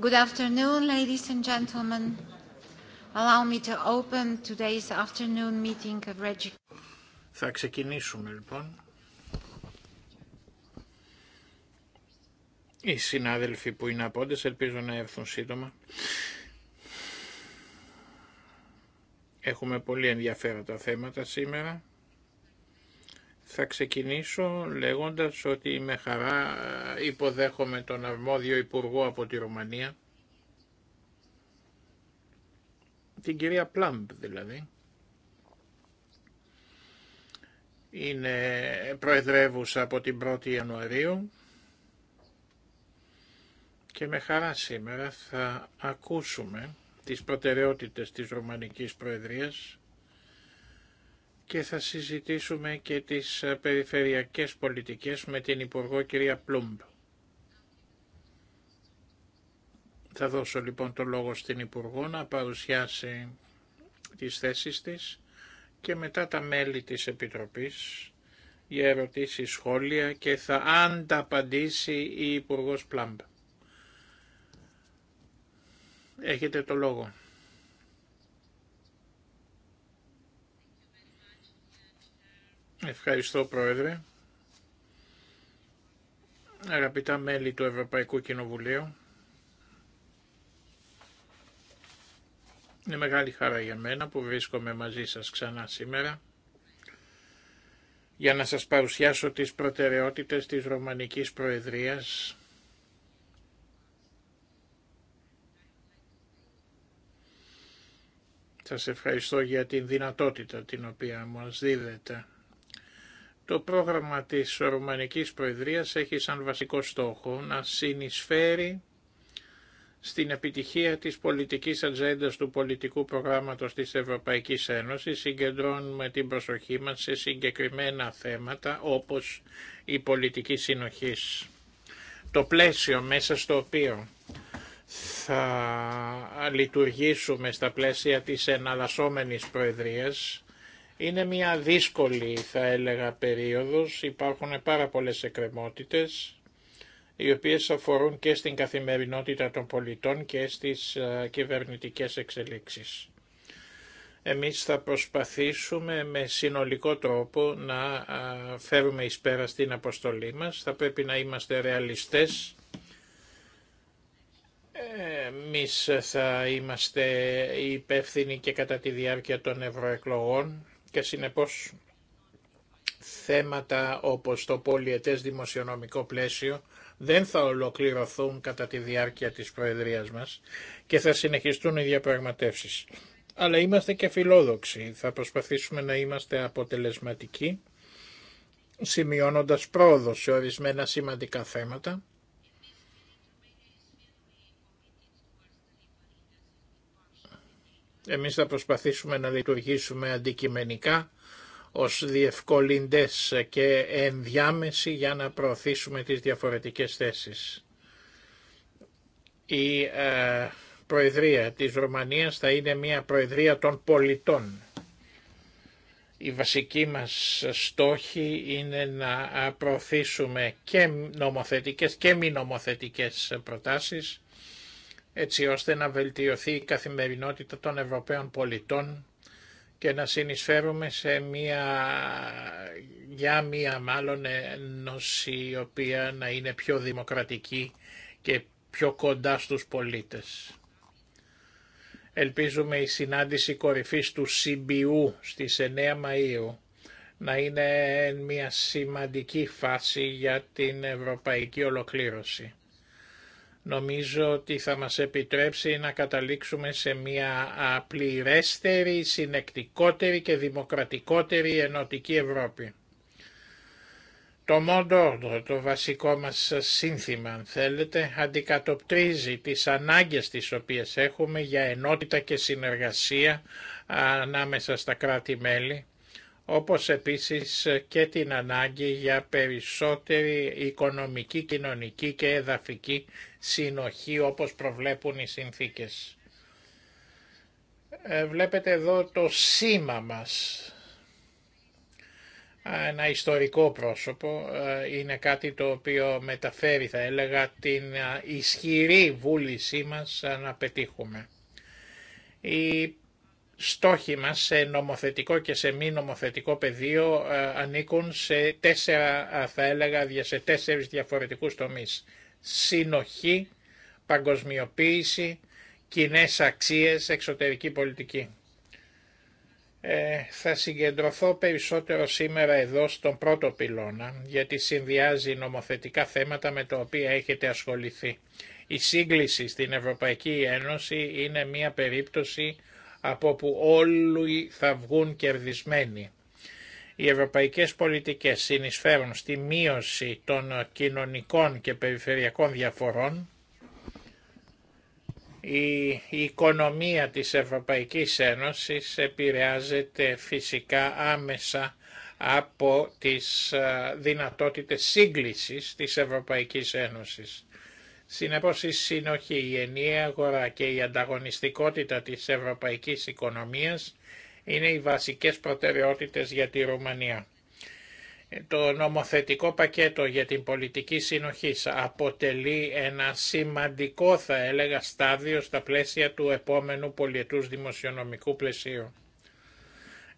Good afternoon, ladies and gentlemen. Allow me to open today's afternoon meeting of Regi. Θα ξεκινήσουμε λοιπόν. Οι συνάδελφοι που είναι απόντες ελπίζω να έρθουν σύντομα. Έχουμε πολύ ενδιαφέροντα θέματα σήμερα. Θα ξεκινήσω λέγοντας ότι με χαρά ε, υποδέχομαι τον αρμόδιο υπουργό από τη Ρουμανία, την κυρία Πλάμπ δηλαδή. Είναι προεδρεύουσα από την 1η Ιανουαρίου και με χαρά σήμερα θα ακούσουμε τις προτεραιότητες της Ρουμανικής Προεδρίας και θα συζητήσουμε και τις ε, περιφερειακές πολιτικές με την Υπουργό κυρία Πλούμπ. Θα δώσω λοιπόν το λόγο στην Υπουργό να παρουσιάσει τις θέσεις της και μετά τα μέλη της Επιτροπής για ερωτήσεις, σχόλια και θα ανταπαντήσει η Υπουργός Πλάμπ. Έχετε το λόγο. Ευχαριστώ Πρόεδρε. Αγαπητά μέλη του Ευρωπαϊκού Κοινοβουλίου. Είναι μεγάλη χαρά για μένα που βρίσκομαι μαζί σας ξανά σήμερα για να σας παρουσιάσω τις προτεραιότητες της Ρωμανικής Προεδρίας Σας ευχαριστώ για την δυνατότητα την οποία μας δίδεται το πρόγραμμα της Ρουμανικής Προεδρίας έχει σαν βασικό στόχο να συνεισφέρει στην επιτυχία της πολιτικής ατζέντα του πολιτικού προγράμματος της Ευρωπαϊκής Ένωσης συγκεντρώνουμε την προσοχή μας σε συγκεκριμένα θέματα όπως η πολιτική συνοχής. Το πλαίσιο μέσα στο οποίο θα λειτουργήσουμε στα πλαίσια της εναλλασσόμενης Προεδρίας είναι μια δύσκολη θα έλεγα περίοδος, υπάρχουν πάρα πολλές εκκρεμότητες οι οποίες αφορούν και στην καθημερινότητα των πολιτών και στις ε, κυβερνητικές εξελίξεις. Εμείς θα προσπαθήσουμε με συνολικό τρόπο να ε, φέρουμε εις πέρα στην αποστολή μας. Θα πρέπει να είμαστε ρεαλιστές. Εμείς θα είμαστε υπεύθυνοι και κατά τη διάρκεια των ευρωεκλογών και συνεπώς θέματα όπως το πολιετές δημοσιονομικό πλαίσιο δεν θα ολοκληρωθούν κατά τη διάρκεια της Προεδρίας μας και θα συνεχιστούν οι διαπραγματεύσεις. Αλλά είμαστε και φιλόδοξοι, θα προσπαθήσουμε να είμαστε αποτελεσματικοί, σημειώνοντας πρόοδο σε ορισμένα σημαντικά θέματα Εμείς θα προσπαθήσουμε να λειτουργήσουμε αντικειμενικά ως διευκολυντές και ενδιάμεση για να προωθήσουμε τις διαφορετικές θέσεις. Η ε, Προεδρία της Ρωμανίας θα είναι μια Προεδρία των πολιτών. Η βασική μας στόχη είναι να προωθήσουμε και νομοθετικές και μη νομοθετικές προτάσεις έτσι ώστε να βελτιωθεί η καθημερινότητα των Ευρωπαίων πολιτών και να συνεισφέρουμε σε μία, για μία μάλλον ένωση η οποία να είναι πιο δημοκρατική και πιο κοντά στους πολίτες. Ελπίζουμε η συνάντηση κορυφής του ΣΥΜΠΙΟΥ στις 9 Μαΐου να είναι μια σημαντική φάση για την ευρωπαϊκή ολοκλήρωση νομίζω ότι θα μας επιτρέψει να καταλήξουμε σε μια πληρέστερη, συνεκτικότερη και δημοκρατικότερη ενωτική Ευρώπη. Το μόντο, το βασικό μας σύνθημα αν θέλετε, αντικατοπτρίζει τις ανάγκες τις οποίες έχουμε για ενότητα και συνεργασία ανάμεσα στα κράτη-μέλη όπως επίσης και την ανάγκη για περισσότερη οικονομική, κοινωνική και εδαφική συνοχή όπως προβλέπουν οι συνθήκες. Ε, βλέπετε εδώ το σήμα μας, ένα ιστορικό πρόσωπο, ε, είναι κάτι το οποίο μεταφέρει θα έλεγα την ε, ισχυρή βούλησή μας να πετύχουμε. Η στόχοι μας σε νομοθετικό και σε μη νομοθετικό πεδίο ε, ανήκουν σε τέσσερα, θα έλεγα, σε τέσσερις διαφορετικούς τομείς. Συνοχή, παγκοσμιοποίηση, κοινέ αξίες, εξωτερική πολιτική. Ε, θα συγκεντρωθώ περισσότερο σήμερα εδώ στον πρώτο πυλώνα, γιατί συνδυάζει νομοθετικά θέματα με τα οποία έχετε ασχοληθεί. Η σύγκληση στην Ευρωπαϊκή Ένωση είναι μια περίπτωση από όπου όλοι θα βγουν κερδισμένοι. Οι ευρωπαϊκές πολιτικές συνεισφέρουν στη μείωση των κοινωνικών και περιφερειακών διαφορών. Η οικονομία της Ευρωπαϊκής Ένωσης επηρεάζεται φυσικά άμεσα από τις ε, δυνατότητες σύγκλησης της Ευρωπαϊκής Ένωσης. Συνεπώς η συνοχή, η ενιαία αγορά και η ανταγωνιστικότητα της ευρωπαϊκής οικονομίας είναι οι βασικές προτεραιότητες για τη Ρουμανία. Το νομοθετικό πακέτο για την πολιτική συνοχή αποτελεί ένα σημαντικό θα έλεγα στάδιο στα πλαίσια του επόμενου πολιετούς δημοσιονομικού πλαισίου.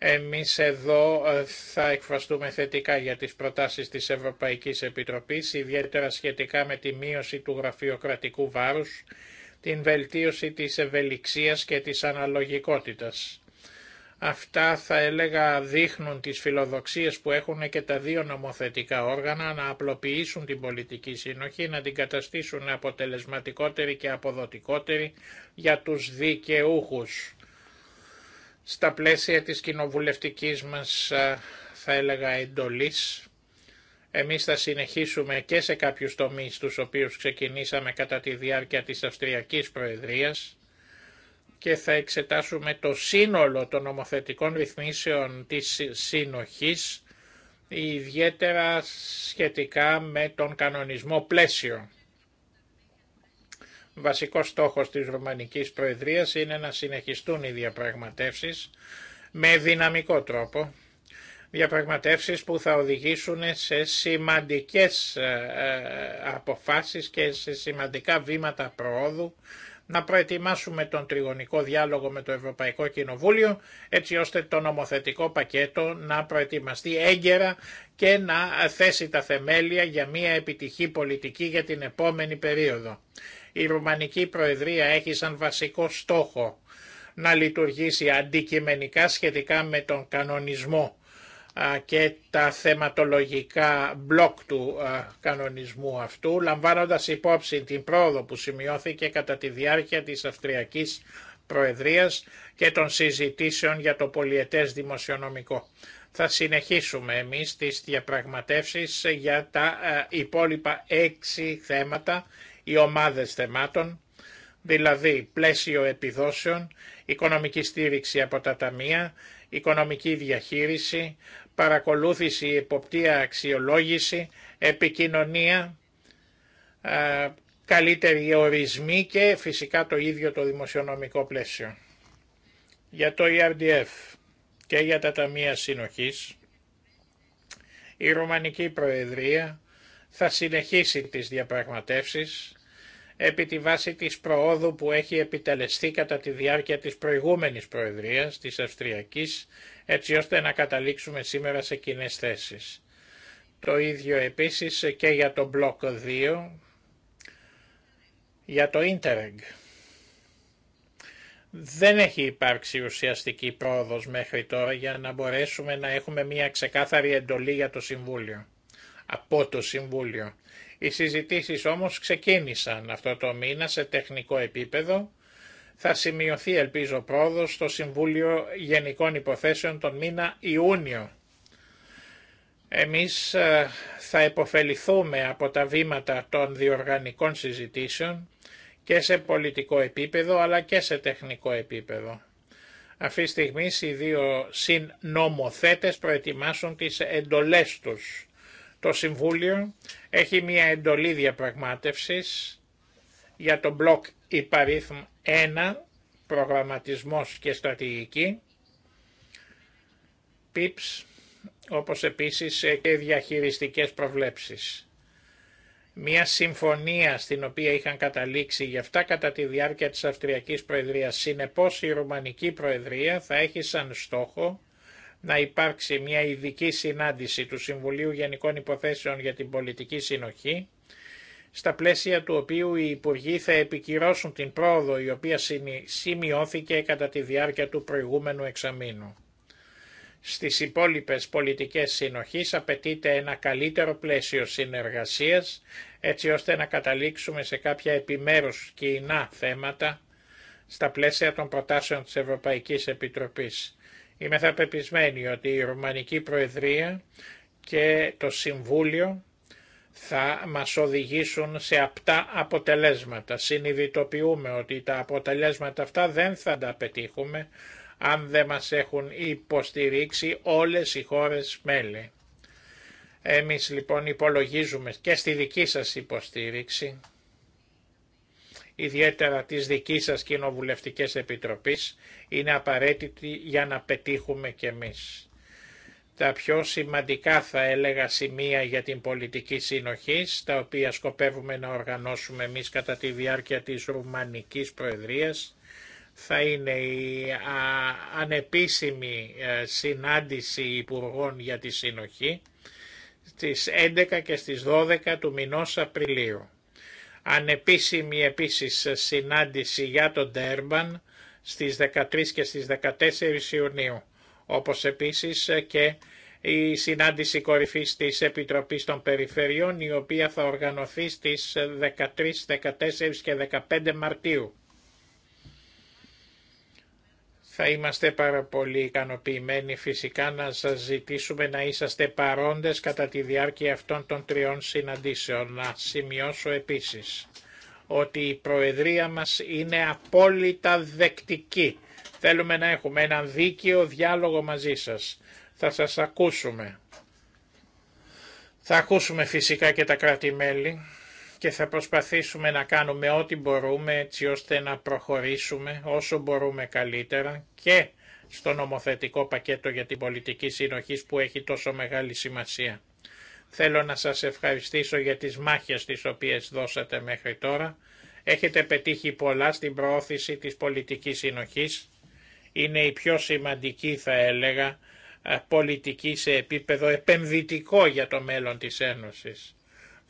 Εμείς εδώ ε, θα εκφραστούμε θετικά για τις προτάσεις της Ευρωπαϊκής Επιτροπής, ιδιαίτερα σχετικά με τη μείωση του γραφειοκρατικού βάρους, την βελτίωση της ευελιξίας και της αναλογικότητας. Αυτά θα έλεγα δείχνουν τις φιλοδοξίες που έχουν και τα δύο νομοθετικά όργανα να απλοποιήσουν την πολιτική συνοχή, να την καταστήσουν αποτελεσματικότερη και αποδοτικότερη για τους δικαιούχους στα πλαίσια της κοινοβουλευτικής μας ε, θα έλεγα εντολής. Εμείς θα συνεχίσουμε και σε κάποιους τομείς τους οποίους ξεκινήσαμε κατά τη διάρκεια της Αυστριακής Προεδρίας και θα εξετάσουμε το σύνολο των νομοθετικών ρυθμίσεων της συνοχής ιδιαίτερα σχετικά με τον κανονισμό πλαίσιο. Βασικός στόχος της Ρουμανικής Προεδρίας είναι να συνεχιστούν οι διαπραγματεύσεις με δυναμικό τρόπο, διαπραγματεύσεις που θα οδηγήσουν σε σημαντικές ε, ε, αποφάσεις και σε σημαντικά βήματα προόδου, να προετοιμάσουμε τον τριγωνικό διάλογο με το Ευρωπαϊκό Κοινοβούλιο, έτσι ώστε το νομοθετικό πακέτο να προετοιμαστεί έγκαιρα και να θέσει τα θεμέλια για μια επιτυχή πολιτική για την επόμενη περίοδο η Ρουμανική Προεδρία έχει σαν βασικό στόχο να λειτουργήσει αντικειμενικά σχετικά με τον κανονισμό και τα θεματολογικά μπλοκ του κανονισμού αυτού, λαμβάνοντας υπόψη την πρόοδο που σημειώθηκε κατά τη διάρκεια της Αυστριακής Προεδρίας και των συζητήσεων για το πολιετές δημοσιονομικό. Θα συνεχίσουμε εμείς τις διαπραγματεύσεις για τα υπόλοιπα έξι θέματα οι ομάδες θεμάτων, δηλαδή πλαίσιο επιδόσεων, οικονομική στήριξη από τα ταμεία, οικονομική διαχείριση, παρακολούθηση, υποπτία, αξιολόγηση, επικοινωνία, καλύτερη ορισμοί και φυσικά το ίδιο το δημοσιονομικό πλαίσιο. Για το ERDF και για τα ταμεία συνοχής, η Ρουμανική Προεδρία θα συνεχίσει τις διαπραγματεύσεις επί τη βάση της προόδου που έχει επιτελεστεί κατά τη διάρκεια της προηγούμενης Προεδρίας, της Αυστριακής, έτσι ώστε να καταλήξουμε σήμερα σε κοινέ θέσει. Το ίδιο επίσης και για το μπλοκ 2, για το Interreg. Δεν έχει υπάρξει ουσιαστική πρόοδος μέχρι τώρα για να μπορέσουμε να έχουμε μια ξεκάθαρη εντολή για το Συμβούλιο, από το Συμβούλιο. Οι συζητήσεις όμως ξεκίνησαν αυτό το μήνα σε τεχνικό επίπεδο. Θα σημειωθεί ελπίζω πρόοδος στο Συμβούλιο Γενικών Υποθέσεων τον μήνα Ιούνιο. Εμείς ε, θα επωφεληθούμε από τα βήματα των διοργανικών συζητήσεων και σε πολιτικό επίπεδο αλλά και σε τεχνικό επίπεδο. Αυτή τη στιγμή οι δύο συνομοθέτες προετοιμάσουν τις εντολές τους το Συμβούλιο έχει μια εντολή διαπραγμάτευσης για τον μπλοκ υπαρίθμ 1, προγραμματισμός και στρατηγική, PIPS, όπως επίσης και διαχειριστικές προβλέψεις. Μια συμφωνία στην οποία είχαν καταλήξει γι' αυτά κατά τη διάρκεια της Αυστριακής Προεδρίας. Συνεπώς η Ρουμανική Προεδρία θα έχει σαν στόχο να υπάρξει μια ειδική συνάντηση του Συμβουλίου Γενικών Υποθέσεων για την Πολιτική Συνοχή, στα πλαίσια του οποίου οι Υπουργοί θα επικυρώσουν την πρόοδο η οποία σημειώθηκε κατά τη διάρκεια του προηγούμενου εξαμήνου. Στις υπόλοιπες πολιτικές συνοχής απαιτείται ένα καλύτερο πλαίσιο συνεργασίας, έτσι ώστε να καταλήξουμε σε κάποια επιμέρους κοινά θέματα στα πλαίσια των προτάσεων της Ευρωπαϊκής Επιτροπής. Είμαι θα ότι η Ρουμανική Προεδρία και το Συμβούλιο θα μας οδηγήσουν σε απτά αποτελέσματα. Συνειδητοποιούμε ότι τα αποτελέσματα αυτά δεν θα τα πετύχουμε αν δεν μας έχουν υποστηρίξει όλες οι χώρες μέλη. Εμείς λοιπόν υπολογίζουμε και στη δική σας υποστήριξη ιδιαίτερα της δικής σας κοινοβουλευτικής επιτροπής, είναι απαραίτητη για να πετύχουμε κι εμείς. Τα πιο σημαντικά θα έλεγα σημεία για την πολιτική συνοχή, τα οποία σκοπεύουμε να οργανώσουμε εμείς κατά τη διάρκεια της Ρουμανικής Προεδρίας, θα είναι η ανεπίσημη ε, συνάντηση Υπουργών για τη Συνοχή στις 11 και στις 12 του μηνός Απριλίου ανεπίσημη επίσης συνάντηση για τον Τέρμπαν στις 13 και στις 14 Ιουνίου, όπως επίσης και η συνάντηση κορυφής της Επιτροπής των Περιφερειών, η οποία θα οργανωθεί στις 13, 14 και 15 Μαρτίου. Θα είμαστε πάρα πολύ ικανοποιημένοι φυσικά να σας ζητήσουμε να είσαστε παρόντες κατά τη διάρκεια αυτών των τριών συναντήσεων. Να σημειώσω επίσης ότι η Προεδρία μας είναι απόλυτα δεκτική. Θέλουμε να έχουμε έναν δίκαιο διάλογο μαζί σας. Θα σας ακούσουμε. Θα ακούσουμε φυσικά και τα κράτη-μέλη και θα προσπαθήσουμε να κάνουμε ό,τι μπορούμε έτσι ώστε να προχωρήσουμε όσο μπορούμε καλύτερα και στο νομοθετικό πακέτο για την πολιτική συνοχή που έχει τόσο μεγάλη σημασία. Θέλω να σας ευχαριστήσω για τις μάχες τις οποίες δώσατε μέχρι τώρα. Έχετε πετύχει πολλά στην προώθηση της πολιτικής συνοχής. Είναι η πιο σημαντική θα έλεγα ε, πολιτική σε επίπεδο επενδυτικό για το μέλλον της Ένωσης.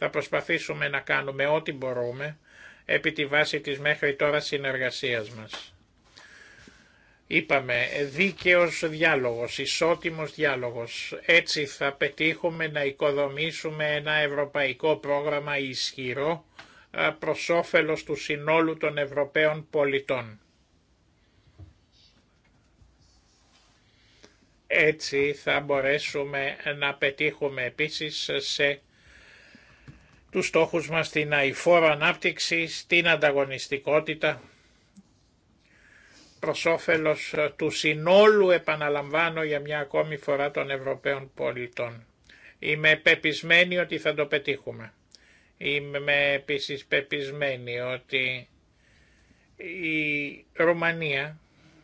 Θα προσπαθήσουμε να κάνουμε ό,τι μπορούμε επί τη βάση της μέχρι τώρα συνεργασίας μας. Είπαμε δίκαιος διάλογος, ισότιμος διάλογος. Έτσι θα πετύχουμε να οικοδομήσουμε ένα ευρωπαϊκό πρόγραμμα ισχυρό προς όφελος του συνόλου των Ευρωπαίων πολιτών. Έτσι θα μπορέσουμε να πετύχουμε επίσης σε τους στόχους μας στην αηφόρο ανάπτυξη, στην ανταγωνιστικότητα, προς όφελος ε, του συνόλου επαναλαμβάνω για μια ακόμη φορά των Ευρωπαίων πολιτών. Είμαι πεπισμένη ότι θα το πετύχουμε. Είμαι επίσης πεπισμένη ότι η Ρουμανία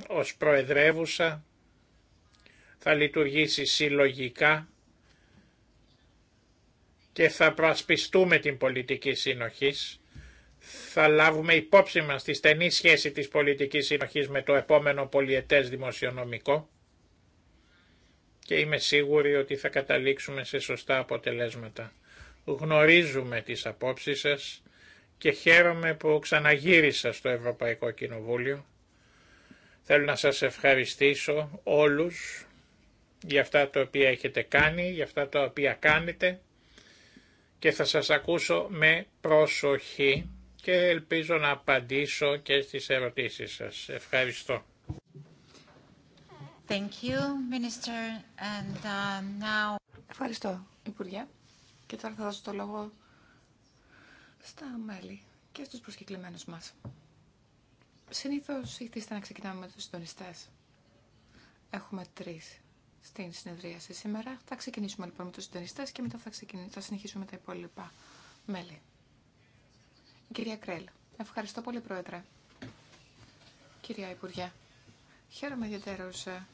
ως προεδρεύουσα θα λειτουργήσει συλλογικά και θα προασπιστούμε την πολιτική συνοχής. Θα λάβουμε υπόψη μας τη στενή σχέση της πολιτικής συνοχής με το επόμενο πολιετές δημοσιονομικό και είμαι σίγουρη ότι θα καταλήξουμε σε σωστά αποτελέσματα. Γνωρίζουμε τις απόψεις σας και χαίρομαι που ξαναγύρισα στο Ευρωπαϊκό Κοινοβούλιο. Θέλω να σας ευχαριστήσω όλους για αυτά τα οποία έχετε κάνει, για αυτά τα οποία κάνετε και θα σας ακούσω με προσοχή και ελπίζω να απαντήσω και στις ερωτήσεις σας. Ευχαριστώ. Thank you, Minister. And, uh, now... Ευχαριστώ, Υπουργέ. Και τώρα θα δώσω το λόγο στα μέλη και στους προσκεκλημένους μας. Συνήθως ήρθατε να ξεκινάμε με τους συντονιστές. Έχουμε τρεις στην συνεδρίαση σήμερα. Θα ξεκινήσουμε λοιπόν με τους συντονιστές και μετά θα, θα συνεχίσουμε με τα υπόλοιπα μέλη. κυρία Κρέλ, ευχαριστώ πολύ Πρόεδρε. Κυρία Υπουργέ, χαίρομαι ιδιαίτερως ε,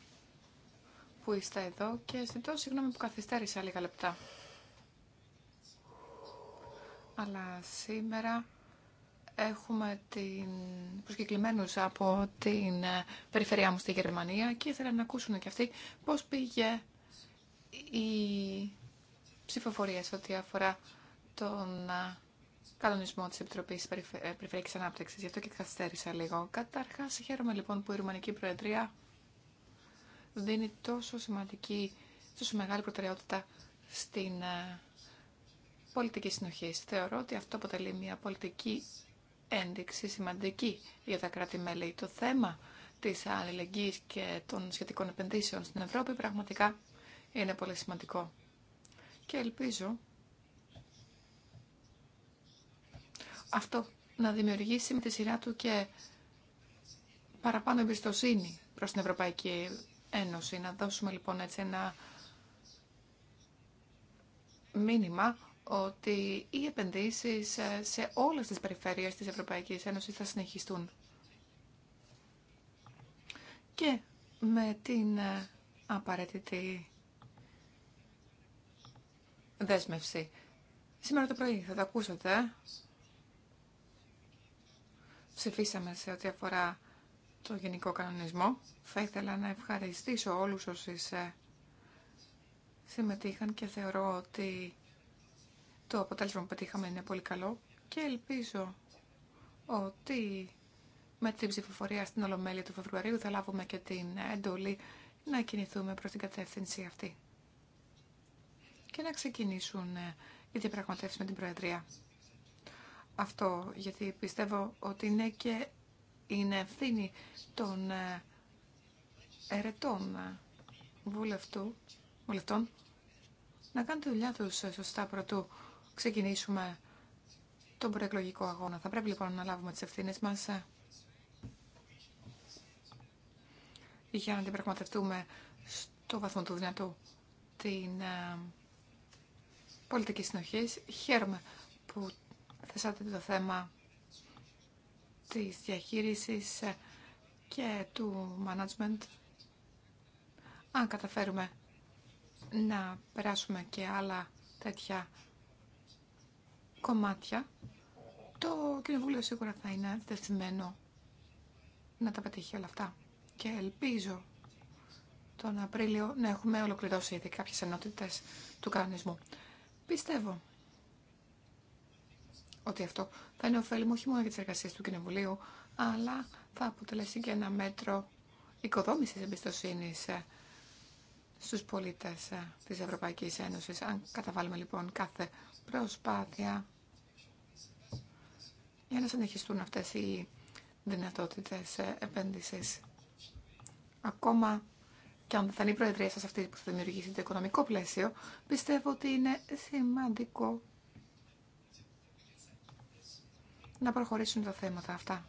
που είστε εδώ και ζητώ συγγνώμη που καθυστέρησα λίγα λεπτά. Αλλά σήμερα έχουμε την... από την ε, περιφερειά μου στη Γερμανία και ήθελα να ακούσουν και αυτοί πώς πήγε η ψηφοφορία σε ό,τι αφορά τον ε, κανονισμό της Επιτροπής ε, Περιφερειακής Ανάπτυξης. Γι' αυτό και καθυστέρησα λίγο. Καταρχάς, χαίρομαι λοιπόν που η Ρουμανική Προεδρία δίνει τόσο σημαντική, τόσο μεγάλη προτεραιότητα στην πολιτική συνοχή. Θεωρώ ότι αυτό αποτελεί μια πολιτική ένδειξη σημαντική για τα κράτη-μέλη. Το θέμα της αλληλεγγύης και των σχετικών επενδύσεων στην Ευρώπη πραγματικά είναι πολύ σημαντικό. Και ελπίζω αυτό να δημιουργήσει με τη σειρά του και παραπάνω εμπιστοσύνη προς την Ευρωπαϊκή Ένωση. Να δώσουμε λοιπόν έτσι ένα μήνυμα ότι οι επενδύσεις ε, σε όλες τις περιφέρειες της Ευρωπαϊκής Ένωσης θα συνεχιστούν. Και με την ε, απαραίτητη δέσμευση. Σήμερα το πρωί θα τα ακούσατε. Ψηφίσαμε σε ό,τι αφορά το γενικό κανονισμό. Θα ήθελα να ευχαριστήσω όλους όσοι ε, συμμετείχαν και θεωρώ ότι το αποτέλεσμα που πετύχαμε είναι πολύ καλό και ελπίζω ότι με την ψηφοφορία στην Ολομέλεια του Φεβρουαρίου θα λάβουμε και την εντολή να κινηθούμε προς την κατεύθυνση αυτή και να ξεκινήσουν ε, οι διαπραγματεύσεις με την Προεδρία. Αυτό γιατί πιστεύω ότι είναι και είναι ευθύνη των ερετών ε, βουλευτών να κάνουν τη δουλειά τους ε, σωστά πρωτού ξεκινήσουμε τον προεκλογικό αγώνα. Θα πρέπει λοιπόν να λάβουμε τις ευθύνες μας ε, για να αντιπραγματευτούμε στο βαθμό του δυνατού την ε, πολιτική συνοχή. Χαίρομαι που θέσατε το θέμα της διαχείρισης ε, και του management. Αν καταφέρουμε να περάσουμε και άλλα τέτοια κομμάτια, το Κοινοβούλιο σίγουρα θα είναι δεθμένο να τα πετύχει όλα αυτά. Και ελπίζω τον Απρίλιο να έχουμε ολοκληρώσει ήδη κάποιες ενότητες του κανονισμού. Πιστεύω ότι αυτό θα είναι ωφέλιμο όχι μόνο για τις εργασίες του Κοινοβουλίου, αλλά θα αποτελέσει και ένα μέτρο οικοδόμησης εμπιστοσύνης ε, στους πολίτες ε, της Ευρωπαϊκής Ένωσης. Αν καταβάλουμε λοιπόν κάθε προσπάθεια για να συνεχιστούν αυτές οι δυνατότητες επένδυσης. Ακόμα και αν δεν θα είναι η Προεδρία σας αυτή που θα δημιουργήσει το οικονομικό πλαίσιο, πιστεύω ότι είναι σημαντικό να προχωρήσουν τα θέματα αυτά.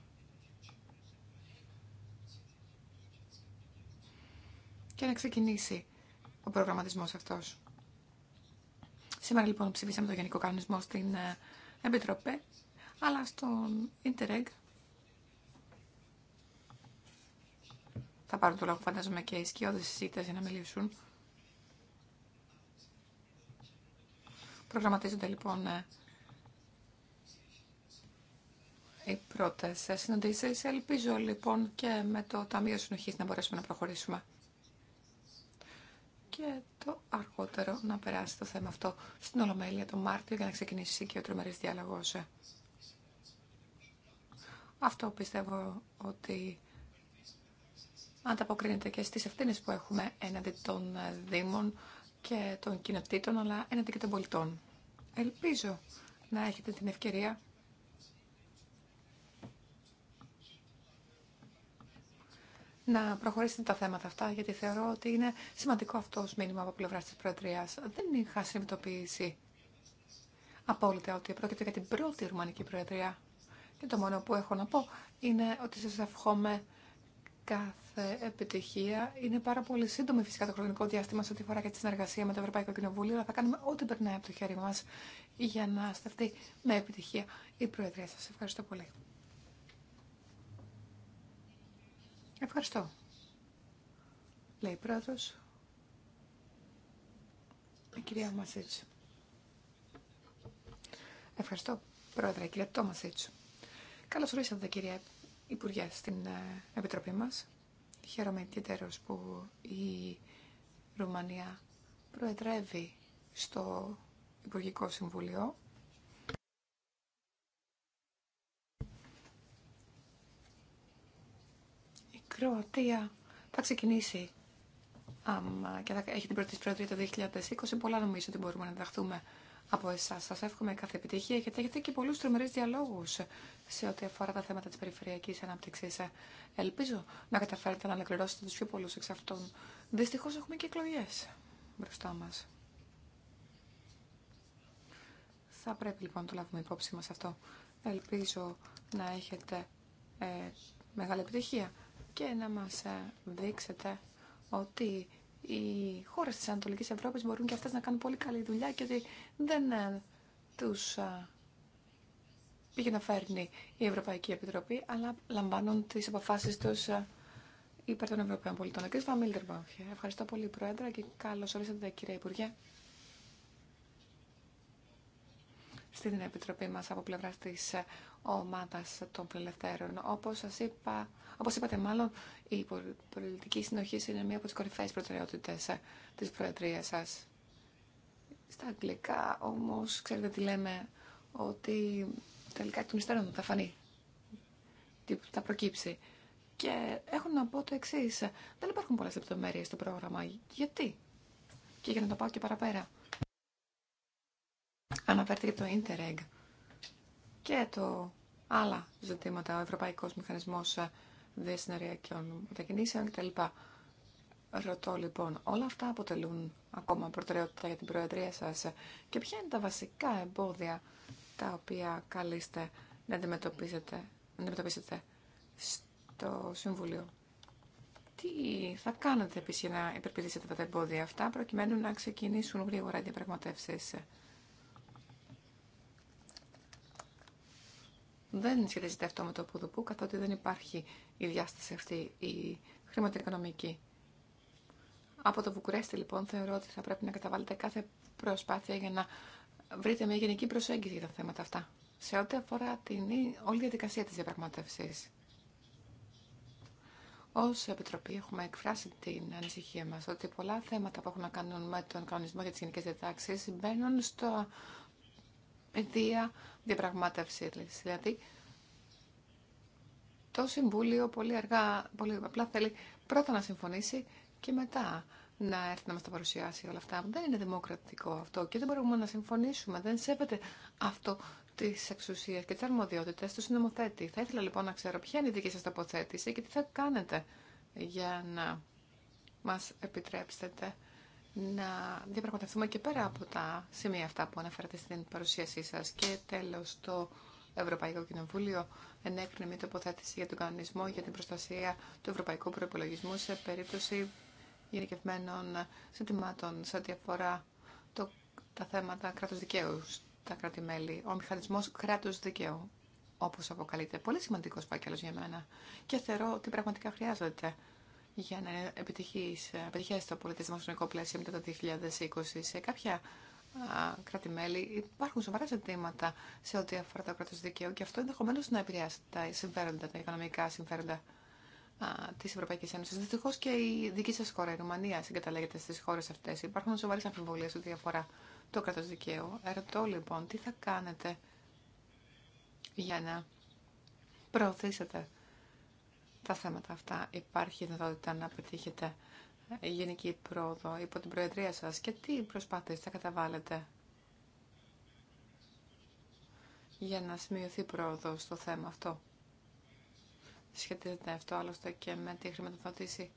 Και να ξεκινήσει ο προγραμματισμός αυτός. Σήμερα λοιπόν ψηφίσαμε το Γενικό Κανονισμό στην ε, Επιτροπή αλλά στον Interreg θα πάρουν το λόγο φαντάζομαι και οι σκιώδες συζήτητες για να μιλήσουν. Προγραμματίζονται λοιπόν ε, οι πρώτε συναντήσει. Ελπίζω λοιπόν και με το Ταμείο Συνοχή να μπορέσουμε να προχωρήσουμε. Και το αργότερο να περάσει το θέμα αυτό στην Ολομέλεια το Μάρτιο για να ξεκινήσει και ο τρομερή διάλογο. Αυτό πιστεύω ότι ανταποκρίνεται και στις ευθύνε που έχουμε έναντι των Δήμων και των κοινοτήτων, αλλά έναντι και των πολιτών. Ελπίζω να έχετε την ευκαιρία να προχωρήσετε τα θέματα αυτά, γιατί θεωρώ ότι είναι σημαντικό αυτό ως μήνυμα από πλευρά της Προεδρίας. Δεν είχα συνειδητοποιήσει απόλυτα ότι πρόκειται για την πρώτη Ρουμανική Προεδρία και το μόνο που έχω να πω είναι ότι σας ευχόμαι κάθε επιτυχία. Είναι πάρα πολύ σύντομη φυσικά το χρονικό διάστημα σε ό,τι φορά και τη συνεργασία με το Ευρωπαϊκό Κοινοβούλιο, αλλά θα κάνουμε ό,τι περνάει από το χέρι μας για να σταθεί με επιτυχία η Προεδρία σας. Ευχαριστώ πολύ. Ευχαριστώ. Λέει πρόεδρος. Η κυρία Μασίτσου. Ευχαριστώ, πρόεδρε, κυρία Τόμασίτσου. Καλώς ορίσατε κύριε Υπουργέ στην ε, Επιτροπή μας. Χαίρομαι ιδιαίτερος που η Ρουμανία προεδρεύει στο Υπουργικό Συμβουλίο. Η Κροατία θα ξεκινήσει και θα έχει την πρώτη προεδρία το 2020. Πολλά νομίζω ότι μπορούμε να ενταχθούμε από εσά. Σα εύχομαι κάθε επιτυχία, γιατί έχετε και πολλού τρομερεί διαλόγους σε ό,τι αφορά τα θέματα τη περιφερειακής ανάπτυξη. Ελπίζω να καταφέρετε να ολοκληρώσετε του πιο πολλού εξ αυτών. Δυστυχώ έχουμε και εκλογέ μπροστά μα. Θα πρέπει λοιπόν να το λάβουμε υπόψη μα αυτό. Ελπίζω να έχετε ε, μεγάλη επιτυχία και να μας ε, δείξετε ότι οι χώρε τη Ανατολική Ευρώπη μπορούν και αυτέ να κάνουν πολύ καλή δουλειά και ότι δεν ε, του ε, πήγε να φέρνει η Ευρωπαϊκή Επιτροπή, αλλά λαμβάνουν τι αποφάσει του ε, υπέρ των Ευρωπαίων πολιτών. ευχαριστώ πολύ, Πρόεδρε και καλώ ορίσατε, κύριε Υπουργέ. στην Επιτροπή μας από πλευρά της ε, ομάδας των φιλελευθέρων. Όπως σας είπα, όπως είπατε μάλλον, η πολιτική συνοχή είναι μία από τις κορυφαίες προτεραιότητες ε, της Προεδρίας σας. Στα αγγλικά όμως, ξέρετε τι λέμε, ότι τελικά εκ των υστέρων θα φανεί, θα προκύψει. Και έχω να πω το εξή. Δεν υπάρχουν πολλέ λεπτομέρειε στο πρόγραμμα. Γιατί? Και για να το πάω και παραπέρα. Αναφέρθηκε το Interreg και το άλλα ζητήματα, ο Ευρωπαϊκός Μηχανισμός ε, Διασυναριακών Μετακινήσεων κτλ. Ρωτώ λοιπόν, όλα αυτά αποτελούν ακόμα προτεραιότητα για την Προεδρία σας ε, και ποια είναι τα βασικά εμπόδια τα οποία καλείστε να αντιμετωπίσετε, να αντιμετωπίσετε στο Συμβουλίο. Τι θα κάνετε επίσης για να υπερπηδήσετε τα εμπόδια αυτά προκειμένου να ξεκινήσουν γρήγορα οι διαπραγματεύσεις. δεν σχετίζεται αυτό με το πουδουπού, καθότι δεν υπάρχει η διάσταση αυτή, η χρηματοοικονομική. Από το Βουκουρέστι, λοιπόν, θεωρώ ότι θα πρέπει να καταβάλλετε κάθε προσπάθεια για να βρείτε μια γενική προσέγγιση για τα θέματα αυτά, σε ό,τι αφορά την όλη διαδικασία της διαπραγματεύσης. Ω Επιτροπή έχουμε εκφράσει την ανησυχία μα ότι πολλά θέματα που έχουν να κάνουν με τον κανονισμό για τις γενικέ διατάξεις μπαίνουν στο παιδεία διαπραγμάτευση. Δηλαδή, το Συμβούλιο πολύ αργά, πολύ απλά θέλει πρώτα να συμφωνήσει και μετά να έρθει να μας τα παρουσιάσει όλα αυτά. Δεν είναι δημοκρατικό αυτό και δεν μπορούμε να συμφωνήσουμε. Δεν σέβεται αυτό τη εξουσία και τι αρμοδιότητε του συνομοθέτη. Θα ήθελα λοιπόν να ξέρω ποια είναι η δική σα τοποθέτηση και τι θα κάνετε για να μα επιτρέψετε να διαπραγματευτούμε και πέρα από τα σημεία αυτά που αναφέρατε στην παρουσίασή σας. Και τέλος, το Ευρωπαϊκό Κοινοβούλιο ενέκρινε μια τοποθέτηση για τον κανονισμό για την προστασία του ευρωπαϊκού προπολογισμού σε περίπτωση γενικευμένων ζητημάτων σε ό,τι αφορά το, τα θέματα κράτους δικαίου τα κράτη-μέλη. Ο μηχανισμός κράτους δικαίου, όπως αποκαλείται. Πολύ σημαντικός φάκελος για μένα και θεωρώ ότι πραγματικά χρειάζεται για να είναι επιτυχές το πολιτισμό στο πλαίσιο μετά το 2020. Σε κάποια κράτη-μέλη υπάρχουν σοβαρά ζητήματα σε ό,τι αφορά το κράτος δικαίου και αυτό ενδεχομένω να επηρεάσει τα συμφέροντα, τα οικονομικά συμφέροντα τη Ευρωπαϊκή Ένωση. Δυστυχώ και η δική σα χώρα, η Ρουμανία, συγκαταλέγεται στι χώρε αυτέ. Υπάρχουν σοβαρέ αμφιβολίε ό,τι αφορά το κράτο δικαίου. Ερωτώ λοιπόν, τι θα κάνετε για να προωθήσετε τα θέματα αυτά. Υπάρχει δυνατότητα να πετύχετε ε, γενική πρόοδο υπό την Προεδρία σας και τι προσπάθειες θα καταβάλλετε για να σημειωθεί πρόοδο στο θέμα αυτό. Σχετίζεται αυτό άλλωστε και με τη χρηματοδότηση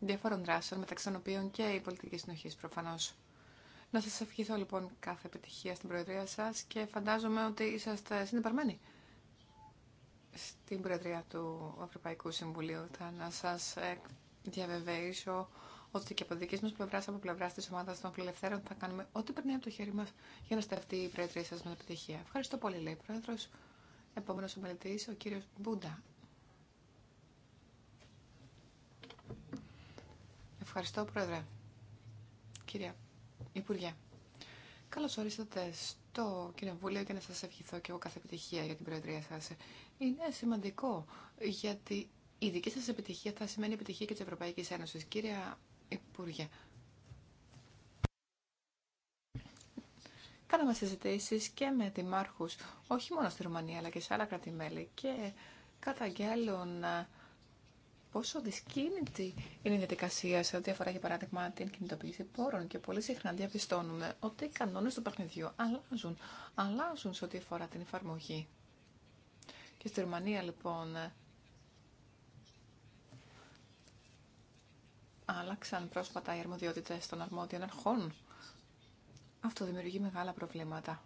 διαφόρων δράσεων μεταξύ των οποίων και η πολιτική συνοχή προφανώ. Να σας ευχηθώ λοιπόν κάθε επιτυχία στην Προεδρία σας και φαντάζομαι ότι είσαστε συνεπαρμένοι στην Προεδρία του Ευρωπαϊκού Συμβουλίου. Θα να σας ε, διαβεβαιήσω ότι και από δική μα πλευρά, από πλευρά τη ομάδα των φιλελευθέρων, θα κάνουμε ό,τι περνάει από το χέρι μα για να στεφτεί η Προεδρία σα με επιτυχία. Ευχαριστώ πολύ, λέει ο Πρόεδρο. Επόμενο μελετή, ο κύριο Μπούντα. Ευχαριστώ, Πρόεδρε. Κυρία Υπουργέ, καλώ ορίσατε στο Κοινοβούλιο και να σα ευχηθώ και εγώ κάθε επιτυχία για την Προεδρία σα είναι σημαντικό, γιατί η δική σας επιτυχία θα σημαίνει επιτυχία και της Ευρωπαϊκής Ένωσης. Κύρια Υπουργέ, κάναμε συζητήσει και με δημάρχους, όχι μόνο στη Ρουμανία, αλλά και σε άλλα κράτη-μέλη και καταγγέλουν πόσο δυσκίνητη είναι η διαδικασία σε ό,τι αφορά, για παράδειγμα, την κινητοποίηση πόρων. Και πολύ συχνά διαπιστώνουμε ότι οι κανόνε του παιχνιδιού αλλάζουν. Αλλάζουν σε ό,τι αφορά την εφαρμογή. Και στη Ρουμανία λοιπόν άλλαξαν πρόσφατα οι αρμοδιότητες των αρμόδιων αρχών. Αυτό δημιουργεί μεγάλα προβλήματα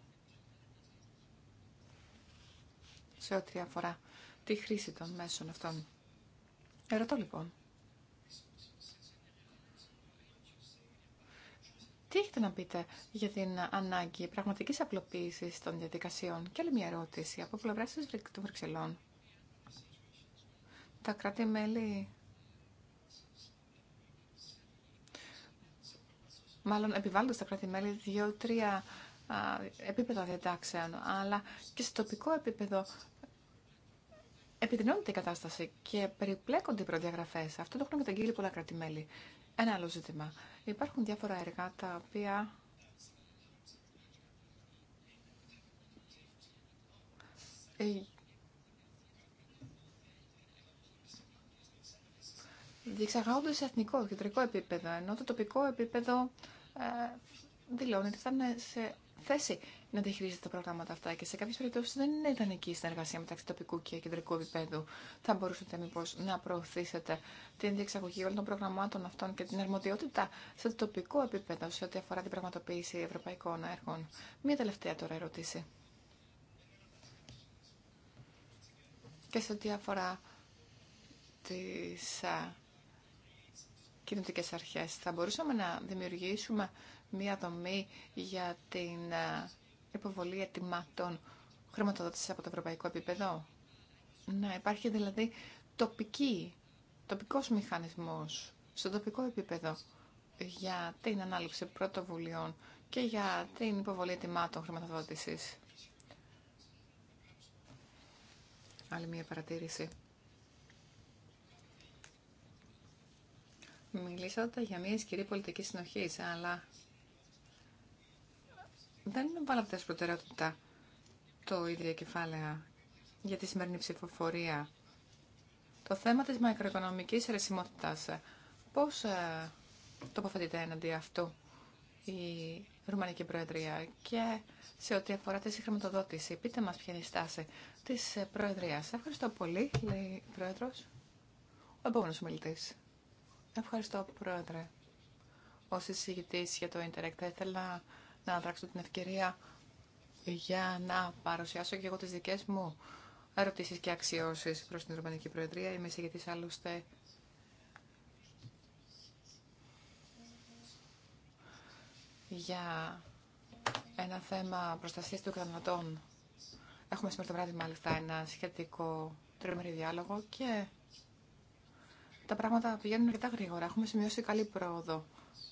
σε ό,τι αφορά τη χρήση των μέσων αυτών. Ερωτώ λοιπόν, Τι έχετε να πείτε για την ανάγκη πραγματική απλοποίηση των διαδικασιών. Και άλλη μια ερώτηση από πλευρά των Βρυξελών. Τα κράτη-μέλη. Μάλλον επιβάλλονται στα κράτη-μέλη δύο-τρία επίπεδα διατάξεων, αλλά και στο τοπικό επίπεδο επιδεινώνεται η κατάσταση και περιπλέκονται οι προδιαγραφέ. Αυτό το έχουν καταγγείλει πολλά κράτη-μέλη. Ένα άλλο ζήτημα. Υπάρχουν διάφορα έργα τα οποία διεξαγάγονται σε εθνικό, κεντρικό επίπεδο, ενώ το τοπικό επίπεδο ε, δηλώνει ότι θα είναι σε θέση να διαχειρίζεται τα προγράμματα αυτά και σε κάποιε περιπτώσει δεν ήταν εκεί η συνεργασία μεταξύ τοπικού και κεντρικού επίπεδου. Θα μπορούσατε μήπω να προωθήσετε την διεξαγωγή όλων των προγραμμάτων αυτών και την αρμοδιότητα σε τοπικό επίπεδο σε ό,τι αφορά την πραγματοποίηση ευρωπαϊκών έργων. Μία τελευταία τώρα ερώτηση. Και σε ό,τι αφορά τι κοινωτικέ αρχέ, Θα μπορούσαμε να δημιουργήσουμε μία δομή για την υποβολή ετοιμάτων χρηματοδότηση από το ευρωπαϊκό επίπεδο. Να υπάρχει δηλαδή τοπική, τοπικός μηχανισμός στο τοπικό επίπεδο για την ανάληψη πρωτοβουλειών και για την υποβολή ετοιμάτων χρηματοδότησης. Άλλη μία παρατήρηση. Μιλήσατε για μια ισχυρή πολιτική συνοχή, αλλά δεν βάλατε ως προτεραιότητα το ίδιο κεφάλαιο για τη σημερινή ψηφοφορία. Το θέμα της μακροοικονομικής ρεσιμότητας, πώς ε, τοποθετείται έναντι αυτού η Ρουμανική Προεδρία και σε ό,τι αφορά τη συγχρηματοδότηση. Πείτε μας ποια είναι η στάση της Προεδρίας. Ευχαριστώ πολύ, λέει η Πρόεδρος. Ο επόμενος μιλητής. Ευχαριστώ, Πρόεδρε. Ως εισηγητής για το Ιντερεκ, θα ήθελα να δράξω την ευκαιρία για να παρουσιάσω και εγώ τις δικές μου ερωτήσεις και αξιώσεις προς την Ευρωπαϊκή Προεδρία. Είμαι εισηγητής άλλωστε για ένα θέμα προστασίας των καταναλωτών. Έχουμε σήμερα το βράδυ μάλιστα ένα σχετικό τριμερή διάλογο και τα πράγματα πηγαίνουν αρκετά γρήγορα. Έχουμε σημειώσει καλή πρόοδο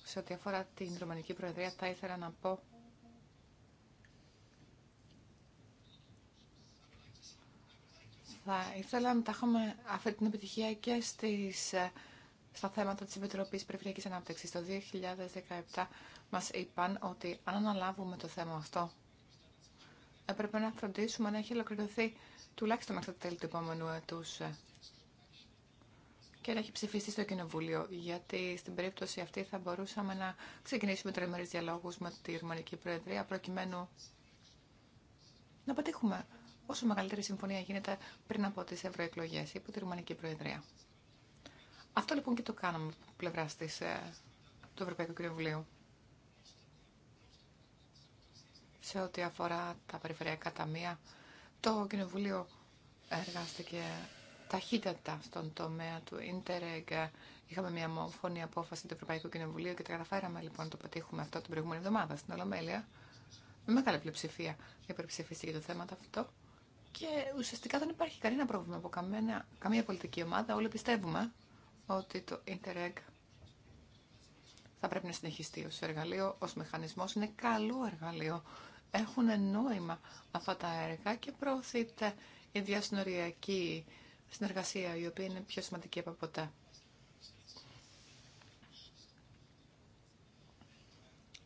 σε ό,τι αφορά την Ρωμανική Προεδρία θα ήθελα να πω θα ήθελα να τα έχουμε αυτή την επιτυχία και στις, στα θέματα της Επιτροπής Περιφερειακής Ανάπτυξης. Το 2017 μας είπαν ότι αν αναλάβουμε το θέμα αυτό έπρεπε να φροντίσουμε να έχει ολοκληρωθεί τουλάχιστον μέχρι το τέλη του επόμενου έτους και να έχει ψηφιστεί στο Κοινοβούλιο. Γιατί στην περίπτωση αυτή θα μπορούσαμε να ξεκινήσουμε τρεμερεί διαλόγου με τη Ρουμανική Προεδρία προκειμένου να πετύχουμε όσο μεγαλύτερη συμφωνία γίνεται πριν από τι ευρωεκλογέ υπό τη Ρουμανική Προεδρία. Αυτό λοιπόν και το κάναμε από πλευρά ε, του Ευρωπαϊκού Κοινοβουλίου. Σε ό,τι αφορά τα περιφερειακά ταμεία, το Κοινοβούλιο εργάστηκε ταχύτατα στον τομέα του Interreg. Είχαμε μια μόφωνη απόφαση του Ευρωπαϊκού Κοινοβουλίου και τα καταφέραμε λοιπόν να το πετύχουμε αυτό την προηγούμενη εβδομάδα στην Ολομέλεια. Με μεγάλη πλειοψηφία υπερψηφίστηκε το θέμα αυτό. Και ουσιαστικά δεν υπάρχει κανένα πρόβλημα από καμία πολιτική ομάδα. Όλοι πιστεύουμε ότι το Interreg θα πρέπει να συνεχιστεί ως εργαλείο, ω μηχανισμό Είναι καλό εργαλείο. Έχουν νόημα αυτά τα έργα και προωθείται η διασυνοριακή συνεργασία η οποία είναι πιο σημαντική από ποτέ.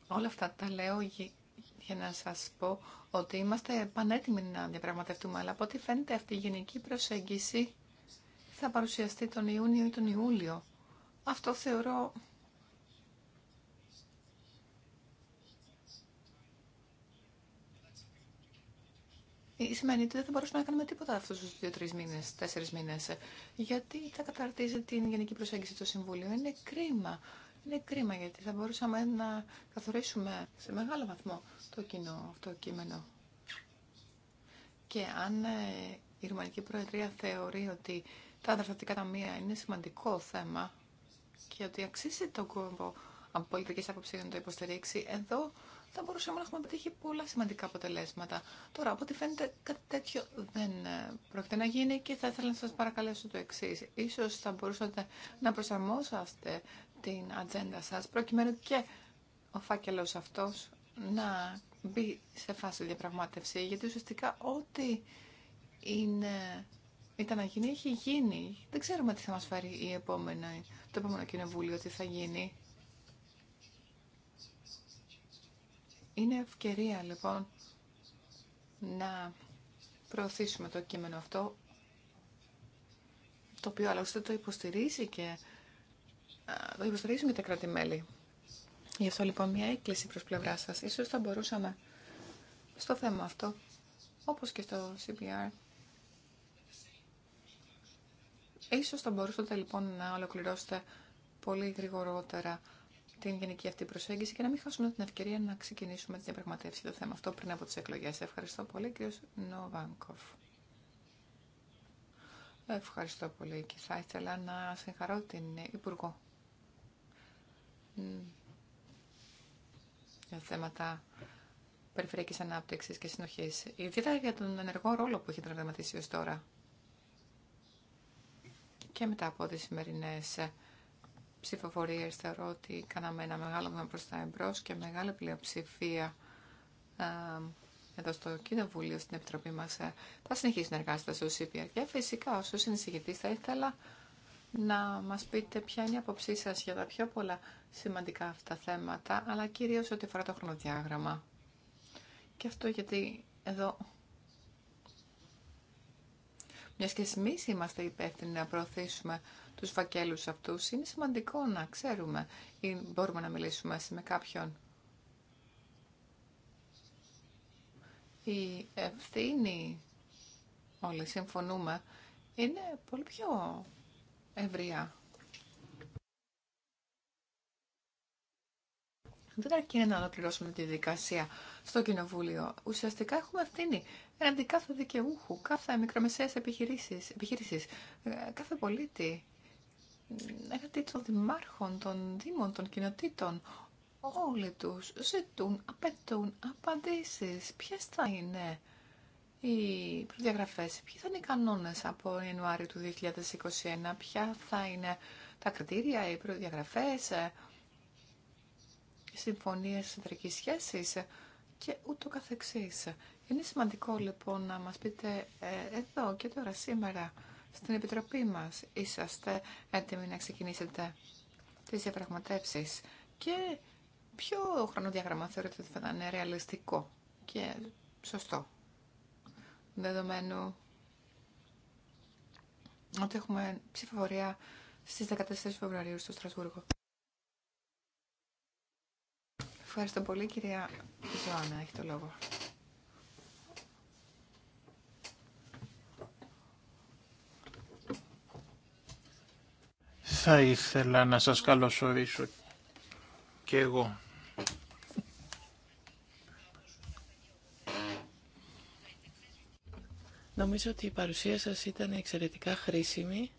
Όλα αυτά τα λέω για να σας πω ότι είμαστε πανέτοιμοι να διαπραγματευτούμε, αλλά από ό,τι φαίνεται αυτή η γενική προσέγγιση θα παρουσιαστεί τον Ιούνιο ή τον Ιούλιο. Αυτό θεωρώ Ε, σημαίνει ότι δεν θα μπορούσαμε να κάνουμε τίποτα αυτού του δύο-τρει μήνε, τέσσερι μήνε. Ε, γιατί θα καταρτίζει την γενική προσέγγιση του Συμβουλίου. Είναι κρίμα. Είναι κρίμα γιατί θα μπορούσαμε να καθορίσουμε σε μεγάλο βαθμό το κοινό αυτό κείμενο. Και αν ε, η Ρουμανική Προεδρία θεωρεί ότι τα αδερφατικά ταμεία είναι σημαντικό θέμα και ότι αξίζει τον κόμπο από πολιτική άποψη να το υποστηρίξει, εδώ θα μπορούσαμε να έχουμε πετύχει πολλά σημαντικά αποτελέσματα. Τώρα, από ό,τι φαίνεται, κάτι τέτοιο δεν ε, πρόκειται να γίνει και θα ήθελα να σας παρακαλέσω το εξή. Ίσως θα μπορούσατε να προσαρμόσαστε την ατζέντα σας, προκειμένου και ο φάκελο αυτός να μπει σε φάση διαπραγμάτευση, γιατί ουσιαστικά ό,τι είναι... Ήταν να γίνει, έχει γίνει. Δεν ξέρουμε τι θα μας φέρει η επόμενη, το επόμενο κοινοβούλιο, τι θα γίνει. Είναι ευκαιρία λοιπόν να προωθήσουμε το κείμενο αυτό, το οποίο άλλωστε το υποστηρίζει και το υποστηρίζουν και τα κράτη-μέλη. Γι' αυτό λοιπόν μια έκκληση προς πλευρά σας. Ίσως θα μπορούσαμε στο θέμα αυτό, όπως και στο CPR, ίσως θα μπορούσατε λοιπόν να ολοκληρώσετε πολύ γρηγορότερα την γενική αυτή προσέγγιση και να μην χάσουμε την ευκαιρία να ξεκινήσουμε τη διαπραγματεύση το θέμα αυτό πριν από τις εκλογές. Ευχαριστώ πολύ κύριο Νοβάνκοφ. Ευχαριστώ πολύ και θα ήθελα να συγχαρώ την Υπουργό για θέματα περιφερειακή ανάπτυξη και συνοχής, ιδιαίτερα για τον ενεργό ρόλο που έχει τραγματίσει ω τώρα και μετά από τι σημερινέ ψηφοφορίε θεωρώ ότι κάναμε ένα μεγάλο βήμα προ τα εμπρό και μεγάλη πλειοψηφία ε, εδώ στο Κοινοβούλιο, στην Επιτροπή μα ε, θα συνεχίσει να εργάζεται στο ΣΥΠΙΑ. Και φυσικά, ω συνεισηγητή, θα ήθελα να μα πείτε ποια είναι η απόψή σα για τα πιο πολλά σημαντικά αυτά θέματα, αλλά κυρίω ό,τι αφορά το χρονοδιάγραμμα. Και αυτό γιατί εδώ... μια και εμεί είμαστε υπεύθυνοι να προωθήσουμε τους φακέλους αυτούς. Είναι σημαντικό να ξέρουμε ή μπορούμε να μιλήσουμε με κάποιον. Η ευθύνη, όλοι συμφωνούμε, είναι πολύ πιο ευρεία. Δεν αρκεί να μιλησουμε με καποιον η ευθυνη ολοι συμφωνουμε ειναι πολυ πιο ευρια δεν αρκει να ολοκληρωσουμε τη δικασία στο Κοινοβούλιο. Ουσιαστικά έχουμε ευθύνη εναντί κάθε δικαιούχου, κάθε μικρομεσαίας επιχειρήσεις, επιχειρήσης, ε, κάθε πολίτη εργατή των δημάρχων, των δήμων, των κοινοτήτων. Όλοι τους ζητούν, απαιτούν απαντήσεις. Ποιες θα είναι οι προδιαγραφές, ποιοι θα είναι οι κανόνες από Ιανουάριο του 2021, ποια θα είναι τα κριτήρια, οι προδιαγραφές, ε, οι συμφωνίες εταιρικής σχέσης και ούτω καθεξής. Είναι σημαντικό λοιπόν να μας πείτε ε, εδώ και τώρα σήμερα στην Επιτροπή μας. Είσαστε έτοιμοι να ξεκινήσετε τις διαπραγματεύσει και ποιο χρονοδιάγραμμα θεωρείτε ότι θα ήταν ρεαλιστικό και σωστό. Δεδομένου ότι έχουμε ψηφοφορία στις 14 Φεβρουαρίου στο Στρασβούργο. Ευχαριστώ πολύ κυρία Ζωάννα, έχει το λόγο. Θα ήθελα να σας καλωσορίσω και εγώ. Νομίζω ότι η παρουσία σας ήταν εξαιρετικά χρήσιμη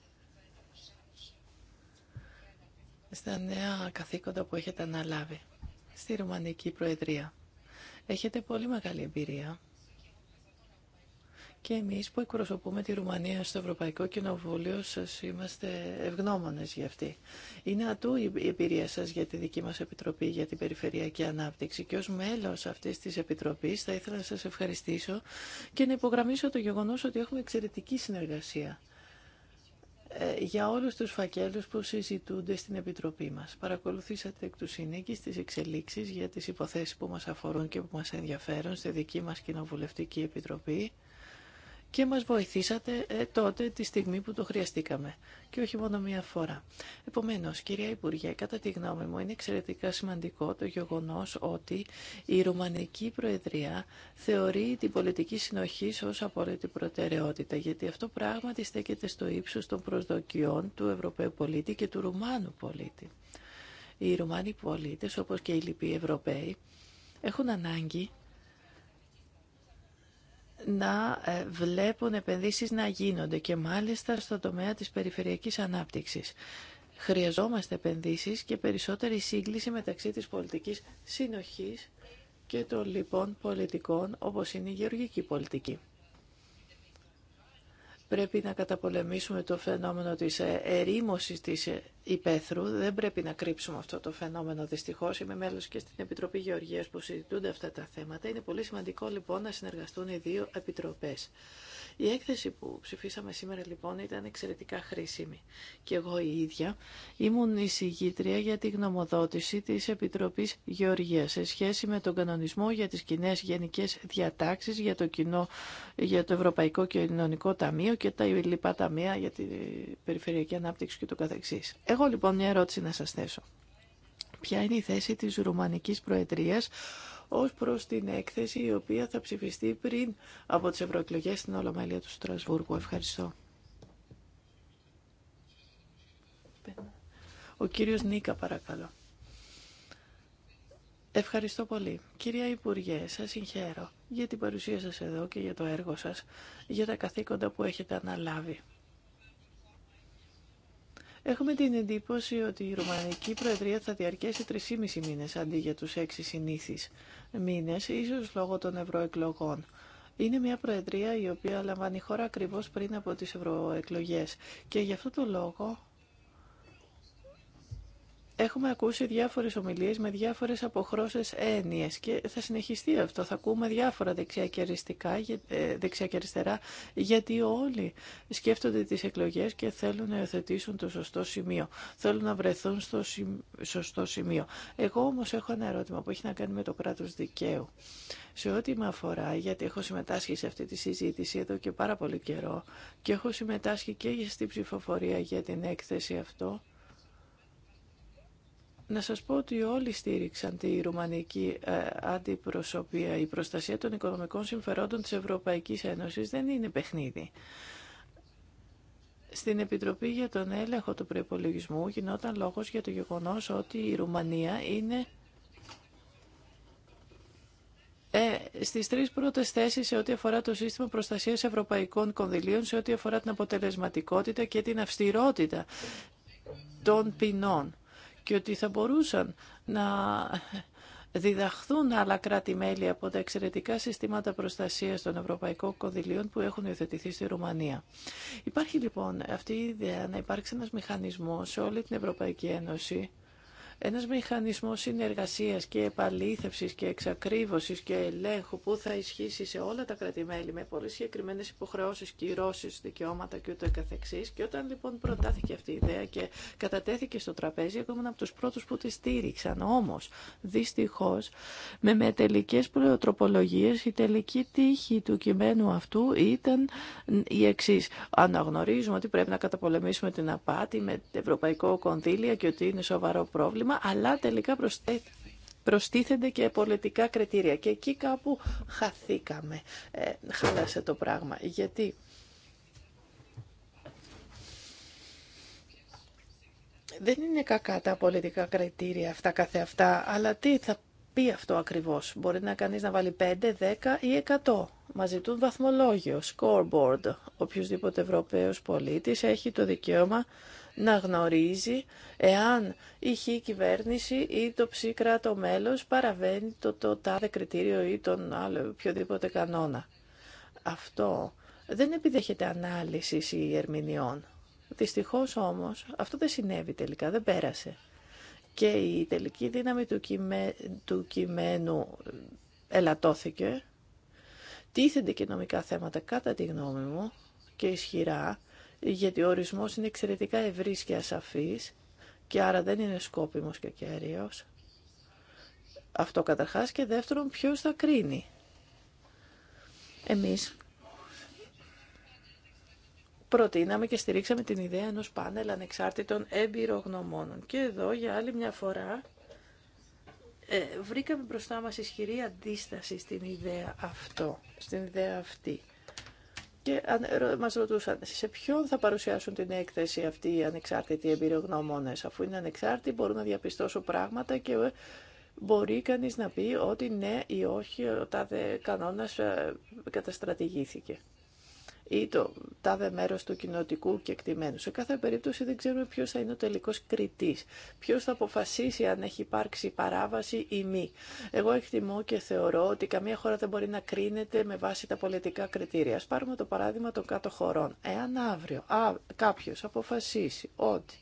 στα νέα καθήκοντα που έχετε αναλάβει στη Ρουμανική Προεδρία. Έχετε πολύ μεγάλη εμπειρία και εμείς που εκπροσωπούμε τη Ρουμανία στο Ευρωπαϊκό Κοινοβούλιο σας είμαστε ευγνώμονες για αυτή. Είναι ατού η εμπειρία σας για τη δική μας Επιτροπή για την Περιφερειακή Ανάπτυξη και ως μέλος αυτής της Επιτροπής θα ήθελα να σας ευχαριστήσω και να υπογραμμίσω το γεγονός ότι έχουμε εξαιρετική συνεργασία ε, για όλους τους φακέλους που συζητούνται στην Επιτροπή μας. Παρακολουθήσατε εκ του Συνήκη τις εξελίξεις για τις υποθέσεις που μας αφορούν και που μας ενδιαφέρουν στη δική μας Κοινοβουλευτική Επιτροπή και μας βοηθήσατε ε, τότε τη στιγμή που το χρειαστήκαμε και όχι μόνο μία φορά. Επομένως, κυρία Υπουργέ, κατά τη γνώμη μου είναι εξαιρετικά σημαντικό το γεγονός ότι η Ρουμανική Προεδρία θεωρεί την πολιτική συνοχή ως απόλυτη προτεραιότητα, γιατί αυτό πράγματι στέκεται στο ύψος των προσδοκιών του Ευρωπαίου πολίτη και του Ρουμάνου πολίτη. Οι Ρουμάνοι πολίτες, όπως και οι λοιποί Ευρωπαίοι, έχουν ανάγκη να ε, βλέπουν επενδύσεις να γίνονται και μάλιστα στο τομέα της περιφερειακής ανάπτυξης. Χρειαζόμαστε επενδύσεις και περισσότερη σύγκληση μεταξύ της πολιτικής συνοχής και των λοιπών πολιτικών όπως είναι η γεωργική πολιτική. Πρέπει να καταπολεμήσουμε το φαινόμενο της ε, ερήμωσης της ε, υπαίθρου. Δεν πρέπει να κρύψουμε αυτό το φαινόμενο Δυστυχώ, Είμαι μέλο και στην Επιτροπή Γεωργίας που συζητούνται αυτά τα θέματα. Είναι πολύ σημαντικό λοιπόν να συνεργαστούν οι δύο επιτροπέ. Η έκθεση που ψηφίσαμε σήμερα λοιπόν ήταν εξαιρετικά χρήσιμη. Και εγώ η ίδια ήμουν εισηγήτρια για τη γνωμοδότηση τη επιτροπή γεωργία σε σχέση με τον κανονισμό για τι κοινέ γενικέ διατάξει για το, για το Ευρωπαϊκό Κοινωνικό Ταμείο και τα λοιπά ταμεία για την Περιφερειακή Ανάπτυξη και το καθεξής εγώ λοιπόν μια ερώτηση να σας θέσω. Ποια είναι η θέση της Ρουμανικής Προεδρίας ως προς την έκθεση η οποία θα ψηφιστεί πριν από τις ευρωεκλογές στην Ολομέλεια του Στρασβούργου. Ευχαριστώ. Ο κύριος Νίκα παρακαλώ. Ευχαριστώ πολύ. Κυρία Υπουργέ, σας συγχαίρω για την παρουσία σας εδώ και για το έργο σας, για τα καθήκοντα που έχετε αναλάβει. Έχουμε την εντύπωση ότι η Ρουμανική Προεδρία θα διαρκέσει 3,5 μήνες αντί για τους 6 συνήθεις μήνες, ίσως λόγω των ευρωεκλογών. Είναι μια Προεδρία η οποία λαμβάνει χώρα ακριβώς πριν από τις ευρωεκλογές και γι' αυτό το λόγο Έχουμε ακούσει διάφορες ομιλίες με διάφορες αποχρώσεις έννοιες και θα συνεχιστεί αυτό. Θα ακούμε διάφορα ε, δεξιά και, αριστερά γιατί όλοι σκέφτονται τις εκλογές και θέλουν να υιοθετήσουν το σωστό σημείο. Θέλουν να βρεθούν στο σωστό σημείο. Εγώ όμως έχω ένα ερώτημα που έχει να κάνει με το κράτος δικαίου. Σε ό,τι με αφορά, γιατί έχω συμμετάσχει σε αυτή τη συζήτηση εδώ και πάρα πολύ καιρό και έχω συμμετάσχει και στην ψηφοφορία για την έκθεση αυτό, να σας πω ότι όλοι στήριξαν τη ρουμανική ε, αντιπροσωπεία. Η προστασία των οικονομικών συμφερόντων της Ευρωπαϊκής Ένωσης δεν είναι παιχνίδι. Στην Επιτροπή για τον Έλεγχο του Προϋπολογισμού γινόταν λόγος για το γεγονός ότι η Ρουμανία είναι ε, στις τρεις πρώτες θέσεις σε ό,τι αφορά το σύστημα προστασίας ευρωπαϊκών κονδυλίων, σε ό,τι αφορά την αποτελεσματικότητα και την αυστηρότητα των ποινών και ότι θα μπορούσαν να διδαχθούν άλλα κράτη-μέλη από τα εξαιρετικά συστήματα προστασίας των Ευρωπαϊκών Κονδυλίων που έχουν υιοθετηθεί στη Ρουμανία. Υπάρχει λοιπόν αυτή η ιδέα να υπάρξει ένας μηχανισμός σε όλη την Ευρωπαϊκή Ένωση ένας μηχανισμός συνεργασίας και επαλήθευσης και εξακρίβωσης και ελέγχου που θα ισχύσει σε όλα τα κρατημέλη με πολύ συγκεκριμένε υποχρεώσεις, κυρώσεις, δικαιώματα και ούτε καθεξής. Και όταν λοιπόν προτάθηκε αυτή η ιδέα και κατατέθηκε στο τραπέζι, εγώ ήμουν από τους πρώτους που τη στήριξαν. Όμως, δυστυχώς, με μετελικές πλεοτροπολογίες, η τελική τύχη του κειμένου αυτού ήταν η εξή. Αναγνωρίζουμε ότι πρέπει να καταπολεμήσουμε την απάτη με ευρωπαϊκό κονδύλια και ότι είναι σοβαρό πρόβλημα αλλά τελικά προστίθενται και πολιτικά κριτήρια. Και εκεί κάπου χαθήκαμε, ε, χάλασε το πράγμα. Γιατί δεν είναι κακά τα πολιτικά κριτήρια αυτά κάθε αυτά αλλά τι θα πει αυτό ακριβώς. Μπορεί να κανείς να βάλει 5, 10 ή 100. Μα ζητούν βαθμολόγιο, scoreboard. Οποιουσδήποτε Ευρωπαίος πολίτης έχει το δικαίωμα να γνωρίζει εάν η χ κυβέρνηση ή το ψ κράτο μέλος παραβαίνει το, το τάδε κριτήριο ή τον άλλο οποιοδήποτε κανόνα. Αυτό δεν επιδέχεται ανάλυση ή ερμηνεών. Δυστυχώς όμως αυτό δεν συνέβη τελικά, δεν πέρασε. Και η τελική δύναμη του, του κειμένου ελαττώθηκε. Τίθενται και νομικά θέματα κατά τη γνώμη μου και ισχυρά γιατί ο ορισμός είναι εξαιρετικά ευρύς και ασαφής και άρα δεν είναι σκόπιμος και κέριος. Αυτό καταρχάς και δεύτερον ποιος θα κρίνει. Εμείς προτείναμε και στηρίξαμε την ιδέα ενός πάνελ ανεξάρτητων εμπειρογνωμόνων. Και εδώ για άλλη μια φορά ε, βρήκαμε μπροστά μας ισχυρή αντίσταση στην ιδέα, αυτό, στην ιδέα αυτή και ε, μα ρωτούσαν σε ποιον θα παρουσιάσουν την έκθεση αυτή οι ανεξάρτητοι εμπειρογνώμονες. Αφού είναι ανεξάρτητοι μπορούν να διαπιστώσουν πράγματα και ε, μπορεί κανείς να πει ότι ναι ή όχι ο τάδε κανόνας ε, καταστρατηγήθηκε ή το τάδε μέρο του κοινοτικού κεκτημένου. Σε κάθε περίπτωση δεν ξέρουμε ποιο θα είναι ο τελικό κριτής, Ποιο θα αποφασίσει αν έχει υπάρξει παράβαση ή μη. Εγώ εκτιμώ και θεωρώ ότι καμία χώρα δεν μπορεί να κρίνεται με βάση τα πολιτικά κριτήρια. Α πάρουμε το παράδειγμα των κάτω χωρών. Εάν αύριο Κάποιο αποφασίσει ότι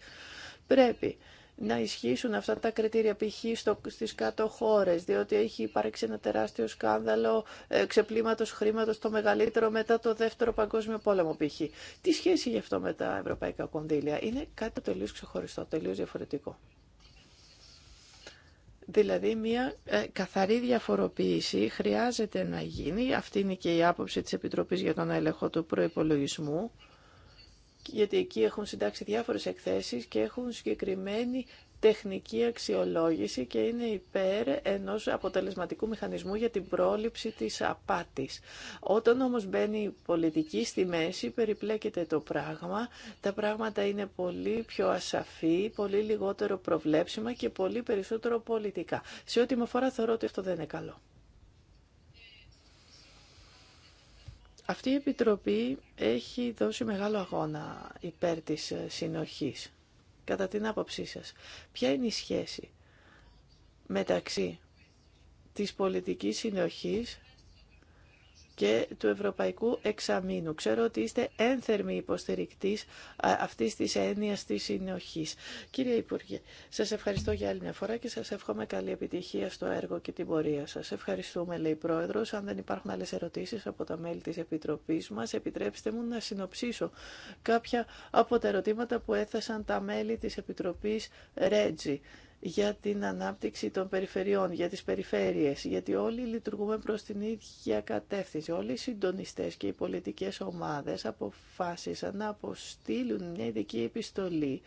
πρέπει να ισχύσουν αυτά τα κριτήρια π.χ. στις κάτω χώρες, διότι έχει υπάρξει ένα τεράστιο σκάνδαλο ε, ξεπλήματος χρήματος το μεγαλύτερο μετά το δεύτερο παγκόσμιο πόλεμο π.χ. Τι σχέση γι' αυτό με τα ευρωπαϊκά κονδύλια. Είναι κάτι τελείως ξεχωριστό, τελείως διαφορετικό. Δηλαδή μια ε, καθαρή διαφοροποίηση χρειάζεται να γίνει. Αυτή είναι και η άποψη της Επιτροπής για τον έλεγχο του προπολογισμού γιατί εκεί έχουν συντάξει διάφορες εκθέσεις και έχουν συγκεκριμένη τεχνική αξιολόγηση και είναι υπέρ ενός αποτελεσματικού μηχανισμού για την πρόληψη της απάτης. Όταν όμως μπαίνει η πολιτική στη μέση, περιπλέκεται το πράγμα, τα πράγματα είναι πολύ πιο ασαφή, πολύ λιγότερο προβλέψιμα και πολύ περισσότερο πολιτικά. Σε ό,τι με αφορά θεωρώ ότι αυτό δεν είναι καλό. Αυτή η Επιτροπή έχει δώσει μεγάλο αγώνα υπέρ της ε, συνοχής. Κατά την άποψή σας, ποια είναι η σχέση μεταξύ της πολιτικής συνοχής και του Ευρωπαϊκού Εξαμήνου. Ξέρω ότι είστε ένθερμοι υποστηρικτής αυτής της έννοιας της συνοχής. Κύριε Υπουργέ, σας ευχαριστώ για άλλη μια φορά και σας εύχομαι καλή επιτυχία στο έργο και την πορεία σας. Ευχαριστούμε, λέει Πρόεδρος. Αν δεν υπάρχουν άλλες ερωτήσεις από τα μέλη της Επιτροπής μας, επιτρέψτε μου να συνοψίσω κάποια από τα ερωτήματα που έθεσαν τα μέλη της Επιτροπής Ρέτζι για την ανάπτυξη των περιφερειών, για τις περιφέρειες, γιατί όλοι λειτουργούμε προς την ίδια κατεύθυνση. Όλοι οι συντονιστές και οι πολιτικές ομάδες αποφάσισαν να αποστείλουν μια ειδική επιστολή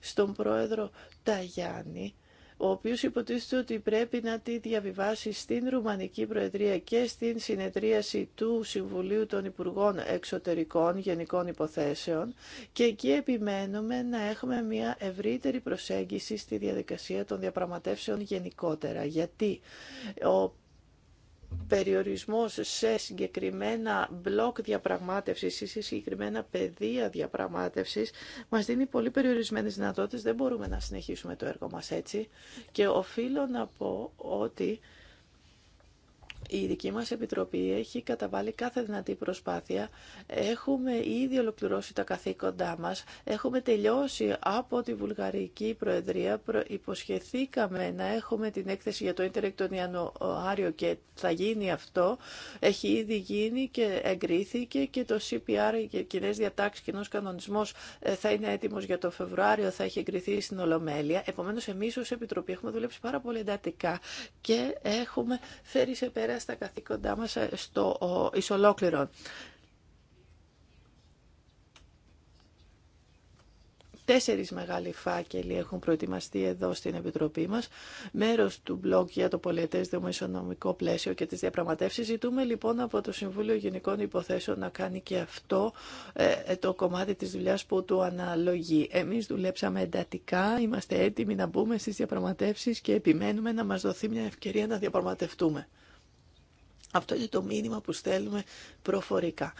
στον πρόεδρο Ταγιάννη, ο οποίος υποτίθεται ότι πρέπει να τη διαβιβάσει στην Ρουμανική Προεδρία και στην συνεδρίαση του Συμβουλίου των Υπουργών Εξωτερικών Γενικών Υποθέσεων και εκεί επιμένουμε να έχουμε μια ευρύτερη προσέγγιση στη διαδικασία των διαπραγματεύσεων γενικότερα. Γιατί ο περιορισμός σε συγκεκριμένα μπλοκ διαπραγμάτευσης ή σε συγκεκριμένα πεδία διαπραγμάτευσης μας δίνει πολύ περιορισμένες δυνατότητες. Δεν μπορούμε να συνεχίσουμε το έργο μας έτσι. Και οφείλω να πω ότι η δική μας Επιτροπή έχει καταβάλει κάθε δυνατή προσπάθεια. Έχουμε ήδη ολοκληρώσει τα καθήκοντά μας. Έχουμε τελειώσει από τη Βουλγαρική Προεδρία. Υποσχεθήκαμε να έχουμε την έκθεση για το Ιντερνετ τον Ιανουάριο και θα γίνει αυτό. Έχει ήδη γίνει και εγκρίθηκε και το CPR και κοινέ διατάξει, κοινό κανονισμό ε, θα είναι έτοιμο για το Φεβρουάριο, θα έχει εγκριθεί στην Ολομέλεια. Επομένω, εμεί ω Επιτροπή έχουμε δουλέψει πάρα πολύ εντατικά και έχουμε φέρει σε πέρα στα καθήκοντά μας ε, στο ισολόκληρο. Τέσσερις μεγάλοι φάκελοι έχουν προετοιμαστεί εδώ στην Επιτροπή μας. Μέρος του μπλοκ για το πολιετές δημοσιονομικό πλαίσιο και τις διαπραγματεύσεις. Ζητούμε λοιπόν από το Συμβούλιο Γενικών Υποθέσεων να κάνει και αυτό ε, ε, το κομμάτι της δουλειάς που του αναλογεί. Εμείς δουλέψαμε εντατικά, είμαστε έτοιμοι να μπούμε στις διαπραγματεύσεις και επιμένουμε να μας δοθεί μια ευκαιρία να διαπραγματευτούμε. Αυτό είναι το μήνυμα που στέλνουμε προφορικά.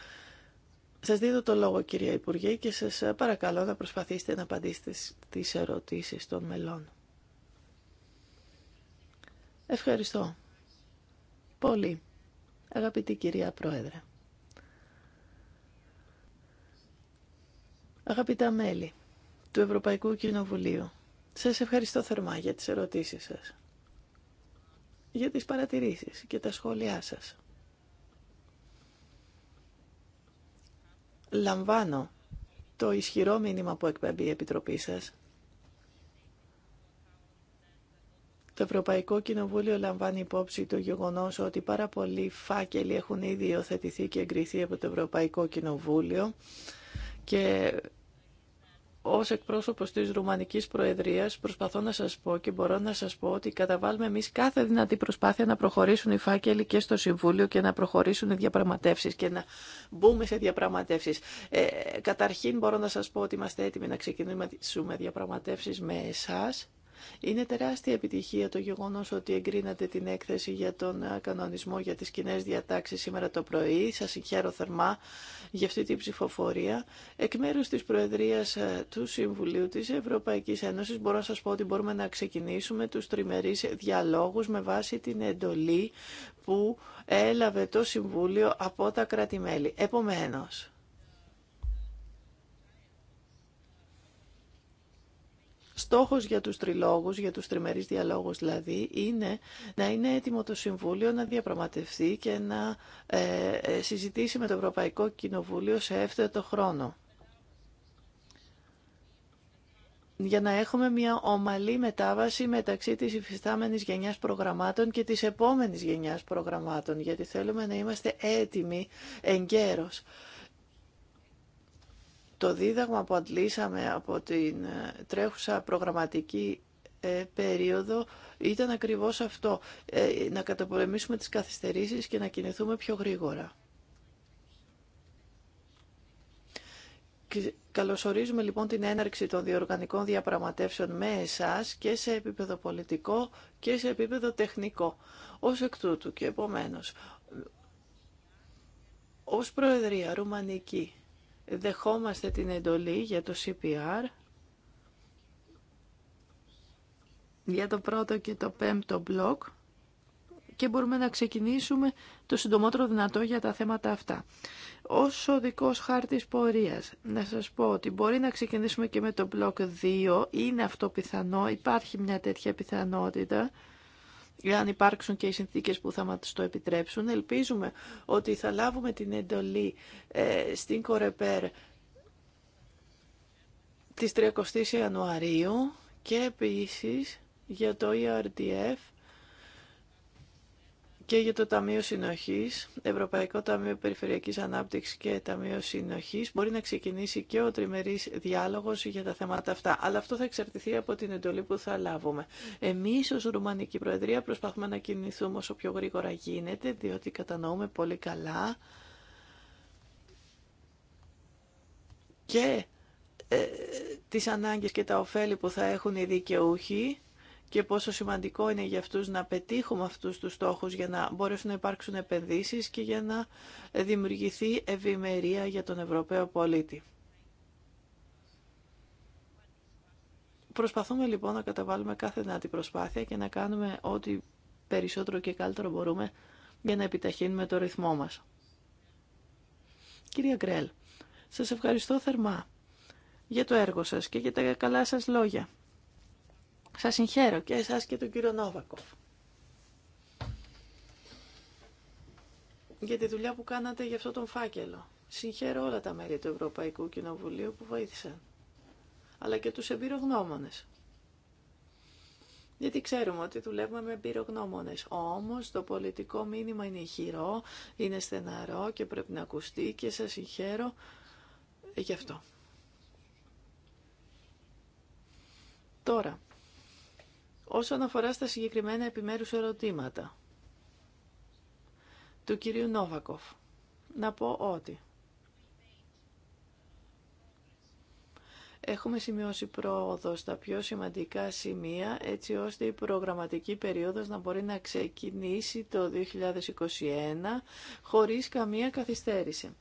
Σας δίνω το λόγο κυρία Υπουργέ και σας παρακαλώ να προσπαθήσετε να απαντήσετε στις ερωτήσεις των μελών. Ευχαριστώ. Πολύ. Αγαπητή κυρία Πρόεδρε. Αγαπητά μέλη του Ευρωπαϊκού Κοινοβουλίου, σας ευχαριστώ θερμά για τις ερωτήσεις σας για τις παρατηρήσεις και τα σχόλιά σας. Λαμβάνω το ισχυρό μήνυμα που εκπέμπει η Επιτροπή σας. Το Ευρωπαϊκό Κοινοβούλιο λαμβάνει υπόψη το γεγονός ότι πάρα πολλοί φάκελοι έχουν ήδη υιοθετηθεί και εγκριθεί από το Ευρωπαϊκό Κοινοβούλιο και ως εκπρόσωπος της Ρουμανικής Προεδρίας προσπαθώ να σας πω και μπορώ να σας πω ότι καταβάλουμε εμείς κάθε δυνατή προσπάθεια να προχωρήσουν οι φάκελοι και στο Συμβούλιο και να προχωρήσουν οι διαπραγματεύσεις και να μπούμε σε διαπραγματεύσεις. Ε, καταρχήν μπορώ να σας πω ότι είμαστε έτοιμοι να ξεκινήσουμε διαπραγματεύσεις με εσάς είναι τεράστια επιτυχία το γεγονός ότι εγκρίνατε την έκθεση για τον ε, κανονισμό για τις κοινέ διατάξεις σήμερα το πρωί. σα συγχαίρω θερμά για αυτή την ψηφοφορία. Εκ μέρου της Προεδρίας ε, του Συμβουλίου της Ευρωπαϊκής Ένωσης μπορώ να σας πω ότι μπορούμε να ξεκινήσουμε τους τριμερεί διαλόγους με βάση την εντολή που έλαβε το Συμβούλιο από τα κράτη-μέλη. Στόχος για τους τριλόγους, για τους τριμερείς διαλόγους δηλαδή, είναι να είναι έτοιμο το Συμβούλιο να διαπραγματευτεί και να ε, ε, συζητήσει με το Ευρωπαϊκό Κοινοβούλιο σε εύθετο χρόνο. για να έχουμε μια ομαλή μετάβαση μεταξύ της υφιστάμενης γενιάς προγραμμάτων και της επόμενης γενιάς προγραμμάτων, γιατί θέλουμε να είμαστε έτοιμοι εγκαίρως. Το δίδαγμα που αντλήσαμε από την ε, τρέχουσα προγραμματική ε, περίοδο ήταν ακριβώς αυτό, ε, να καταπολεμήσουμε τις καθυστερήσεις και να κινηθούμε πιο γρήγορα. Καλωσορίζουμε λοιπόν την έναρξη των διοργανικών διαπραγματεύσεων με εσάς και σε επίπεδο πολιτικό και σε επίπεδο τεχνικό. Ως εκ τούτου και επομένως, ως Προεδρία Ρουμανική δεχόμαστε την εντολή για το CPR, για το πρώτο και το πέμπτο μπλοκ και μπορούμε να ξεκινήσουμε το συντομότερο δυνατό για τα θέματα αυτά. Ως οδικός χάρτης πορείας, να σας πω ότι μπορεί να ξεκινήσουμε και με το μπλοκ 2, είναι αυτό πιθανό, υπάρχει μια τέτοια πιθανότητα, αν υπάρξουν και οι συνθήκες που θα μας το επιτρέψουν. Ελπίζουμε ότι θα λάβουμε την εντολή ε, στην Κορεπέρ της 30 Ιανουαρίου και επίσης για το ERDF και για το Ταμείο Συνοχής, Ευρωπαϊκό Ταμείο Περιφερειακής Ανάπτυξης και Ταμείο Συνοχής μπορεί να ξεκινήσει και ο τριμερής διάλογος για τα θέματα αυτά. Αλλά αυτό θα εξαρτηθεί από την εντολή που θα λάβουμε. Εμείς ως Ρουμανική Προεδρία προσπαθούμε να κινηθούμε όσο πιο γρήγορα γίνεται, διότι κατανοούμε πολύ καλά και ε, τις ανάγκες και τα ωφέλη που θα έχουν οι δικαιούχοι και πόσο σημαντικό είναι για αυτούς να πετύχουμε αυτούς τους στόχους για να μπορέσουν να υπάρξουν επενδύσεις και για να δημιουργηθεί ευημερία για τον Ευρωπαίο πολίτη. Προσπαθούμε λοιπόν να καταβάλουμε κάθε δυνατή προσπάθεια και να κάνουμε ό,τι περισσότερο και καλύτερο μπορούμε για να επιταχύνουμε το ρυθμό μας. Κυρία Γκρέλ, σας ευχαριστώ θερμά για το έργο σας και για τα καλά σας λόγια. Σας συγχαίρω και εσάς και τον κύριο Νόβακοφ. Για τη δουλειά που κάνατε για αυτό τον φάκελο. Συγχαίρω όλα τα μέλη του Ευρωπαϊκού Κοινοβουλίου που βοήθησαν. Αλλά και τους εμπειρογνώμονες. Γιατί ξέρουμε ότι δουλεύουμε με εμπειρογνώμονε. Όμω το πολιτικό μήνυμα είναι χειρό, είναι στεναρό και πρέπει να ακουστεί και σα συγχαίρω γι' αυτό. Τώρα, Όσον αφορά στα συγκεκριμένα επιμέρους ερωτήματα του κυρίου Νόβακοφ, να πω ότι έχουμε σημειώσει πρόοδο στα πιο σημαντικά σημεία έτσι ώστε η προγραμματική περίοδος να μπορεί να ξεκινήσει το 2021 χωρίς καμία καθυστέρηση.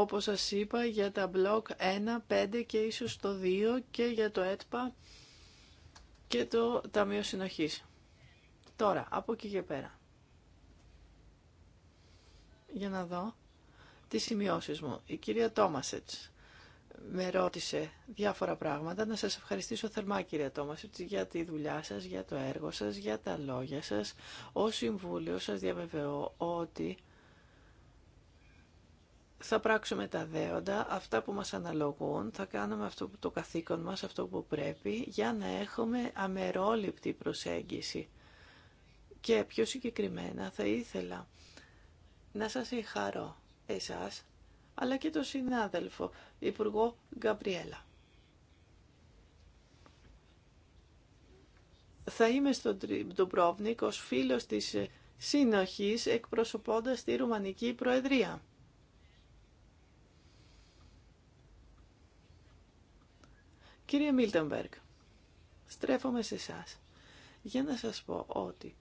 όπως σας είπα, για τα μπλοκ 1, 5 και ίσως το 2 και για το ΕΤΠΑ και το Ταμείο Συνοχής. Τώρα, από εκεί και πέρα. Για να δω τις σημειώσεις μου. Η κυρία Τόμασετς με ρώτησε διάφορα πράγματα. Να σας ευχαριστήσω θερμά κυρία Τόμασετς για τη δουλειά σας, για το έργο σας, για τα λόγια σας. Ως Συμβούλιο σας διαβεβαιώ ότι θα πράξουμε τα δέοντα, αυτά που μας αναλογούν, θα κάνουμε αυτό το καθήκον μας, αυτό που πρέπει, για να έχουμε αμερόληπτη προσέγγιση. Και πιο συγκεκριμένα θα ήθελα να σας ευχαρώ εσάς, αλλά και τον συνάδελφο, Υπουργό Γκαμπριέλα. Θα είμαι στον Ντουμπρόβνικ ως φίλος της Συνοχής εκπροσωπώντας τη Ρουμανική Προεδρία. Κύριε Μίλτεμπεργκ, στρέφομαι σε εσά για να σας πω ότι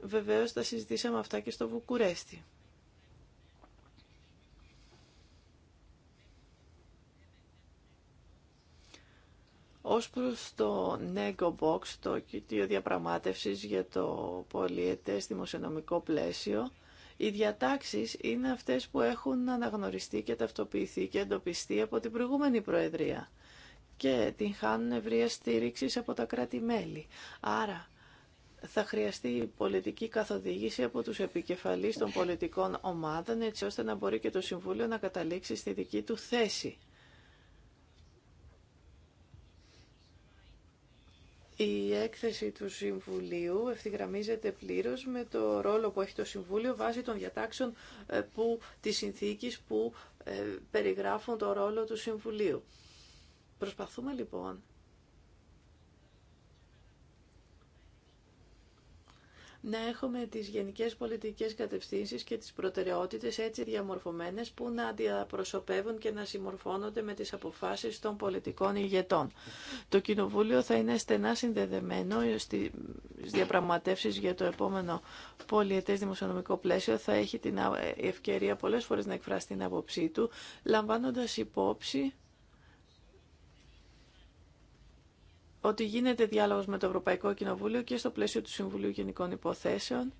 βεβαίως τα συζητήσαμε αυτά και στο Βουκουρέστι. Ως προς το NEGO Box, το κοιτίο διαπραγμάτευσης για το πολιετές δημοσιονομικό πλαίσιο, οι διατάξεις είναι αυτές που έχουν αναγνωριστεί και ταυτοποιηθεί και εντοπιστεί από την προηγούμενη Προεδρία και την χάνουν ευρεία στήριξη από τα κράτη-μέλη. Άρα θα χρειαστεί πολιτική καθοδήγηση από τους επικεφαλείς των πολιτικών ομάδων έτσι ώστε να μπορεί και το Συμβούλιο να καταλήξει στη δική του θέση. Η έκθεση του Συμβουλίου ευθυγραμμίζεται πλήρως με το ρόλο που έχει το Συμβούλιο βάσει των διατάξεων ε, που, της συνθήκης που ε, περιγράφουν το ρόλο του Συμβουλίου. Προσπαθούμε λοιπόν να έχουμε τις γενικές πολιτικές κατευθύνσεις και τις προτεραιότητες έτσι διαμορφωμένες που να διαπροσωπεύουν και να συμμορφώνονται με τις αποφάσεις των πολιτικών ηγετών. Το Κοινοβούλιο θα είναι στενά συνδεδεμένο στις διαπραγματεύσεις για το επόμενο πολιετές δημοσιονομικό πλαίσιο. Θα έχει την ευκαιρία πολλές φορές να εκφράσει την άποψή του, λαμβάνοντας υπόψη ότι γίνεται διάλογος με το Ευρωπαϊκό Κοινοβούλιο και στο πλαίσιο του Συμβουλίου Γενικών Υποθέσεων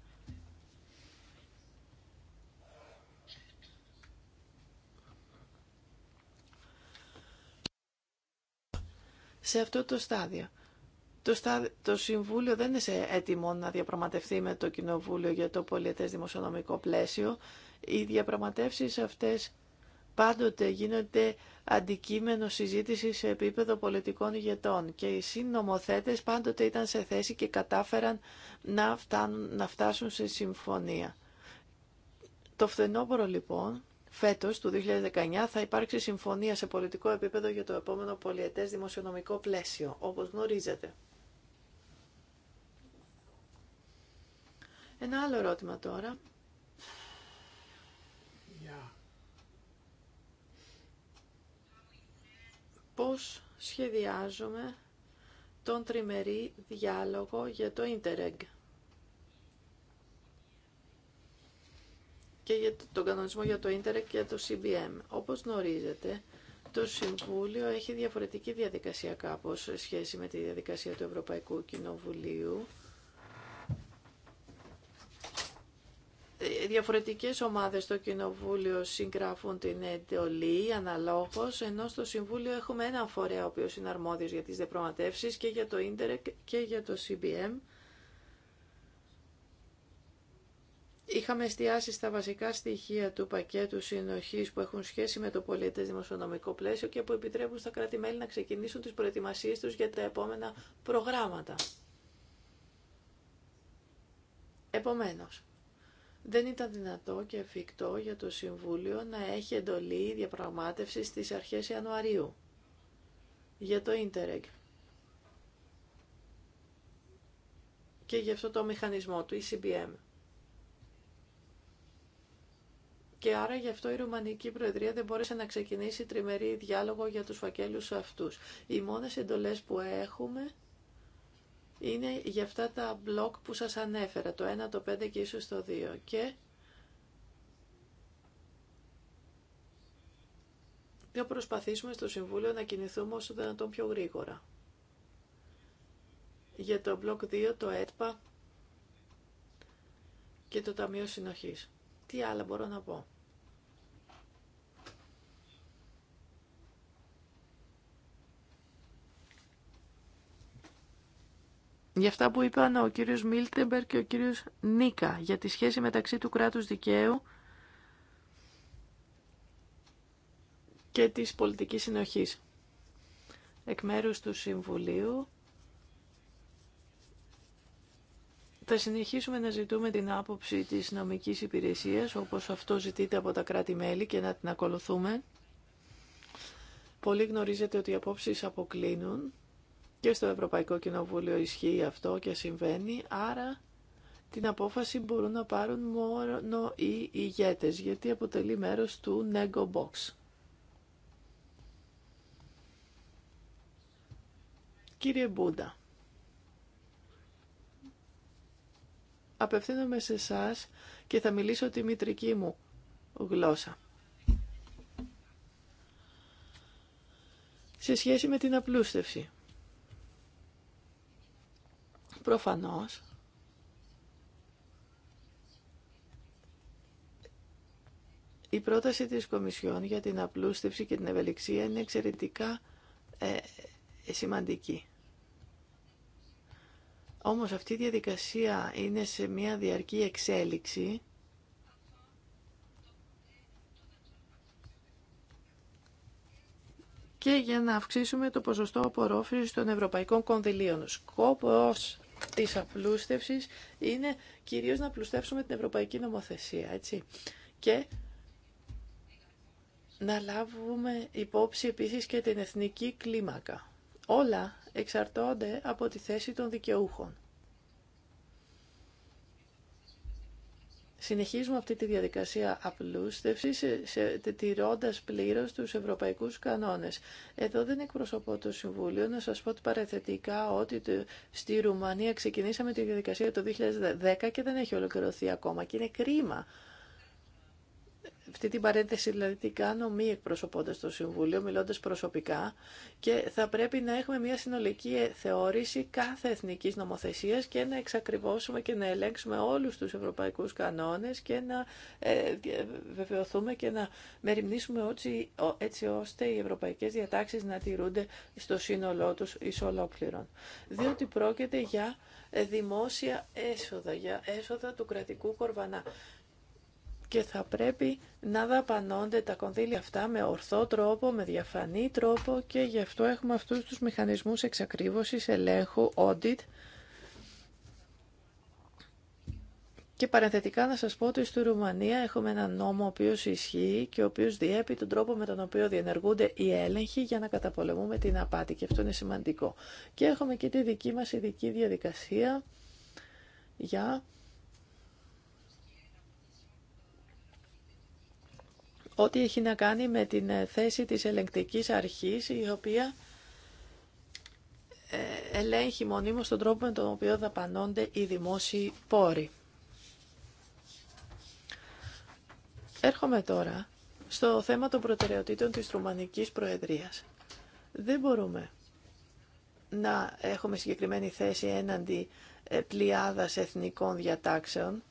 σε αυτό το στάδιο. Το, το Συμβούλιο δεν είναι σε έτοιμο να διαπραγματευτεί με το Κοινοβούλιο για το πολιετές δημοσιονομικό πλαίσιο. Οι διαπραγματεύσεις αυτές πάντοτε γίνεται αντικείμενο συζήτηση σε επίπεδο πολιτικών ηγετών και οι συνομοθέτες πάντοτε ήταν σε θέση και κατάφεραν να, να φτάσουν σε συμφωνία. Το φθενόπορο λοιπόν, φέτος του 2019, θα υπάρξει συμφωνία σε πολιτικό επίπεδο για το επόμενο πολιετές δημοσιονομικό πλαίσιο, όπως γνωρίζετε. Ένα άλλο ερώτημα τώρα πώς σχεδιάζουμε τον τριμερή διάλογο για το Interreg και για τον κανονισμό για το Interreg και το CBM. Όπως γνωρίζετε, το Συμβούλιο έχει διαφορετική διαδικασία κάπως σε σχέση με τη διαδικασία του Ευρωπαϊκού Κοινοβουλίου διαφορετικές ομάδες στο Κοινοβούλιο συγγράφουν την εντολή αναλόγως, ενώ στο Συμβούλιο έχουμε ένα φορέα ο οποίος είναι αρμόδιος για τις διαπραγματεύσεις και για το Ίντερεκ και για το CBM. Είχαμε εστιάσει στα βασικά στοιχεία του πακέτου συνοχή που έχουν σχέση με το πολιτέ δημοσιονομικό πλαίσιο και που επιτρέπουν στα κράτη-μέλη να ξεκινήσουν τι προετοιμασίε του για τα επόμενα προγράμματα. Επομένως, δεν ήταν δυνατό και εφικτό για το Συμβούλιο να έχει εντολή διαπραγμάτευση στις αρχές Ιανουαρίου για το Ίντερεγ και για αυτό το μηχανισμό του ECBM. Και άρα γι' αυτό η Ρουμανική Προεδρία δεν μπόρεσε να ξεκινήσει τριμερή διάλογο για τους φακέλους αυτούς. Οι μόνες εντολές που έχουμε είναι για αυτά τα μπλοκ που σας ανέφερα, το 1, το 5 και ίσως το 2. Και θα προσπαθήσουμε στο Συμβούλιο να κινηθούμε όσο δυνατόν πιο γρήγορα. Για το μπλοκ 2, το ΕΤΠΑ και το Ταμείο Συνοχής. Τι άλλα μπορώ να πω. για αυτά που είπαν ο κύριος Μίλτεμπερ και ο κύριος Νίκα για τη σχέση μεταξύ του κράτους δικαίου και της πολιτικής συνοχής. Εκ μέρους του Συμβουλίου θα συνεχίσουμε να ζητούμε την άποψη της νομικής υπηρεσίας όπως αυτό ζητείται από τα κράτη-μέλη και να την ακολουθούμε. Πολλοί γνωρίζετε ότι οι απόψεις αποκλίνουν και στο Ευρωπαϊκό Κοινοβούλιο ισχύει αυτό και συμβαίνει, άρα την απόφαση μπορούν να πάρουν μόνο οι ηγέτες, γιατί αποτελεί μέρος του Nego Box. Κύριε Μπούντα, απευθύνομαι σε εσά και θα μιλήσω τη μητρική μου γλώσσα. Σε σχέση με την απλούστευση, Προφανώς, η πρόταση της Κομισιόν για την απλούστευση και την ευελιξία είναι εξαιρετικά ε, σημαντική. Όμως αυτή η διαδικασία είναι σε μια διαρκή εξέλιξη και για να αυξήσουμε το ποσοστό απορρόφησης των ευρωπαϊκών κονδυλίων. Σκόπος της απλούστευσης είναι κυρίως να απλουστεύσουμε την ευρωπαϊκή νομοθεσία, έτσι. Και να λάβουμε υπόψη επίσης και την εθνική κλίμακα. Όλα εξαρτώνται από τη θέση των δικαιούχων. Συνεχίζουμε αυτή τη διαδικασία απλούστευσης, τηρώντας πλήρως τους ευρωπαϊκούς κανόνες. Εδώ δεν εκπροσωπώ το Συμβούλιο. Να σας πω παρεθετικά ότι στη Ρουμανία ξεκινήσαμε τη διαδικασία το 2010 και δεν έχει ολοκληρωθεί ακόμα και είναι κρίμα αυτή την παρένθεση δηλαδή τι κάνω μη εκπροσωπώντας το Συμβούλιο, μιλώντας προσωπικά και θα πρέπει να έχουμε μια συνολική θεώρηση κάθε εθνικής νομοθεσίας και να εξακριβώσουμε και να ελέγξουμε όλους τους ευρωπαϊκούς κανόνες και να ε, βεβαιωθούμε και να μεριμνήσουμε έτσι, έτσι ώστε οι ευρωπαϊκές διατάξεις να τηρούνται στο σύνολό τους εις ολόκληρον. Διότι πρόκειται για ε, δημόσια έσοδα, για έσοδα του κρατικού κορβανά και θα πρέπει να δαπανώνται τα κονδύλια αυτά με ορθό τρόπο, με διαφανή τρόπο και γι' αυτό έχουμε αυτούς τους μηχανισμούς εξακρίβωσης, ελέγχου, audit. Και παρενθετικά να σας πω ότι στη Ρουμανία έχουμε ένα νόμο ο οποίος ισχύει και ο οποίος διέπει τον τρόπο με τον οποίο διενεργούνται οι έλεγχοι για να καταπολεμούμε την απάτη και αυτό είναι σημαντικό. Και έχουμε και τη δική μας ειδική διαδικασία για ό,τι έχει να κάνει με την ε, θέση της ελεγκτικής αρχής η οποία ε, ελέγχει μονίμως τον τρόπο με τον οποίο δαπανώνται οι δημόσιοι πόροι. Έρχομαι τώρα στο θέμα των προτεραιοτήτων της Ρουμανικής Προεδρίας. Δεν μπορούμε να έχουμε συγκεκριμένη θέση έναντι ε, πλειάδας εθνικών διατάξεων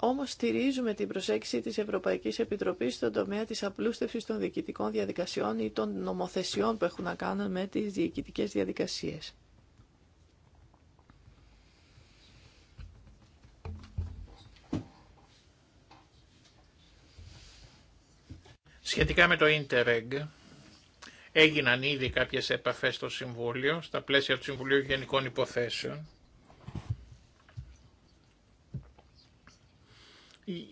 όμως στηρίζουμε την προσέγγιση της Ευρωπαϊκής Επιτροπής στον τομέα της απλούστευσης των διοικητικών διαδικασιών ή των νομοθεσιών που έχουν να κάνουν με τις διοικητικές διαδικασίες. Σχετικά με το Interreg, έγιναν ήδη κάποιες επαφές στο Συμβούλιο, στα πλαίσια του Συμβουλίου Γενικών Υποθέσεων,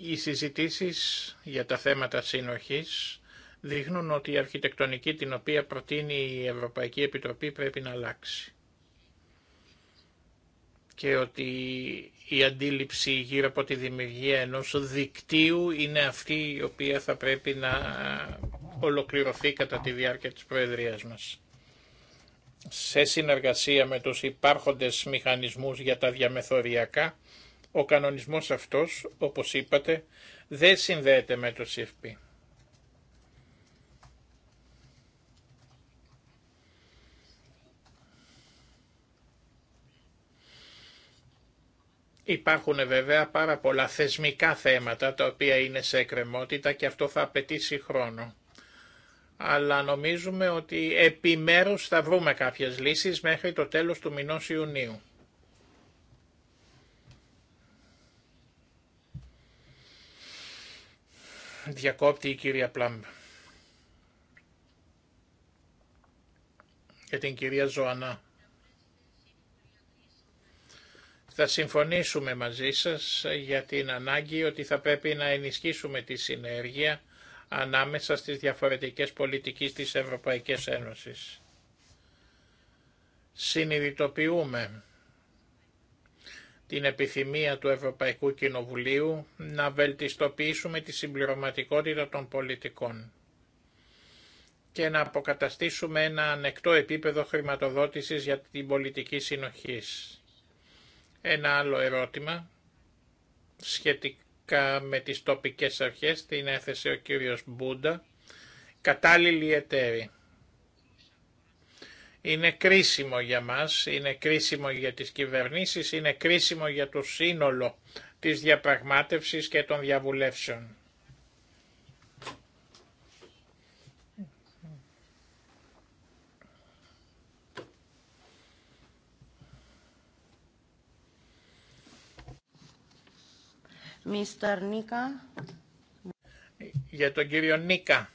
Οι συζητήσεις για τα θέματα σύνοχης δείχνουν ότι η αρχιτεκτονική την οποία προτείνει η Ευρωπαϊκή Επιτροπή πρέπει να αλλάξει. Και ότι η αντίληψη γύρω από τη δημιουργία ενός δικτύου είναι αυτή η οποία θα πρέπει να ολοκληρωθεί κατά τη διάρκεια της Προεδρίας μας. Σε συνεργασία με τους υπάρχοντες μηχανισμούς για τα διαμεθοριακά, ο κανονισμός αυτός, όπως είπατε, δεν συνδέεται με το CFP. Υπάρχουν βέβαια πάρα πολλά θεσμικά θέματα τα οποία είναι σε εκκρεμότητα και αυτό θα απαιτήσει χρόνο. Αλλά νομίζουμε ότι επιμέρους θα βρούμε κάποιες λύσεις μέχρι το τέλος του μηνός Ιουνίου. Διακόπτει η κυρία Πλάμπ. Και την κυρία Ζωανά. Θα συμφωνήσουμε μαζί σας για την ανάγκη ότι θα πρέπει να ενισχύσουμε τη συνέργεια ανάμεσα στις διαφορετικές πολιτικές της Ευρωπαϊκής Ένωσης. Συνειδητοποιούμε την επιθυμία του Ευρωπαϊκού Κοινοβουλίου να βελτιστοποιήσουμε τη συμπληρωματικότητα των πολιτικών και να αποκαταστήσουμε ένα ανεκτό επίπεδο χρηματοδότησης για την πολιτική συνοχής. Ένα άλλο ερώτημα σχετικά με τις τοπικές αρχές την έθεσε ο κύριος Μπούντα. Κατάλληλοι εταίροι είναι κρίσιμο για μας, είναι κρίσιμο για τις κυβερνήσεις, είναι κρίσιμο για το σύνολο της διαπραγμάτευσης και των διαβουλεύσεων. Mr. Για τον κύριο Νίκα.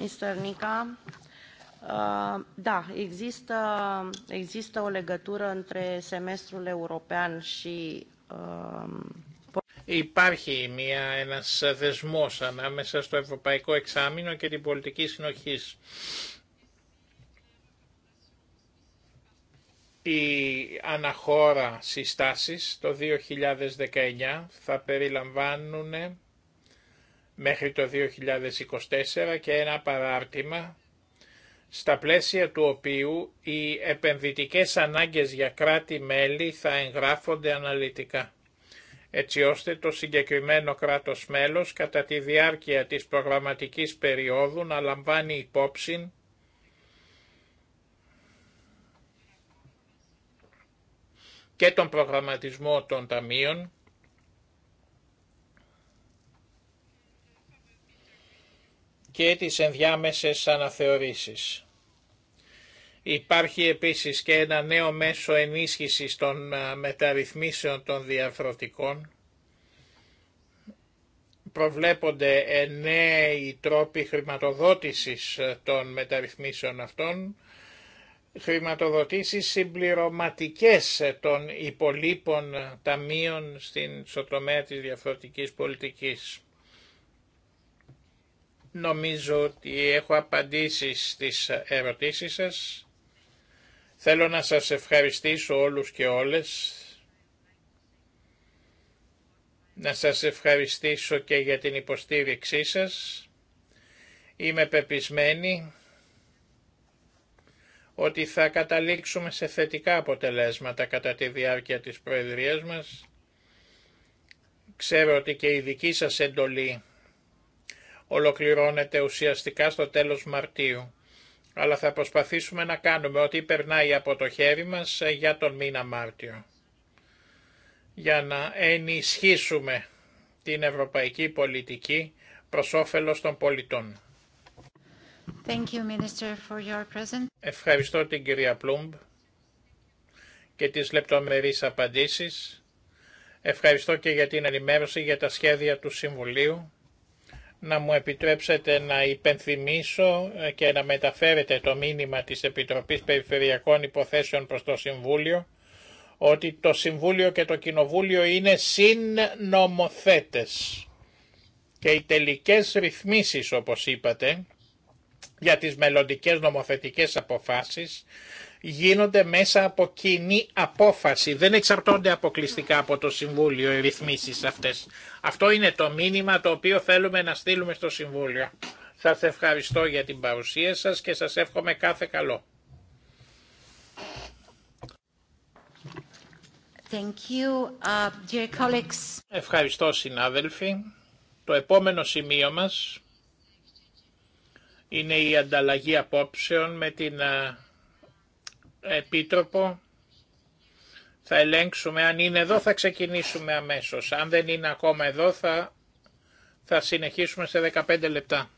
Nica. Da, Υπάρχει μια, ένας δεσμός ανάμεσα στο Ευρωπαϊκό Εξάμεινο και την πολιτική συνοχής. Η αναχώρα συστάσεις το 2019 θα περιλαμβάνουν μέχρι το 2024 και ένα παράρτημα στα πλαίσια του οποίου οι επενδυτικές ανάγκες για κράτη-μέλη θα εγγράφονται αναλυτικά, έτσι ώστε το συγκεκριμένο κράτος μέλος κατά τη διάρκεια της προγραμματικής περίοδου να λαμβάνει υπόψη και τον προγραμματισμό των ταμείων και τις ενδιάμεσες αναθεωρήσεις. Υπάρχει επίσης και ένα νέο μέσο ενίσχυσης των ε, μεταρρυθμίσεων των διαφορετικών. Προβλέπονται ε, νέοι τρόποι χρηματοδότησης ε, των μεταρρυθμίσεων αυτών, χρηματοδοτήσεις συμπληρωματικές των υπολείπων ταμείων στην τομέα της διαφορετικής πολιτικής. Νομίζω ότι έχω απαντήσει στις ερωτήσεις σας. Θέλω να σας ευχαριστήσω όλους και όλες. Να σας ευχαριστήσω και για την υποστήριξή σας. Είμαι πεπισμένη ότι θα καταλήξουμε σε θετικά αποτελέσματα κατά τη διάρκεια της Προεδρίας μας. Ξέρω ότι και η δική σας εντολή ολοκληρώνεται ουσιαστικά στο τέλος Μαρτίου. Αλλά θα προσπαθήσουμε να κάνουμε ό,τι περνάει από το χέρι μας ε, για τον μήνα Μάρτιο. Για να ενισχύσουμε την ευρωπαϊκή πολιτική προς όφελος των πολιτών. Thank you, Ευχαριστώ την κυρία Πλούμπ και τις λεπτομερείς απαντήσεις. Ευχαριστώ και για την ενημέρωση για τα σχέδια του Συμβουλίου να μου επιτρέψετε να υπενθυμίσω ε, και να μεταφέρετε το μήνυμα της Επιτροπής Περιφερειακών Υποθέσεων προς το Συμβούλιο ότι το Συμβούλιο και το Κοινοβούλιο είναι συνομοθέτες και οι τελικές ρυθμίσεις όπως είπατε για τις μελλοντικές νομοθετικές αποφάσεις γίνονται μέσα από κοινή απόφαση. Δεν εξαρτώνται αποκλειστικά από το Συμβούλιο οι ρυθμίσεις αυτές. Αυτό είναι το μήνυμα το οποίο θέλουμε να στείλουμε στο Συμβούλιο. Σας ευχαριστώ για την παρουσία σας και σας εύχομαι κάθε καλό. Thank you, uh, dear colleagues. Ευχαριστώ συνάδελφοι. Το επόμενο σημείο μας είναι η ανταλλαγή απόψεων με την uh, επίτροπο. Θα ελέγξουμε αν είναι εδώ θα ξεκινήσουμε αμέσως. Αν δεν είναι ακόμα εδώ θα, θα συνεχίσουμε σε 15 λεπτά.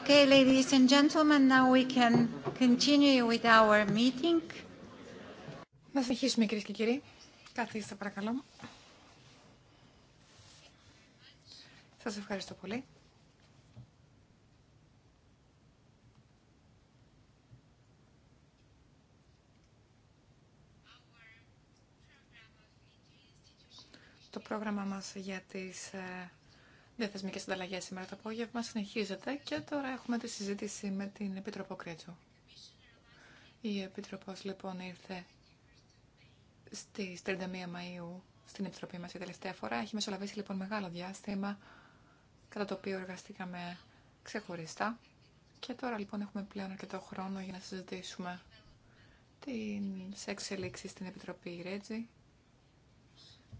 Okay, ladies and gentlemen, now we can continue with our meeting. Να συνεχίσουμε κυρίες και κύριοι. Καθίστε παρακαλώ. Σας ευχαριστώ πολύ. Το πρόγραμμα μας για τις ε, διαθεσμικέ ανταλλαγέ σήμερα το απόγευμα. Συνεχίζεται και τώρα έχουμε τη συζήτηση με την Επίτροπο Κρέτσου. Η επίτροπο λοιπόν ήρθε στις 31 Μαΐου στην Επιτροπή μας η τελευταία φορά. Έχει μεσολαβήσει λοιπόν μεγάλο διάστημα κατά το οποίο εργαστήκαμε ξεχωριστά. Και τώρα λοιπόν έχουμε πλέον αρκετό χρόνο για να συζητήσουμε τις εξελίξει στην Επιτροπή Ρέτζη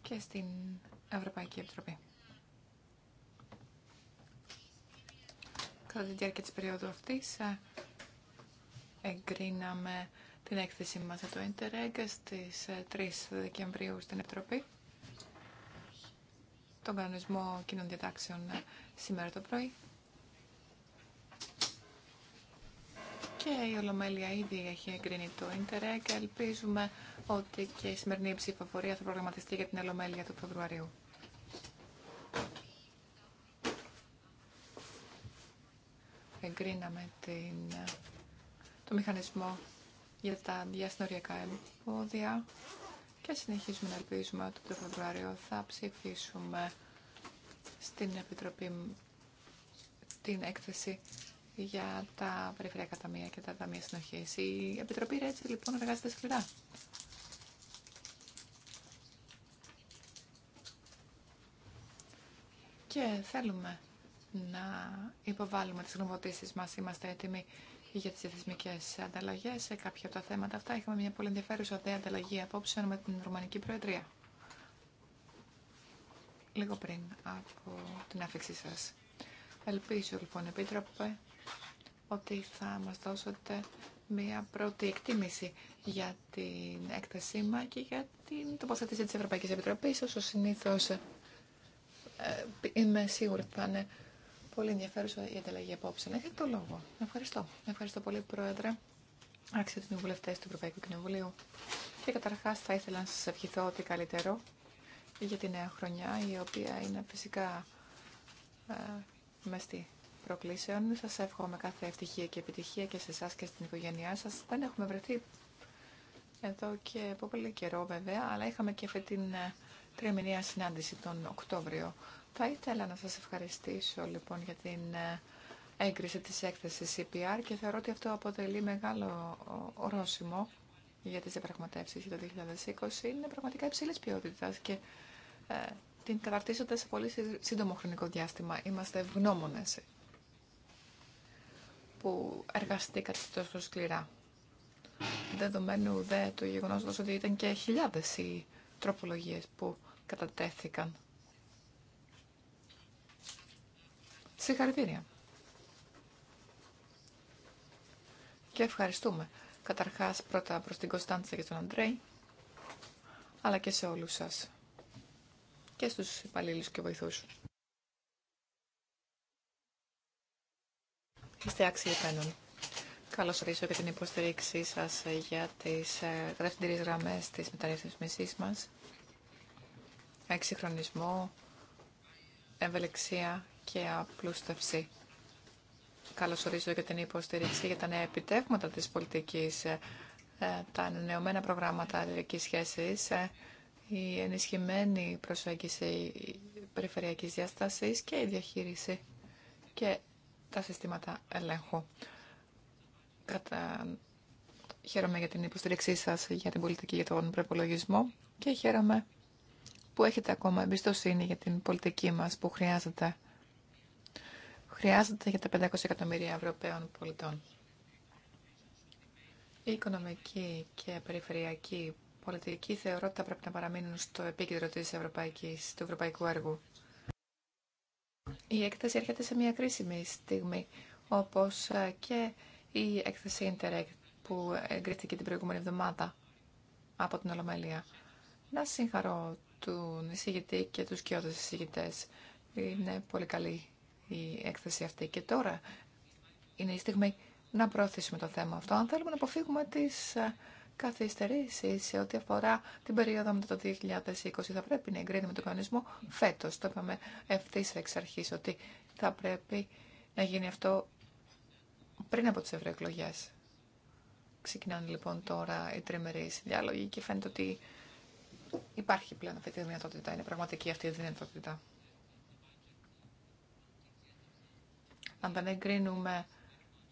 και στην Ευρωπαϊκή Επιτροπή. Κατά τη διάρκεια της περίοδου αυτής ε, εγκρίναμε την έκθεση μας από το Interreg στις 3 ε, Δεκεμβρίου στην Επιτροπή τον κανονισμό κοινών διατάξεων ε, σήμερα το πρωί. Και η Ολομέλεια ήδη έχει εγκρίνει το και Ελπίζουμε ότι και η σημερινή ψηφοφορία θα προγραμματιστεί για την Ολομέλεια του Φεβρουαρίου. εγκρίναμε την, το μηχανισμό για τα διασυνοριακά εμπόδια και συνεχίζουμε να ελπίζουμε ότι το Φεβρουάριο θα ψηφίσουμε στην Επιτροπή την έκθεση για τα περιφερειακά ταμεία και τα ταμεία συνοχής. Η Επιτροπή έτσι λοιπόν εργάζεται σκληρά. Και θέλουμε να υποβάλουμε τις γνωμοτήσεις μας. Είμαστε έτοιμοι για τις θεσμικές ανταλλαγές. Σε κάποια από τα θέματα αυτά είχαμε μια πολύ ενδιαφέρουσα δε ανταλλαγή απόψεων με την Ρουμανική Προεδρία. Λίγο πριν από την άφηξή σας. Ελπίζω λοιπόν, Επίτροπε, ότι θα μας δώσετε μια πρώτη εκτίμηση για την έκτασή μα και για την τοποθέτηση της Ευρωπαϊκής Επιτροπής. Όσο συνήθως ε, είμαι σίγουρη ότι θα είναι Πολύ ενδιαφέρουσα η ανταλλαγή απόψε. Έχετε το λόγο. Ευχαριστώ. Ευχαριστώ πολύ, Πρόεδρε, του βουλευτέ του Ευρωπαϊκού Κοινοβουλίου. Και καταρχά θα ήθελα να σα ευχηθώ ότι καλύτερο για τη νέα χρονιά, η οποία είναι φυσικά ε, μεστή προκλήσεων. Σα εύχομαι κάθε ευτυχία και επιτυχία και σε εσά και στην οικογένειά σα. Δεν έχουμε βρεθεί εδώ και από πολύ καιρό, βέβαια, αλλά είχαμε και αυτή την ε, τριμηνία συνάντηση τον Οκτώβριο θα ήθελα να σας ευχαριστήσω λοιπόν για την ε, έγκριση της έκθεσης CPR και θεωρώ ότι αυτό αποτελεί μεγάλο ορόσημο για τις διαπραγματεύσεις για το 2020. Είναι πραγματικά υψηλής ποιότητας και ε, την καταρτίζονται σε πολύ σύντομο χρονικό διάστημα. Είμαστε ευγνώμονες που εργαστήκατε τόσο σκληρά. Δεδομένου δε το γεγονός ότι ήταν και χιλιάδες οι τροπολογίες που κατατέθηκαν Συγχαρητήρια. Και ευχαριστούμε. Καταρχάς πρώτα προς την Κωνσταντσα και τον Αντρέη, αλλά και σε όλους σας και στους υπαλλήλους και βοηθούς. Είστε άξιοι επένων. Καλώς ορίσω και την υποστηρίξή σας για τις δεύτερες γραμμές της μεταρρύθμισής μας. Εξυγχρονισμό, εμβελεξία και απλούστευση. Καλώς ορίζω και την υποστήριξη για τα νέα επιτεύγματα της πολιτικής, ε, τα ανανεωμένα προγράμματα αλληλικής σχέσης, ε, η ενισχυμένη προσέγγιση περιφερειακής διάστασης και η διαχείριση και τα συστήματα ελέγχου. Κατα... Χαίρομαι για την υποστήριξή σας για την πολιτική για τον προπολογισμό και χαίρομαι που έχετε ακόμα εμπιστοσύνη για την πολιτική μας που χρειάζεται χρειάζεται για τα 500 εκατομμύρια Ευρωπαίων πολιτών. Η οικονομική και περιφερειακή πολιτική θεωρώ ότι πρέπει να παραμείνουν στο επίκεντρο της ευρωπαϊκής, του ευρωπαϊκού έργου. Η έκθεση έρχεται σε μια κρίσιμη στιγμή, όπως ε, και η έκθεση Interreg που εγκρίθηκε την προηγούμενη εβδομάδα από την Ολομέλεια. Να συγχαρώ τον εισηγητή και τους κοιότητες εισηγητές. Είναι πολύ καλή η έκθεση αυτή. Και τώρα είναι η στιγμή να προωθήσουμε το θέμα αυτό. Αν θέλουμε να αποφύγουμε τις ε, καθυστερήσει σε ό,τι αφορά την περίοδο μετά το 2020, θα πρέπει να εγκρίνουμε τον κανονισμό φέτος. Το είπαμε ευθύ εξ αρχή ότι θα πρέπει να γίνει αυτό πριν από τις ευρωεκλογέ. Ξεκινάνε λοιπόν τώρα οι τριμερεί διάλογοι και φαίνεται ότι υπάρχει πλέον αυτή τη δυνατότητα. Είναι πραγματική αυτή η δυνατότητα. αν δεν εγκρίνουμε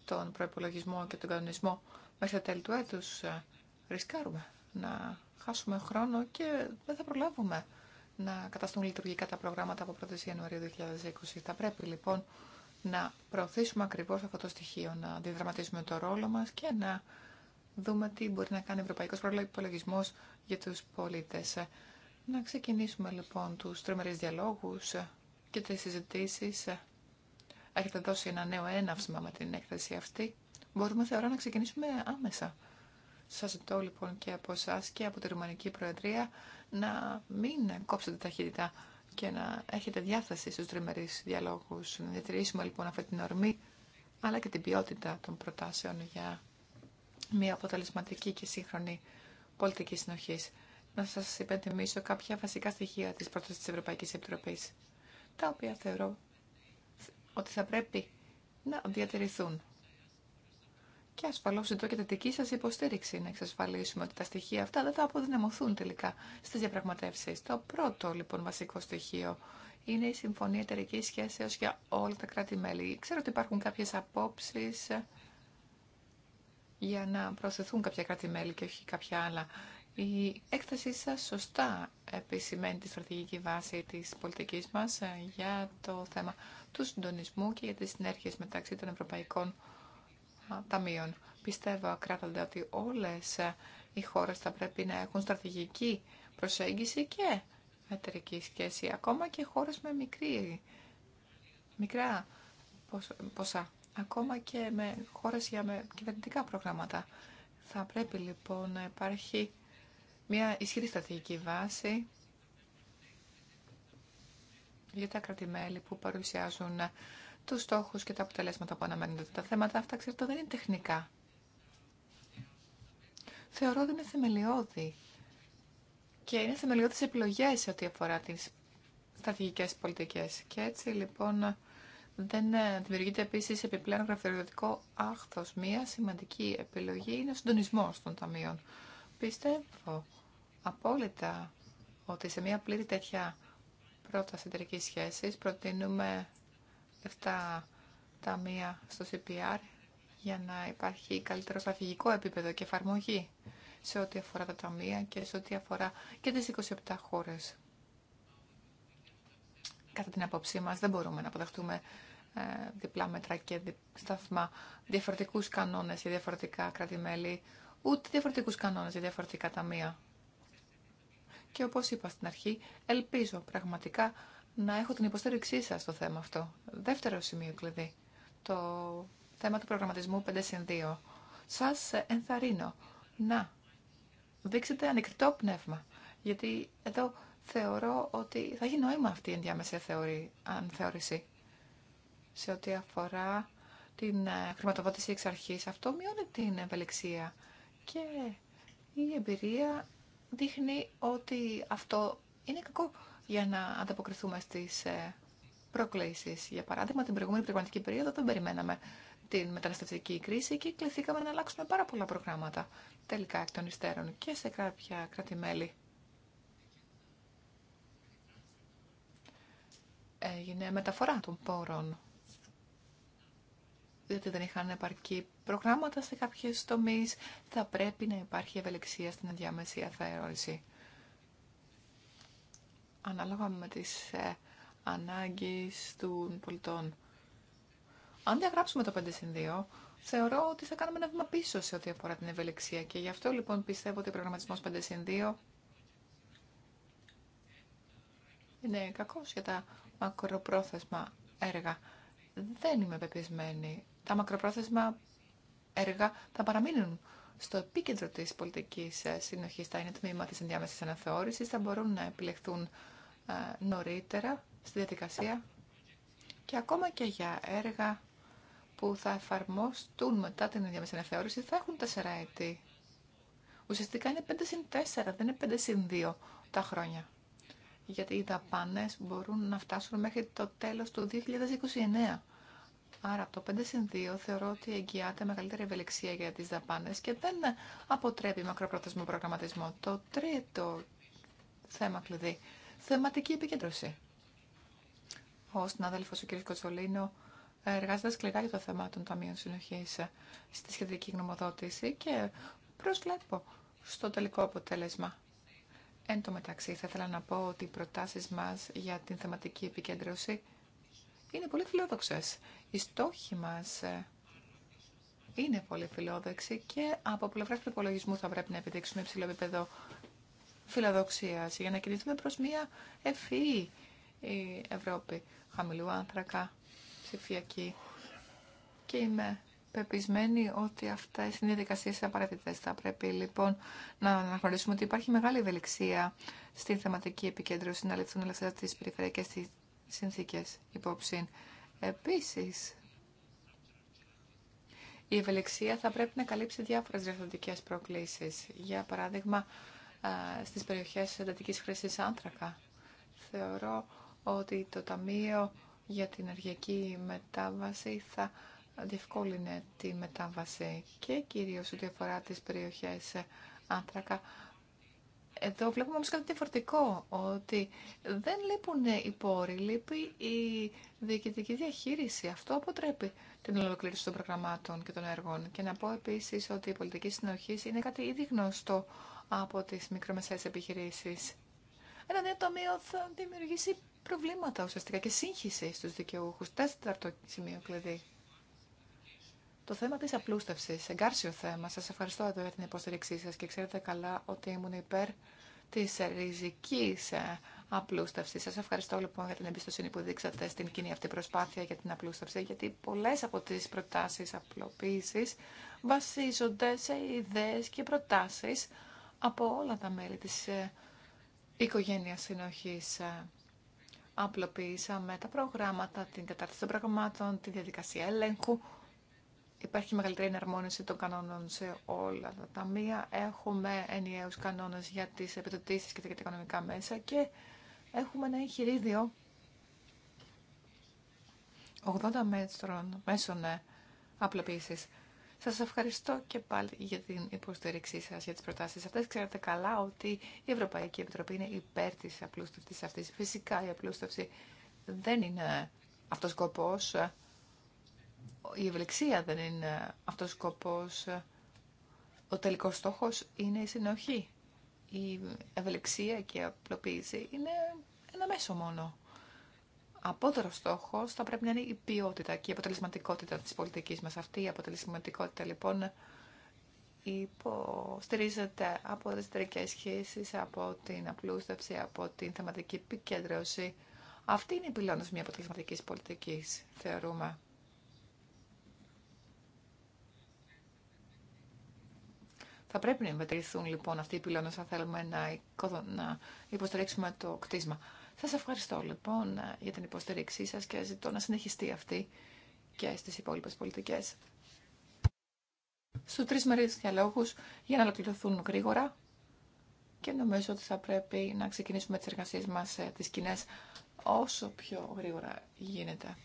τον προπολογισμό και τον κανονισμό μέχρι το τέλη του έτους, ε, ρισκάρουμε να χάσουμε χρόνο και δεν θα προλάβουμε να καταστούν λειτουργικά τα προγράμματα από 1η Ιανουαρίου 2020. Θα πρέπει λοιπόν να προωθήσουμε ακριβώς αυτό το στοιχείο, να αντιδραματίσουμε το ρόλο μας και να δούμε τι μπορεί να κάνει ο Ευρωπαϊκός Προλογισμός για τους πολίτες. Να ξεκινήσουμε λοιπόν τους τριμερείς διαλόγους και τις συζητήσεις έχετε δώσει ένα νέο έναυσμα με την έκθεση αυτή, μπορούμε θεωρώ να ξεκινήσουμε άμεσα. Σας ζητώ λοιπόν και από εσά και από τη Ρουμανική Προεδρία να μην κόψετε ταχύτητα και να έχετε διάθεση στους τριμερείς διαλόγους. Να διατηρήσουμε λοιπόν αυτή την ορμή, αλλά και την ποιότητα των προτάσεων για μια αποτελεσματική και σύγχρονη πολιτική συνοχή. Να σα υπενθυμίσω κάποια βασικά στοιχεία τη πρόταση τη Ευρωπαϊκή Επιτροπή, τα οποία θεωρώ ότι θα πρέπει να διατηρηθούν. Και ασφαλώ τη δική σα υποστήριξη να εξασφαλίσουμε ότι τα στοιχεία αυτά δεν θα αποδυναμωθούν τελικά στι διαπραγματεύσει. Το πρώτο λοιπόν βασικό στοιχείο είναι η Συμφωνία Εταιρική Σχέσεω για όλα τα κράτη-μέλη. Ξέρω ότι υπάρχουν κάποιε απόψει για να προσθεθούν κάποια κράτη-μέλη και όχι κάποια άλλα η έκτασή σας σωστά επισημαίνει τη στρατηγική βάση της πολιτικής μας ε, για το θέμα του συντονισμού και για τις συνέργειες μεταξύ των Ευρωπαϊκών Ταμείων. Πιστεύω ακράταντα ότι όλες ε, οι χώρες θα πρέπει να έχουν στρατηγική προσέγγιση και εταιρική σχέση, ακόμα και χώρες με μικρή, μικρά ποσά, ακόμα και με χώρες για με κυβερνητικά προγράμματα. Θα πρέπει λοιπόν να υπάρχει μια ισχυρή στρατηγική βάση για τα κρατημέλη που παρουσιάζουν τους στόχους και τα αποτελέσματα που αναμένονται. Τα θέματα αυτά, ξέρετε, δεν είναι τεχνικά. Θεωρώ ότι είναι θεμελιώδη και είναι θεμελιώδης επιλογές σε ό,τι αφορά τις στρατηγικές πολιτικές. Και έτσι, λοιπόν, δεν δημιουργείται επίσης επιπλέον γραφειοδοτικό άχθος. Μία σημαντική επιλογή είναι ο συντονισμός των ταμείων. Πιστεύω απόλυτα ότι σε μια πλήρη τέτοια πρόταση εταιρική σχέση προτείνουμε 7 ταμεία στο CPR για να υπάρχει καλύτερο στρατηγικό επίπεδο και εφαρμογή σε ό,τι αφορά τα ταμεία και σε ό,τι αφορά και τις 27 χώρες. Κατά την απόψή μας δεν μπορούμε να αποδεχτούμε ε, διπλά μέτρα και σταθμά, διαφορετικούς κανόνες για διαφορετικά κράτη-μέλη ούτε διαφορετικούς κανόνες για διαφορετικά ταμεία. Και όπως είπα στην αρχή, ελπίζω πραγματικά να έχω την υποστήριξή σας στο θέμα αυτό. Δεύτερο σημείο κλειδί, το θέμα του προγραμματισμού 5 συν 2. Σας ενθαρρύνω να δείξετε ανεκριτό πνεύμα, γιατί εδώ θεωρώ ότι θα έχει νόημα αυτή η ενδιάμεση θεωρή, αν σε ό,τι αφορά την ε, χρηματοδότηση εξ αρχής. Αυτό μειώνει την ευελιξία και η εμπειρία δείχνει ότι αυτό είναι κακό για να ανταποκριθούμε στις ε, προκλήσεις. Για παράδειγμα, την προηγούμενη πραγματική περίοδο δεν περιμέναμε την μεταναστευτική κρίση και κληθήκαμε να αλλάξουμε πάρα πολλά προγράμματα τελικά εκ των υστέρων και σε κάποια κράτη-μέλη. Έγινε μεταφορά των πόρων διότι δεν είχαν επαρκή προγράμματα σε κάποιε τομεί. θα πρέπει να υπάρχει ευελιξία στην ενδιάμεση αθαερόριση. Ανάλογα με τι ε, ανάγκες των πολιτών. Αν διαγράψουμε το 5 συν 2, θεωρώ ότι θα κάνουμε ένα βήμα πίσω σε ό,τι αφορά την ευελιξία και γι' αυτό λοιπόν πιστεύω ότι ο προγραμματισμό 5 συν 2 είναι κακός για τα μακροπρόθεσμα έργα. Δεν είμαι πεπισμένη τα μακροπρόθεσμα έργα θα παραμείνουν στο επίκεντρο της πολιτικής ε, συνοχής, θα είναι τμήμα της ενδιάμεσης αναθεώρησης, θα μπορούν να επιλεχθούν ε, νωρίτερα στη διαδικασία και ακόμα και για έργα που θα εφαρμοστούν μετά την ενδιάμεση αναθεώρηση θα έχουν τέσσερα έτη. Ουσιαστικά είναι 5 συν 4, δεν είναι 5 συν 2 τα χρόνια. Γιατί οι δαπάνε μπορούν να φτάσουν μέχρι το τέλος του 2029. Άρα από το 5 συν 2 θεωρώ ότι εγγυάται μεγαλύτερη ευελιξία για τις δαπάνες και δεν αποτρέπει μακροπρόθεσμο προγραμματισμό. Το τρίτο θέμα κλειδί, θεματική επικέντρωση. Ο συνάδελφος ο κ. Κοτσολίνο εργάζεται σκληρά για το θέμα των Ταμείων Συνοχής στη σχετική γνωμοδότηση και προσβλέπω στο τελικό αποτέλεσμα. Εν τω μεταξύ θα ήθελα να πω ότι οι προτάσεις μας για την θεματική επικέντρωση είναι πολύ φιλόδοξες. Οι στόχοι μας ε, είναι πολύ φιλόδοξοι και από πλευρά του υπολογισμού θα πρέπει να επιδείξουμε υψηλό επίπεδο φιλοδοξίας για να κινηθούμε προς μια ευφυή ε, Ευρώπη χαμηλού άνθρακα, ψηφιακή και είμαι πεπισμένη ότι αυτέ είναι οι δικασίες απαραίτητες. Θα πρέπει λοιπόν να αναγνωρίσουμε ότι υπάρχει μεγάλη ευελιξία στην θεματική επικέντρωση να ληφθούν ελευθερά τις περιφερειακές συνθήκες υπόψη. Επίσης, η ευελεξία θα πρέπει να καλύψει διάφορες διαφορετικές προκλήσεις. Για παράδειγμα, στις περιοχές εντατικής χρήσης άνθρακα. Θεωρώ ότι το Ταμείο για την Ενεργειακή Μετάβαση θα διευκόλυνε τη μετάβαση και κυρίως ό,τι αφορά τις περιοχές άνθρακα εδώ βλέπουμε όμως κάτι διαφορετικό, ότι δεν λείπουν οι πόροι, λείπει η διοικητική διαχείριση. Αυτό αποτρέπει την ολοκλήρωση των προγραμμάτων και των έργων. Και να πω επίσης ότι η πολιτική συνοχή είναι κάτι ήδη γνωστό από τις μικρομεσαίες επιχειρήσεις. Ένα νέο τομείο θα δημιουργήσει προβλήματα ουσιαστικά και σύγχυση στους δικαιούχους. το σημείο κλειδί. Το θέμα τη απλούστευση, εγκάρσιο θέμα. Σα ευχαριστώ εδώ για την υποστήριξή σα και ξέρετε καλά ότι ήμουν υπέρ τη ριζική ε, απλούστευση. Σα ευχαριστώ λοιπόν για την εμπιστοσύνη που δείξατε στην κοινή αυτή προσπάθεια για την απλούστευση, γιατί πολλέ από τι προτάσει απλοποίηση βασίζονται σε ιδέε και προτάσει από όλα τα μέλη της ε, οικογένειας συνοχή. Ε. Απλοποίησαμε τα προγράμματα, την κατάρτιση των πραγμάτων, τη διαδικασία ελέγχου, Υπάρχει μεγαλύτερη εναρμόνιση των κανόνων σε όλα τα ταμεία. Έχουμε ενιαίους κανόνες για τις επιδοτήσεις και τα οικονομικά μέσα και έχουμε ένα εγχειρίδιο 80 μέτρων μέσων ε, απλοποίησης. Σας ευχαριστώ και πάλι για την υποστήριξή σας, για τις προτάσεις αυτές. Ξέρετε καλά ότι η Ευρωπαϊκή Επιτροπή είναι υπέρ της απλούστευσης αυτής. Φυσικά η απλούστευση δεν είναι αυτός σκοπός η ευελιξία δεν είναι αυτός ο σκοπός. Ο τελικός στόχος είναι η συνοχή. Η ευελιξία και η απλοποίηση είναι ένα μέσο μόνο. Απότερο στόχο θα πρέπει να είναι η ποιότητα και η αποτελεσματικότητα της πολιτικής μας. Αυτή η αποτελεσματικότητα λοιπόν υποστηρίζεται από σχέσεις, από την απλούστευση, από την θεματική επικέντρωση. Αυτή είναι η πυλώνα μια αποτελεσματικής πολιτικής, θεωρούμε. Θα πρέπει να εμπεριθούν λοιπόν αυτοί οι πυλώνες αν θέλουμε να, να υποστηρίξουμε το κτίσμα. Σα ευχαριστώ λοιπόν για την υποστήριξή σας και ζητώ να συνεχιστεί αυτή και στις υπόλοιπε πολιτικές. Στου τρει μερίδε διαλόγου για να ολοκληρωθούν γρήγορα και νομίζω ότι θα πρέπει να ξεκινήσουμε τι εργασίε μα τις ε, κοινέ όσο πιο γρήγορα γίνεται.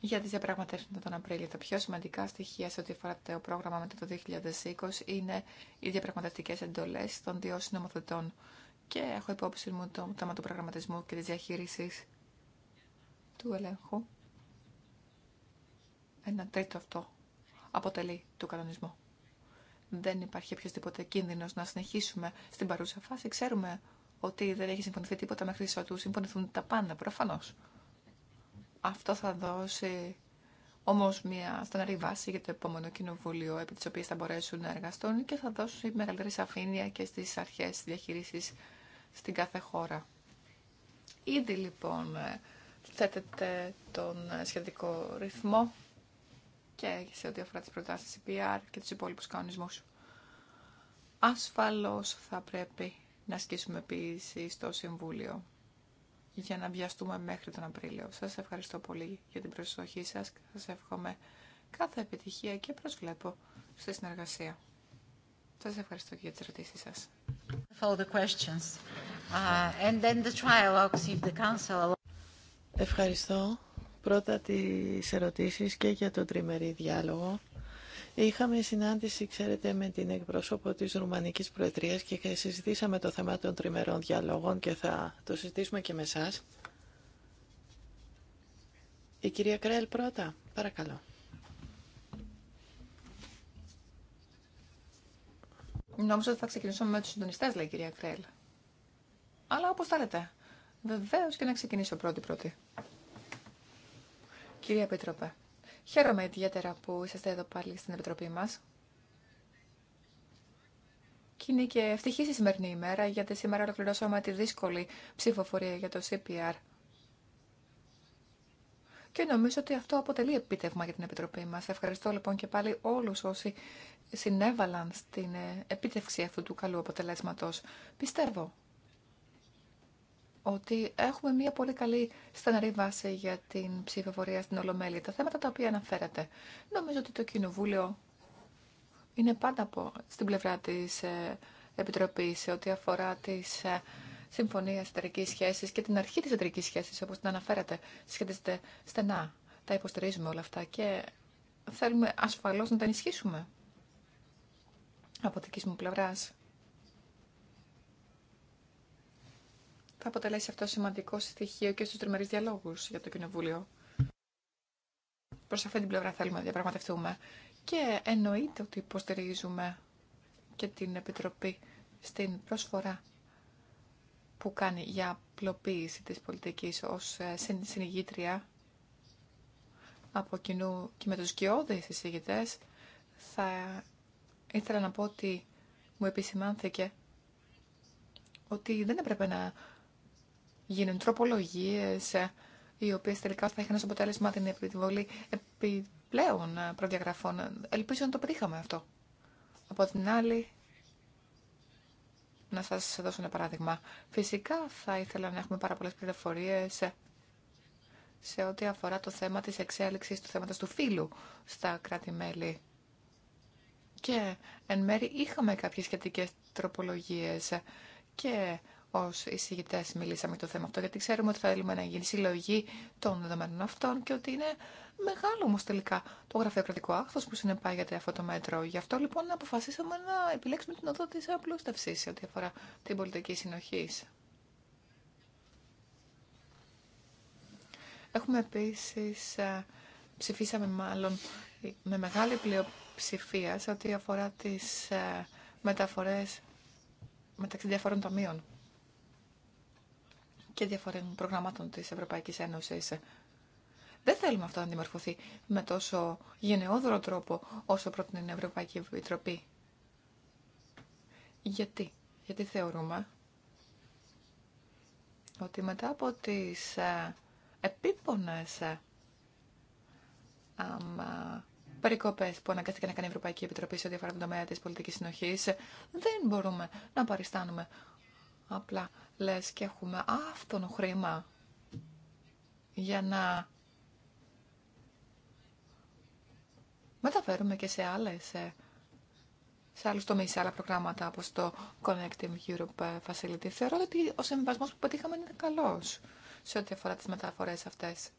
για τις διαπραγματεύσεις τον Απρίλιο. Τα πιο σημαντικά στοιχεία σε ό,τι αφορά το πρόγραμμα μετά το 2020 είναι οι διαπραγματευτικέ εντολέ των δύο συνομοθετών και έχω υπόψη μου το θέμα του προγραμματισμού και τη διαχείριση του ελέγχου. Ένα τρίτο αυτό αποτελεί του κανονισμού. Δεν υπάρχει οποιοδήποτε κίνδυνο να συνεχίσουμε στην παρούσα φάση. Ξέρουμε ότι δεν έχει συμφωνηθεί τίποτα μέχρι ότου συμφωνηθούν τα πάντα, προφανώ. Αυτό θα δώσει όμως μια στεναρή βάση για το επόμενο κοινοβούλιο επί τη οποία θα μπορέσουν να εργαστούν και θα δώσουν μεγαλύτερη σαφήνεια και στις αρχές διαχείρισης στην κάθε χώρα. Ήδη λοιπόν θέτεται τον σχετικό ρυθμό και σε ό,τι αφορά τις προτάσεις CPR και τους υπόλοιπους κανονισμούς. Ασφαλώς θα πρέπει να ασκήσουμε επίσης στο Συμβούλιο για να βιαστούμε μέχρι τον Απρίλιο. Σας ευχαριστώ πολύ για την προσοχή σας και σας εύχομαι κάθε επιτυχία και προσβλέπω στη συνεργασία. Σας ευχαριστώ και για τις ερωτήσεις σας. Uh, ευχαριστώ πρώτα τις ερωτήσεις και για τον τριμερή διάλογο. Είχαμε συνάντηση, ξέρετε, με την εκπρόσωπο της Ρουμανικής Προεδρίας και συζητήσαμε το θέμα των τριμερών διαλόγων και θα το συζητήσουμε και με εσά. Η κυρία Κρέλ πρώτα, παρακαλώ. Νόμιζα ότι θα ξεκινήσουμε με τους συντονιστές, λέει η κυρία Κρέλ. Αλλά όπως θέλετε. Βεβαίως και να ξεκινήσω πρώτη-πρώτη. Κυρία Πίτροπε, Χαίρομαι ιδιαίτερα που είσαστε εδώ πάλι στην Επιτροπή μας. Και είναι και ευτυχή η σημερινή ημέρα, γιατί σήμερα ολοκληρώσαμε τη δύσκολη ψηφοφορία για το CPR. Και νομίζω ότι αυτό αποτελεί επίτευγμα για την Επιτροπή μας. Ευχαριστώ λοιπόν και πάλι όλους όσοι συνέβαλαν στην ε, επίτευξη αυτού του καλού αποτελέσματος. Πιστεύω ότι έχουμε μια πολύ καλή στεναρή βάση για την ψηφοφορία στην Ολομέλεια. Τα θέματα τα οποία αναφέρατε. Νομίζω ότι το Κοινοβούλιο είναι πάντα από, στην πλευρά της ε, Επιτροπής σε ό,τι αφορά τις ε, συμφωνίες Εταιρική Σχέση και την αρχή τη εταιρική σχέση, όπω την αναφέρατε, σχετίζεται στενά. Τα υποστηρίζουμε όλα αυτά και θέλουμε ασφαλώ να τα ενισχύσουμε. Από δική μου πλευρά, θα αποτελέσει αυτό σημαντικό στοιχείο και στους τριμερείς διαλόγους για το Κοινοβούλιο. Προς αυτή την πλευρά θέλουμε να διαπραγματευτούμε. Και εννοείται ότι υποστηρίζουμε και την Επιτροπή στην προσφορά που κάνει για απλοποίηση της πολιτικής ως ε, συνηγήτρια από κοινού και με τους κοιόδες εισηγητές θα ήθελα να πω ότι μου επισημάνθηκε ότι δεν έπρεπε να γίνουν τροπολογίες ε, οι οποίες τελικά θα είχαν ως αποτέλεσμα την επιβολή επιπλέον ε, προδιαγραφών. Ελπίζω να το πετύχαμε αυτό. Από την άλλη, να σας δώσω ένα παράδειγμα. Φυσικά θα ήθελα να έχουμε πάρα πολλές πληροφορίες ε, σε ό,τι αφορά το θέμα της εξέλιξης του θέματος του φύλου στα κράτη-μέλη. Και εν μέρη είχαμε κάποιες σχετικές τροπολογίες και ω εισηγητέ μιλήσαμε για το θέμα αυτό, γιατί ξέρουμε ότι θέλουμε να γίνει συλλογή των δεδομένων αυτών και ότι είναι μεγάλο όμω τελικά το γραφειοκρατικό άκθο που συνεπάγεται αυτό το μέτρο. Γι' αυτό λοιπόν αποφασίσαμε να επιλέξουμε την οδό τη απλούστευση σε ό,τι αφορά την πολιτική συνοχή. Έχουμε επίση ε, ψηφίσαμε μάλλον με μεγάλη πλειοψηφία σε ό,τι αφορά τις ε, μεταφορές μεταξύ διαφορών ταμείων και διαφορετικών προγραμμάτων της Ευρωπαϊκής Ένωσης. Δεν θέλουμε αυτό να δημορφωθεί με τόσο γενναιόδωρο τρόπο όσο πρότεινε η Ευρωπαϊκή Επιτροπή. Γιατί, γιατί θεωρούμε ότι μετά από τις ε, επίπονες ε, ε, περικοπέ που αναγκάστηκε να κάνει η Ευρωπαϊκή Επιτροπή σε ό,τι αφορά τον τομέα τη πολιτική συνοχή, δεν μπορούμε να παριστάνουμε Απλά λες και έχουμε αυτόν χρήμα για να μεταφέρουμε και σε άλλες, σε, σε άλλους τομείς, σε άλλα προγράμματα από το Connecting Europe Facility. Θεωρώ ότι ο συμβασμός που πετύχαμε είναι καλός σε ό,τι αφορά τις μεταφορές αυτές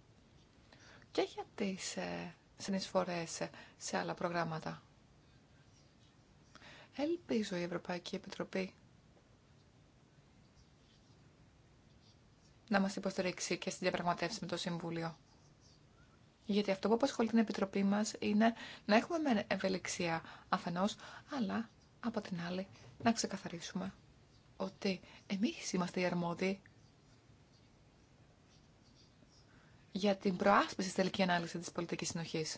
και για τις ε, συνεισφορές σε άλλα προγράμματα. Ελπίζω η Ευρωπαϊκή Επιτροπή να μας υποστηρίξει και στην διαπραγματεύση με το Συμβούλιο. Γιατί αυτό που απασχολεί την Επιτροπή μας είναι να έχουμε με ευελιξία αφενός, αλλά από την άλλη να ξεκαθαρίσουμε ότι εμείς είμαστε οι αρμόδιοι για την προάσπιση στη τελική ανάλυση της πολιτικής συνοχής.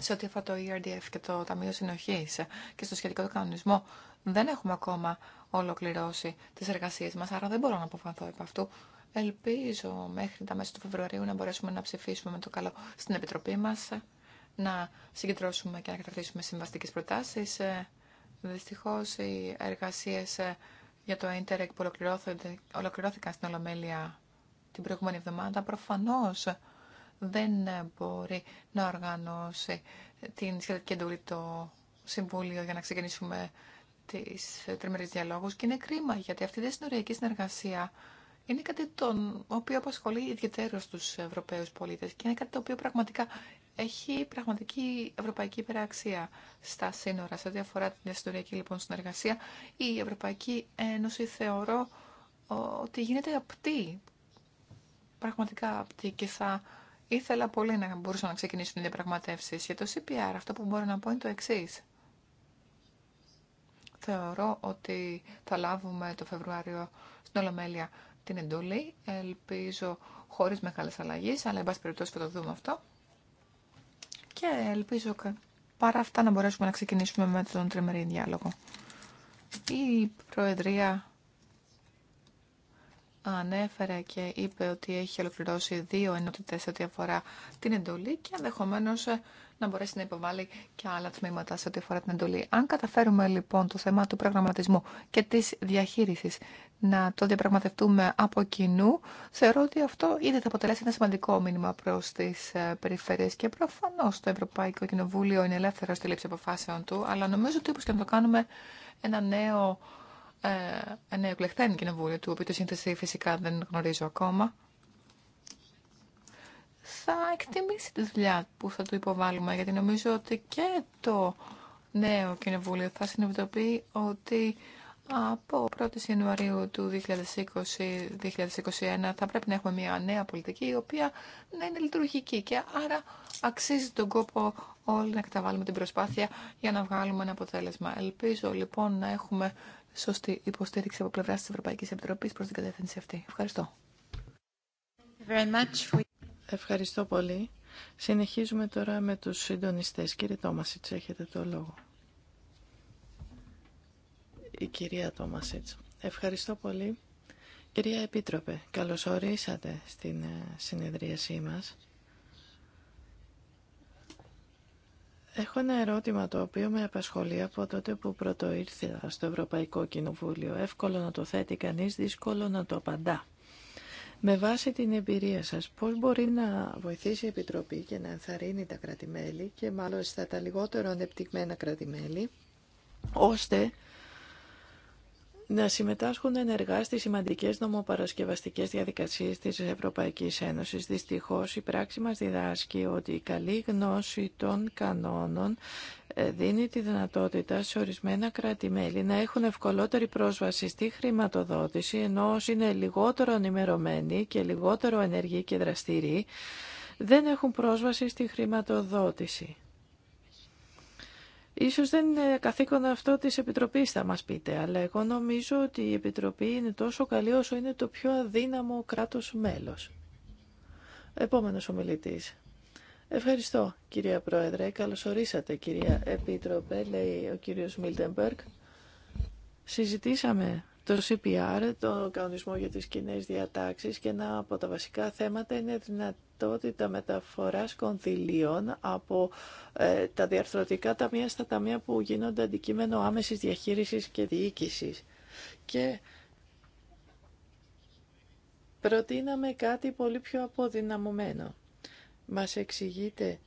σε ό,τι αφορά το ERDF και το Ταμείο συνοχή και στο σχετικό κανονισμό δεν έχουμε ακόμα ολοκληρώσει τι εργασίες μα, άρα δεν μπορώ να αποφανθώ επ' αυτού. Ελπίζω μέχρι τα μέσα του Φεβρουαρίου να μπορέσουμε να ψηφίσουμε με το καλό στην Επιτροπή μας, να συγκεντρώσουμε και να καταρτήσουμε συμβαστικές προτάσεις. Δυστυχώ, οι εργασίε για το Interreg που ολοκληρώθηκαν στην Ολομέλεια την προηγούμενη εβδομάδα προφανώ δεν μπορεί να οργανώσει την σχετική εντολή το Συμβούλιο για να ξεκινήσουμε τις τριμερεί διαλόγους και είναι κρίμα γιατί αυτή η συνοριακή συνεργασία είναι κάτι το οποίο απασχολεί ιδιαίτερω τους Ευρωπαίους πολίτες και είναι κάτι το οποίο πραγματικά έχει πραγματική ευρωπαϊκή υπεραξία στα σύνορα. Σε ό,τι αφορά την διασυνοριακή λοιπόν, συνεργασία, η Ευρωπαϊκή Ένωση θεωρώ ότι γίνεται απτή, πραγματικά απτή και θα Ήθελα πολύ να μπορούσα να ξεκινήσω την διαπραγματεύσει. Για το CPR αυτό που μπορώ να πω είναι το εξή. Θεωρώ ότι θα λάβουμε το Φεβρουάριο στην Ολομέλεια την εντολή. Ελπίζω χωρί μεγάλε αλλαγέ, αλλά εν πάση περιπτώσει θα το δούμε αυτό. Και ελπίζω παρά αυτά να μπορέσουμε να ξεκινήσουμε με τον τριμερή διάλογο. Η Προεδρία ανέφερε και είπε ότι έχει ολοκληρώσει δύο ενότητες σε ό,τι αφορά την εντολή και ενδεχομένω ε, να μπορέσει να υποβάλει και άλλα τμήματα σε ό,τι αφορά την εντολή. Αν καταφέρουμε λοιπόν το θέμα του προγραμματισμού και της διαχείρισης να το διαπραγματευτούμε από κοινού, θεωρώ ότι αυτό ήδη θα αποτελέσει ένα σημαντικό μήνυμα προς τις ε, περιφέρειες και προφανώς το Ευρωπαϊκό Κοινοβούλιο είναι ελεύθερο στη λήψη αποφάσεων του, αλλά νομίζω ότι όπως και να το κάνουμε ένα νέο ε, νέο εκλεχθέν κοινοβούλιο του, οποίου το σύνθεση φυσικά δεν γνωρίζω ακόμα, θα εκτιμήσει τη δουλειά που θα του υποβάλουμε, γιατί νομίζω ότι και το νέο κοινοβούλιο θα συνειδητοποιεί ότι από 1η Ιανουαρίου του 2020-2021 θα πρέπει να έχουμε μια νέα πολιτική η οποία να είναι λειτουργική και άρα αξίζει τον κόπο όλοι να καταβάλουμε την προσπάθεια για να βγάλουμε ένα αποτέλεσμα. Ελπίζω λοιπόν να έχουμε σωστή υποστήριξη από πλευρά τη Ευρωπαϊκή Επιτροπή προ την κατεύθυνση αυτή. Ευχαριστώ. Very much. Ευχαριστώ πολύ. Συνεχίζουμε τώρα με τους συντονιστέ. Κύριε Τόμασιτ, έχετε το λόγο. Η κυρία Τόμασιτ. Ευχαριστώ πολύ. Κυρία Επίτροπε, καλωσορίσατε στην ε, συνεδρίασή μας. Έχω ένα ερώτημα το οποίο με απασχολεί από τότε που πρώτο στο Ευρωπαϊκό Κοινοβούλιο. Εύκολο να το θέτει κανείς, δύσκολο να το απαντά. Με βάση την εμπειρία σας, πώς μπορεί να βοηθήσει η Επιτροπή και να ενθαρρύνει τα κρατημέλη και μάλλον στα τα λιγότερο ανεπτυγμένα κρατημέλη, ώστε να συμμετάσχουν ενεργά στις σημαντικές νομοπαρασκευαστικές διαδικασίες της Ευρωπαϊκής Ένωσης. Δυστυχώς η πράξη μας διδάσκει ότι η καλή γνώση των κανόνων ε, δίνει τη δυνατότητα σε ορισμένα κράτη-μέλη να έχουν ευκολότερη πρόσβαση στη χρηματοδότηση, ενώ όσοι είναι λιγότερο ενημερωμένοι και λιγότερο ενεργοί και δραστηροί, δεν έχουν πρόσβαση στη χρηματοδότηση. Ίσως δεν είναι καθήκον αυτό της Επιτροπής θα μας πείτε, αλλά εγώ νομίζω ότι η Επιτροπή είναι τόσο καλή όσο είναι το πιο αδύναμο κράτος μέλος. Επόμενος ομιλητής. Ευχαριστώ κυρία Πρόεδρε, καλωσορίσατε κυρία Επίτροπε, λέει ο κύριος Μίλτεμπεργκ. Συζητήσαμε το CPR, το κανονισμό για τις κοινέ διατάξεις και ένα από τα βασικά θέματα είναι η δυνατότητα μεταφοράς κονδυλίων από ε, τα διαρθρωτικά ταμεία στα ταμεία που γίνονται αντικείμενο άμεσης διαχείρισης και διοίκησης. Και προτείναμε κάτι πολύ πιο αποδυναμωμένο. Μας εξηγείτε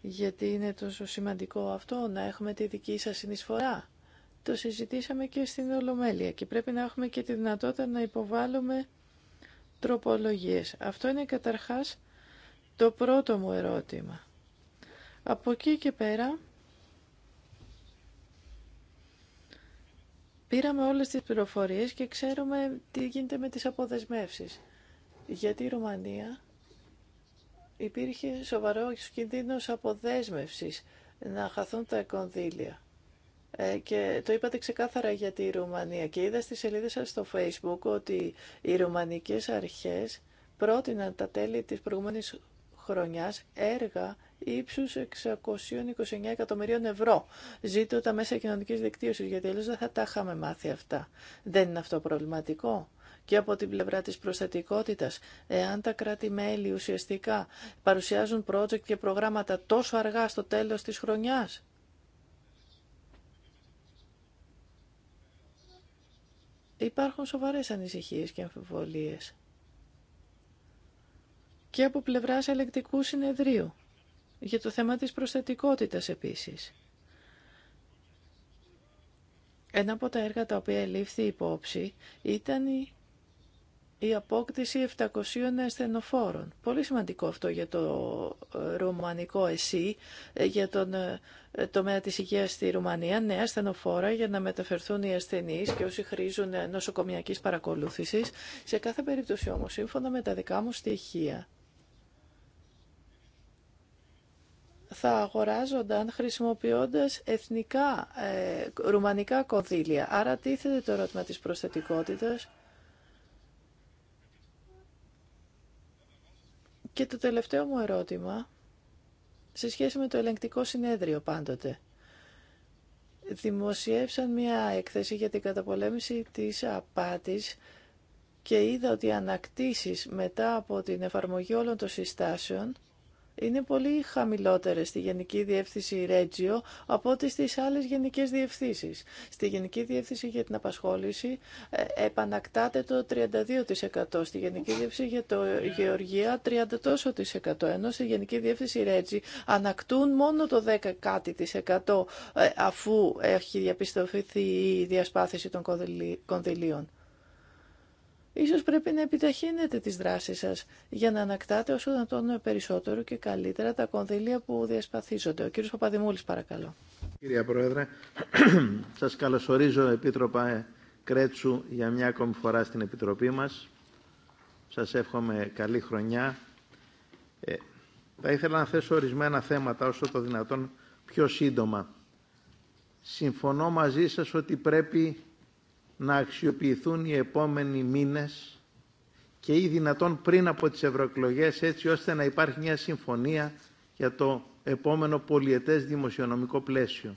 γιατί είναι τόσο σημαντικό αυτό να έχουμε τη δική σας συνεισφορά το συζητήσαμε και στην Ολομέλεια και πρέπει να έχουμε και τη δυνατότητα να υποβάλουμε τροπολογίες. Αυτό είναι καταρχάς το πρώτο μου ερώτημα. Από εκεί και πέρα πήραμε όλες τις πληροφορίες και ξέρουμε τι γίνεται με τις αποδεσμεύσεις. Γιατί η Ρουμανία υπήρχε σοβαρό κινδύνος αποδέσμευσης να χαθούν τα κονδύλια. Ε, και το είπατε ξεκάθαρα για τη Ρουμανία και είδα στη σελίδα σας στο facebook ότι οι ρουμανικές αρχές πρότειναν τα τέλη της προηγούμενης χρονιάς έργα ύψους 629 εκατομμυρίων ευρώ. Ζήτω τα μέσα κοινωνική δικτύωσης, γιατί αλλιώς δεν θα τα είχαμε μάθει αυτά. Δεν είναι αυτό προβληματικό και από την πλευρά της προστατικότητας. Εάν τα κράτη-μέλη ουσιαστικά παρουσιάζουν project και προγράμματα τόσο αργά στο τέλος της χρονιάς, υπάρχουν σοβαρές ανησυχίες και αμφιβολίες. Και από πλευράς ελεκτικού συνεδρίου, για το θέμα της προσθετικότητας επίσης. Ένα από τα έργα τα οποία λήφθη υπόψη ήταν η η απόκτηση 700 ασθενοφόρων. Πολύ σημαντικό αυτό για το ε, ρουμανικό ΕΣΥ, ε, για τον ε, τομέα της υγείας στη Ρουμανία, νέα ασθενοφόρα για να μεταφερθούν οι ασθενείς και όσοι χρήζουν νοσοκομιακής παρακολούθησης. Σε κάθε περίπτωση όμως, σύμφωνα με τα δικά μου στοιχεία, θα αγοράζονταν χρησιμοποιώντας εθνικά ε, ρουμανικά κονδύλια. Άρα τίθεται το ερώτημα της προσθετικότητας Και το τελευταίο μου ερώτημα, σε σχέση με το ελεγκτικό συνέδριο πάντοτε, δημοσιεύσαν μια έκθεση για την καταπολέμηση της απάτης και είδα ότι οι ανακτήσεις μετά από την εφαρμογή όλων των συστάσεων είναι πολύ χαμηλότερες στη Γενική Διεύθυνση Ρέτζιο από ό,τι στις άλλες γενικές διευθύνσεις. Στη Γενική Διεύθυνση για την Απασχόληση ε, επανακτάται το 32%, στη Γενική Διεύθυνση για το Γεωργία 30 της εκατό, ενώ στη Γενική Διεύθυνση Ρέτζι ανακτούν μόνο το 10 της εκατό ε, αφού έχει διαπιστωθεί η διασπάθηση των κονδυλίων. Ίσως πρέπει να επιταχύνετε τις δράσεις σας για να ανακτάτε όσο δυνατόν περισσότερο και καλύτερα τα κονδύλια που διασπαθίζονται. Ο κύριος Παπαδημούλης παρακαλώ. Κύριε Πρόεδρε, σας καλωσορίζω Επίτροπα Κρέτσου για μια ακόμη φορά στην Επιτροπή μας. Σας εύχομαι καλή χρονιά. Ε, θα ήθελα να θέσω ορισμένα θέματα όσο το δυνατόν πιο σύντομα. Συμφωνώ μαζί σας ότι πρέπει να αξιοποιηθούν οι επόμενοι μήνες και ή δυνατόν πριν από τις ευρωεκλογέ έτσι ώστε να υπάρχει μια συμφωνία για το επόμενο πολιετές δημοσιονομικό πλαίσιο.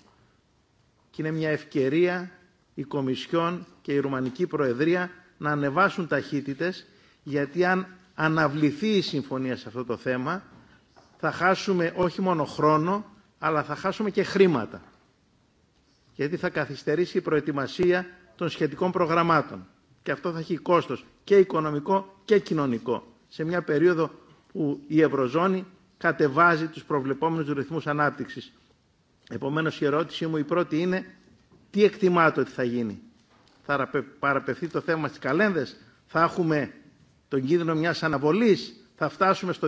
Και είναι μια ευκαιρία η Κομισιόν και η Ρουμανική Προεδρία να ανεβάσουν ταχύτητες γιατί αν αναβληθεί η συμφωνία σε αυτό το θέμα θα χάσουμε όχι μόνο χρόνο αλλά θα χάσουμε και χρήματα γιατί θα καθυστερήσει η προετοιμασία των σχετικών προγραμμάτων. Και αυτό θα έχει κόστος και οικονομικό και κοινωνικό σε μια περίοδο που η Ευρωζώνη κατεβάζει τους προβλεπόμενους ρυθμούς ανάπτυξης. Επομένως η ερώτησή μου η πρώτη είναι τι εκτιμάτε ότι θα γίνει. Θα παραπευθεί το θέμα στις καλένδες, θα έχουμε τον κίνδυνο μιας αναβολής, θα φτάσουμε στο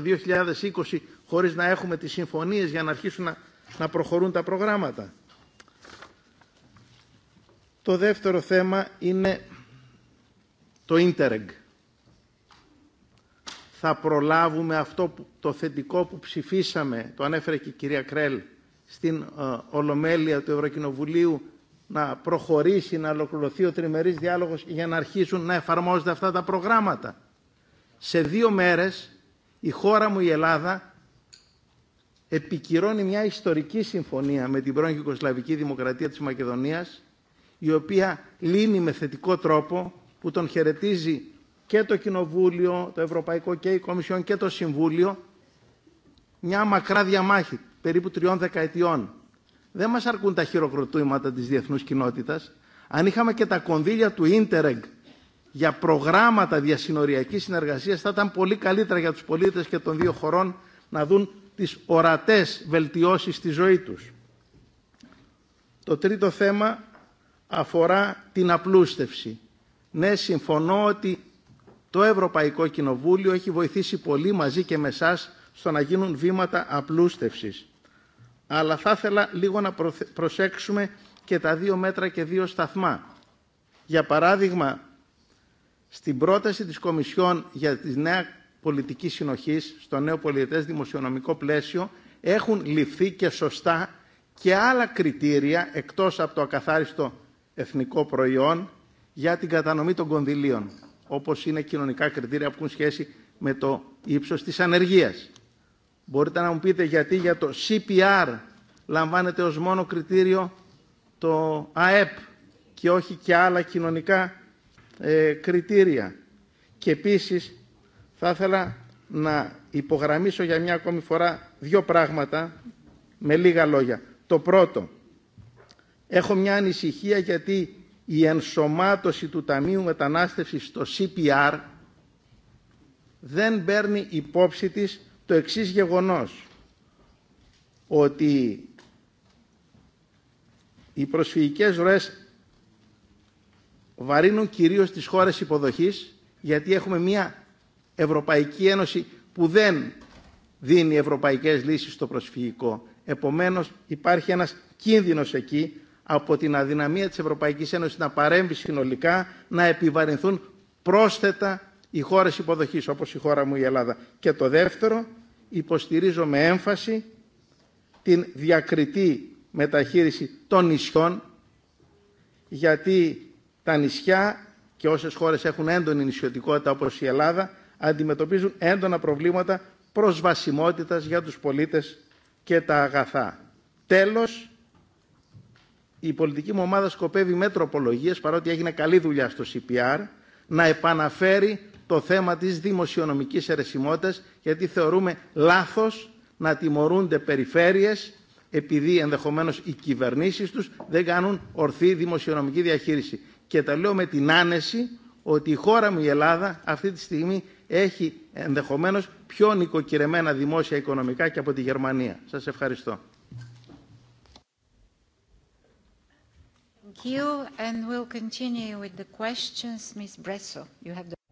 2020 χωρίς να έχουμε τις συμφωνίες για να αρχίσουν να, να προχωρούν τα προγράμματα. Το δεύτερο θέμα είναι το Interreg. Θα προλάβουμε αυτό το θετικό που ψηφίσαμε, το ανέφερε και η κυρία Κρέλ, στην ε, Ολομέλεια του Ευρωκοινοβουλίου να προχωρήσει, να ολοκληρωθεί ο τριμερής διάλογος για να αρχίσουν να εφαρμόζονται αυτά τα προγράμματα. Σε δύο μέρες η χώρα μου η Ελλάδα επικυρώνει μια ιστορική συμφωνία με την πρώην Δημοκρατία της Μακεδονίας η οποία λύνει με θετικό τρόπο που τον χαιρετίζει και το Κοινοβούλιο, το Ευρωπαϊκό και η Κομισιόν και το Συμβούλιο μια μακρά διαμάχη περίπου τριών δεκαετιών. Δεν μας αρκούν τα χειροκροτήματα της διεθνούς κοινότητας. Αν είχαμε και τα κονδύλια του Ίντερεγ για προγράμματα διασυνοριακής συνεργασίας θα ήταν πολύ καλύτερα για τους πολίτες και των δύο χωρών να δουν τις ορατές βελτιώσεις στη ζωή τους. Το τρίτο θέμα αφορά την απλούστευση. Ναι, συμφωνώ ότι το Ευρωπαϊκό Κοινοβούλιο έχει βοηθήσει πολύ μαζί και με εσά στο να γίνουν βήματα απλούστευσης. Αλλά θα ήθελα λίγο να προσέξουμε και τα δύο μέτρα και δύο σταθμά. Για παράδειγμα, στην πρόταση της Κομισιόν για τη νέα πολιτική συνοχής στο νέο πολιετές δημοσιονομικό πλαίσιο έχουν ληφθεί και σωστά και άλλα κριτήρια εκτός από το ακαθάριστο εθνικό προϊόν για την κατανομή των κονδυλίων, όπως είναι κοινωνικά κριτήρια που έχουν σχέση με το ύψος της ανεργίας. Μπορείτε να μου πείτε γιατί για το CPR λαμβάνεται ως μόνο κριτήριο το ΑΕΠ και όχι και άλλα κοινωνικά ε, κριτήρια. Και επίσης θα ήθελα να υπογραμμίσω για μια ακόμη φορά δύο πράγματα με λίγα λόγια. Το πρώτο, Έχω μια ανησυχία γιατί η ενσωμάτωση του Ταμείου Μετανάστευσης στο CPR δεν παίρνει υπόψη της το εξής γεγονός ότι οι προσφυγικές ροές βαρύνουν κυρίως τις χώρες υποδοχής γιατί έχουμε μια Ευρωπαϊκή Ένωση που δεν δίνει ευρωπαϊκές λύσεις στο προσφυγικό. Επομένως υπάρχει ένας κίνδυνος εκεί από την αδυναμία της Ευρωπαϊκής Ένωσης να παρέμβει συνολικά, να επιβαρυνθούν πρόσθετα οι χώρες υποδοχής, όπως η χώρα μου η Ελλάδα. Και το δεύτερο, υποστηρίζω με έμφαση την διακριτή μεταχείριση των νησιών, γιατί τα νησιά και όσες χώρες έχουν έντονη νησιωτικότητα όπως η Ελλάδα, αντιμετωπίζουν έντονα προβλήματα προσβασιμότητας για τους πολίτες και τα αγαθά. Τέλος, η πολιτική μου ομάδα σκοπεύει με τροπολογίες, παρότι έγινε καλή δουλειά στο CPR, να επαναφέρει το θέμα της δημοσιονομικής αιρεσιμότητας, γιατί θεωρούμε λάθος να τιμωρούνται περιφέρειες επειδή ενδεχομένως οι κυβερνήσεις τους δεν κάνουν ορθή δημοσιονομική διαχείριση. Και τα λέω με την άνεση ότι η χώρα μου η Ελλάδα αυτή τη στιγμή έχει ενδεχομένως πιο νοικοκυρεμένα δημόσια οικονομικά και από τη Γερμανία. Σας ευχαριστώ.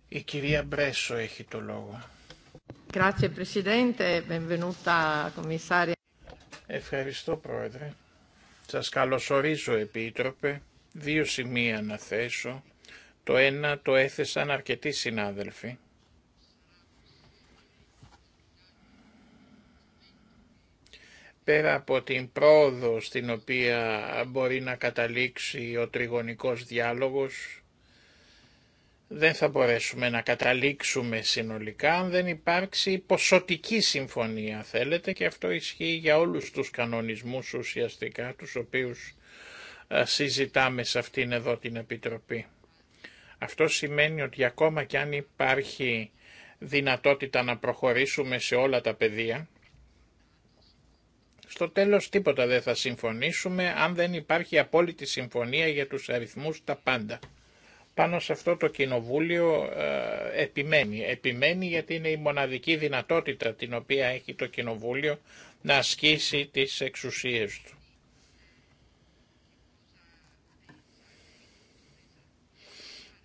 Η κυρία Μπρέσο έχει το λόγο. Ευχαριστώ, Πρόεδρε. Σας καλωσορίζω, Επίτροπε. Δύο σημεία να θέσω. Το ένα το έθεσαν αρκετοί συνάδελφοι. πέρα από την πρόοδο στην οποία μπορεί να καταλήξει ο τριγωνικός διάλογος, δεν θα μπορέσουμε να καταλήξουμε συνολικά αν δεν υπάρξει ποσοτική συμφωνία θέλετε και αυτό ισχύει για όλους τους κανονισμούς ουσιαστικά τους οποίους ε, συζητάμε σε αυτήν εδώ την Επιτροπή. Αυτό σημαίνει ότι ακόμα κι αν υπάρχει δυνατότητα να προχωρήσουμε σε όλα τα πεδία, στο τέλος τίποτα δεν θα συμφωνήσουμε αν δεν υπάρχει απόλυτη συμφωνία για τους αριθμούς τα πάντα. Πάνω σε αυτό το κοινοβούλιο ε, επιμένει. Επιμένει γιατί είναι η μοναδική δυνατότητα την οποία έχει το κοινοβούλιο να ασκήσει τις εξουσίες του.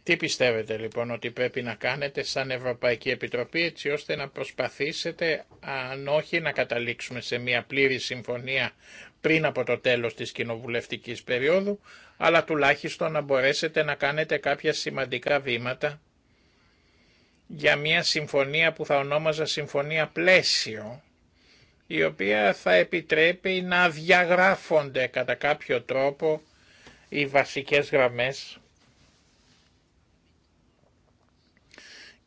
Τι πιστεύετε λοιπόν ότι πρέπει να κάνετε σαν Ευρωπαϊκή Επιτροπή έτσι ώστε να προσπαθήσετε αν όχι να καταλήξουμε σε μια πλήρη συμφωνία πριν από το τέλος της κοινοβουλευτικής περίοδου αλλά τουλάχιστον να μπορέσετε να κάνετε κάποια σημαντικά βήματα για μια συμφωνία που θα ονόμαζα συμφωνία πλαίσιο η οποία θα επιτρέπει να διαγράφονται κατά κάποιο τρόπο οι βασικές γραμμές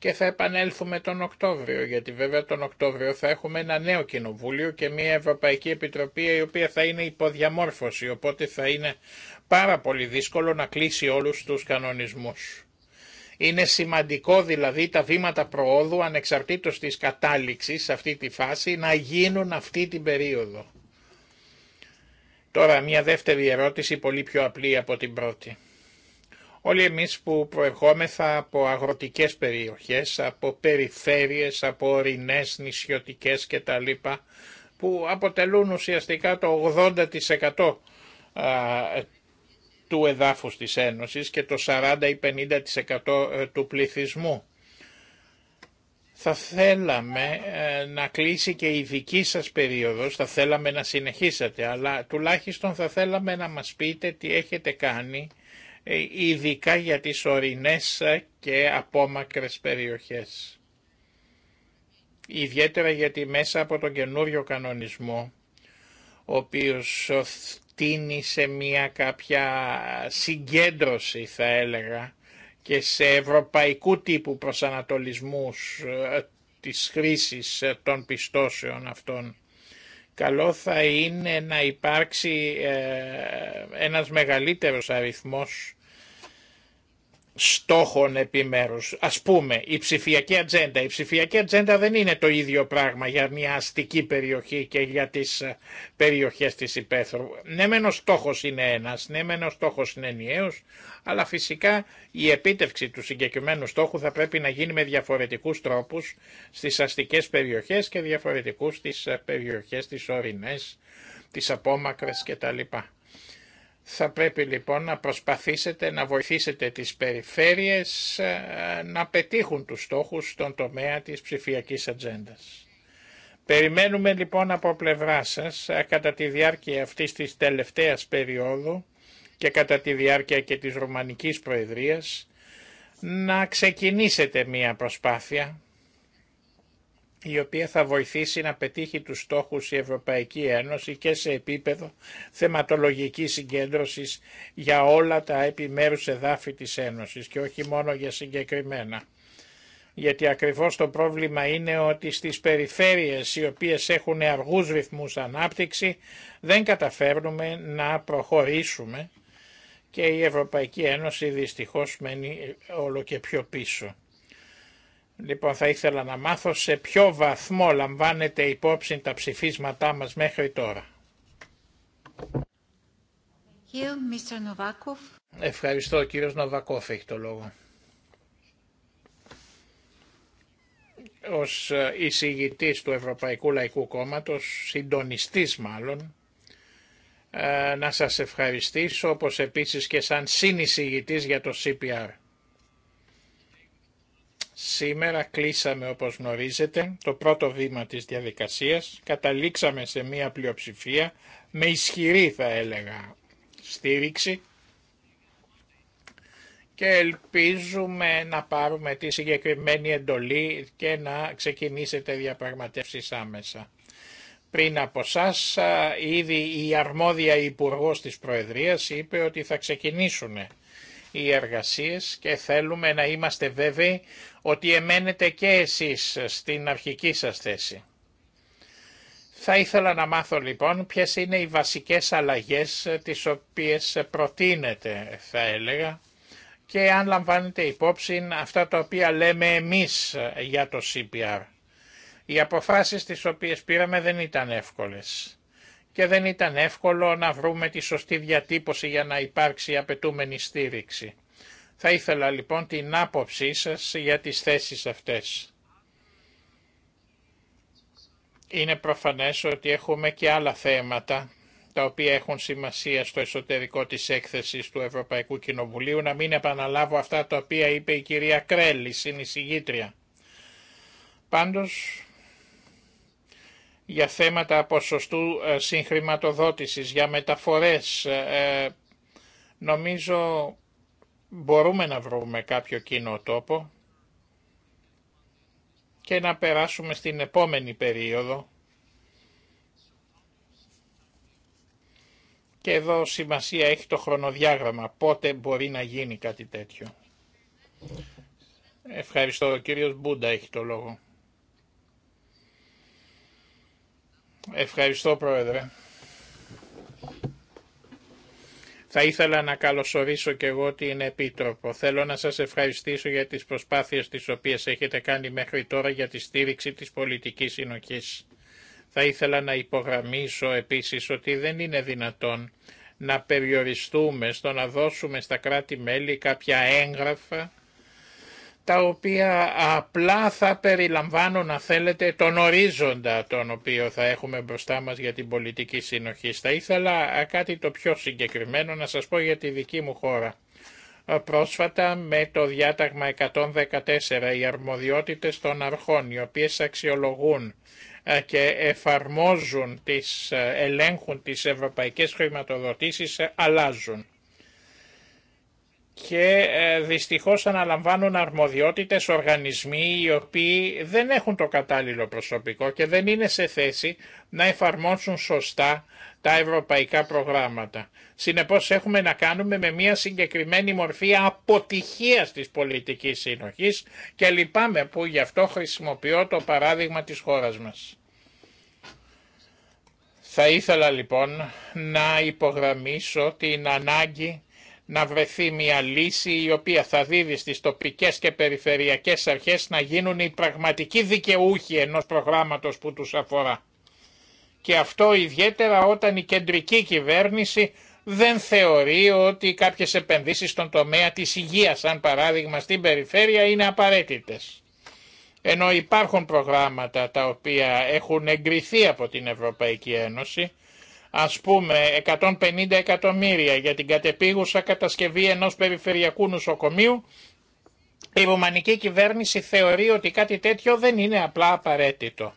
και θα επανέλθουμε τον Οκτώβριο, γιατί βέβαια τον Οκτώβριο θα έχουμε ένα νέο κοινοβούλιο και μια Ευρωπαϊκή Επιτροπή η οποία θα είναι υποδιαμόρφωση, οπότε θα είναι πάρα πολύ δύσκολο να κλείσει όλους τους κανονισμούς. Είναι σημαντικό δηλαδή τα βήματα προόδου ανεξαρτήτως της κατάληξης σε αυτή τη φάση να γίνουν αυτή την περίοδο. Τώρα μια δεύτερη ερώτηση πολύ πιο απλή από την πρώτη. Όλοι εμείς που προερχόμεθα από αγροτικές περιοχές, από περιφέρειες, από ορεινές, νησιωτικές κτλ. που αποτελούν ουσιαστικά το 80% του εδάφους της Ένωσης και το 40 50% ε, του πληθυσμού. Θα θέλαμε ε, να κλείσει και η δική σας περίοδος, θα θέλαμε να συνεχίσετε, αλλά τουλάχιστον θα θέλαμε να μας πείτε τι έχετε κάνει ε, ειδικά για τις ορεινές και απόμακρες περιοχές. Ιδιαίτερα γιατί μέσα από τον καινούριο κανονισμό, ο οποίος τίνει σε μια κάποια συγκέντρωση θα έλεγα και σε ευρωπαϊκού τύπου προσανατολισμούς ε, της χρήσης ε, των πιστώσεων αυτών καλό θα είναι να υπάρξει ε, ένας μεγαλύτερος αριθμός στόχων επιμέρους. Ας πούμε, η ψηφιακή ατζέντα. Η ψηφιακή ατζέντα δεν είναι το ίδιο πράγμα για μια αστική περιοχή και για τις ε, περιοχές της υπαίθρου. Ναι μεν ο στόχος είναι ένας, ναι μεν ο στόχος είναι ενιαίος, αλλά φυσικά η επίτευξη του συγκεκριμένου στόχου θα πρέπει να γίνει με διαφορετικούς τρόπους στις αστικές περιοχές και διαφορετικούς στις ε, περιοχές τις ορεινές, τις απόμακρες κτλ. Θα πρέπει λοιπόν να προσπαθήσετε να βοηθήσετε τις περιφέρειες ε, να πετύχουν τους στόχους στον τομέα της ψηφιακής ατζέντα. Περιμένουμε λοιπόν από πλευρά σας ε, κατά τη διάρκεια αυτής της τελευταίας περίοδου και κατά τη διάρκεια και της ρωμανικής Προεδρίας να ξεκινήσετε μία προσπάθεια η οποία θα βοηθήσει να πετύχει τους στόχους η Ευρωπαϊκή Ένωση και σε επίπεδο θεματολογικής συγκέντρωσης για όλα τα επιμέρους εδάφη της Ένωσης και όχι μόνο για συγκεκριμένα. Γιατί ακριβώς το πρόβλημα είναι ότι στις περιφέρειες οι οποίες έχουν αργούς ρυθμούς ανάπτυξη δεν καταφέρνουμε να προχωρήσουμε και η Ευρωπαϊκή Ένωση δυστυχώς μένει όλο και πιο πίσω. Λοιπόν, θα ήθελα να μάθω σε ποιο βαθμό λαμβάνεται υπόψη τα ψηφίσματά μας μέχρι τώρα. Ευχαριστώ. Ο κύριος Νοβακόφ έχει το λόγο. Ως ε, εισηγητής του Ευρωπαϊκού Λαϊκού Κόμματος, συντονιστής μάλλον, ε, να σας ευχαριστήσω, όπως επίσης και σαν συνεισηγητής για το CPR. Σήμερα κλείσαμε όπως γνωρίζετε το πρώτο βήμα της διαδικασίας, καταλήξαμε σε μία πλειοψηφία με ισχυρή θα έλεγα στήριξη και ελπίζουμε να πάρουμε τη συγκεκριμένη εντολή και να ξεκινήσετε διαπραγματεύσεις άμεσα. Πριν από εσά, ήδη η αρμόδια υπουργός της Προεδρίας είπε ότι θα ξεκινήσουν οι εργασίες και θέλουμε να είμαστε βέβαιοι ότι εμένετε και εσείς στην αρχική σας θέση. Θα ήθελα να μάθω λοιπόν ποιες είναι οι βασικές αλλαγές τις οποίες προτείνετε θα έλεγα και αν λαμβάνετε υπόψη αυτά τα οποία λέμε εμείς για το CPR. Οι αποφάσεις τις οποίες πήραμε δεν ήταν εύκολες και δεν ήταν εύκολο να βρούμε τη σωστή διατύπωση για να υπάρξει απαιτούμενη στήριξη. Θα ήθελα λοιπόν την άποψή σας για τις θέσεις αυτές. Είναι προφανές ότι έχουμε και άλλα θέματα τα οποία έχουν σημασία στο εσωτερικό της έκθεσης του Ευρωπαϊκού Κοινοβουλίου, να μην επαναλάβω αυτά τα οποία είπε η κυρία Κρέλη, συνεισηγήτρια. Πάντως, για θέματα ποσοστού ε, συγχρηματοδότησης, για μεταφορές. Ε, ε, νομίζω μπορούμε να βρούμε κάποιο κοινό τόπο και να περάσουμε στην επόμενη περίοδο. Και εδώ σημασία έχει το χρονοδιάγραμμα, πότε μπορεί να γίνει κάτι τέτοιο. Ευχαριστώ. Ο κύριος Μπούντα έχει το λόγο. Ευχαριστώ Πρόεδρε. Θα ήθελα να καλωσορίσω και εγώ την Επίτροπο. Θέλω να σας ευχαριστήσω για τις προσπάθειες τις οποίες έχετε κάνει μέχρι τώρα για τη στήριξη της πολιτικής συνοχής. Θα ήθελα να υπογραμμίσω επίσης ότι δεν είναι δυνατόν να περιοριστούμε στο να δώσουμε στα κράτη-μέλη κάποια έγγραφα τα οποία απλά θα περιλαμβάνουν, αν θέλετε, τον ορίζοντα τον οποίο θα έχουμε μπροστά μας για την πολιτική συνοχή. Θα ήθελα κάτι το πιο συγκεκριμένο να σας πω για τη δική μου χώρα. Πρόσφατα με το διάταγμα 114 οι αρμοδιότητες των αρχών οι οποίες αξιολογούν και εφαρμόζουν, τις, ελέγχουν τις ευρωπαϊκές χρηματοδοτήσεις ε, αλλάζουν και ε, δυστυχώς αναλαμβάνουν αρμοδιότητες οργανισμοί οι οποίοι δεν έχουν το κατάλληλο προσωπικό και δεν είναι σε θέση να εφαρμόσουν σωστά τα ευρωπαϊκά προγράμματα. Συνεπώς έχουμε να κάνουμε με μια συγκεκριμένη μορφή αποτυχίας της πολιτικής συνοχής και λυπάμαι που γι' αυτό χρησιμοποιώ το παράδειγμα της χώρας μας. Θα ήθελα λοιπόν να υπογραμμίσω την ανάγκη να βρεθεί μια λύση η οποία θα δίδει στις τοπικές και περιφερειακές αρχές να γίνουν οι πραγματικοί δικαιούχοι ενός προγράμματος που τους αφορά. Και αυτό ιδιαίτερα όταν η κεντρική κυβέρνηση δεν θεωρεί ότι κάποιες επενδύσεις στον τομέα της υγείας, σαν παράδειγμα στην περιφέρεια, είναι απαραίτητες. Ενώ υπάρχουν προγράμματα τα οποία έχουν εγκριθεί από την Ευρωπαϊκή Ένωση, ας πούμε 150 εκατομμύρια για την κατεπίγουσα κατασκευή ενός περιφερειακού νοσοκομείου, η Ρουμανική κυβέρνηση θεωρεί ότι κάτι τέτοιο δεν είναι απλά απαραίτητο.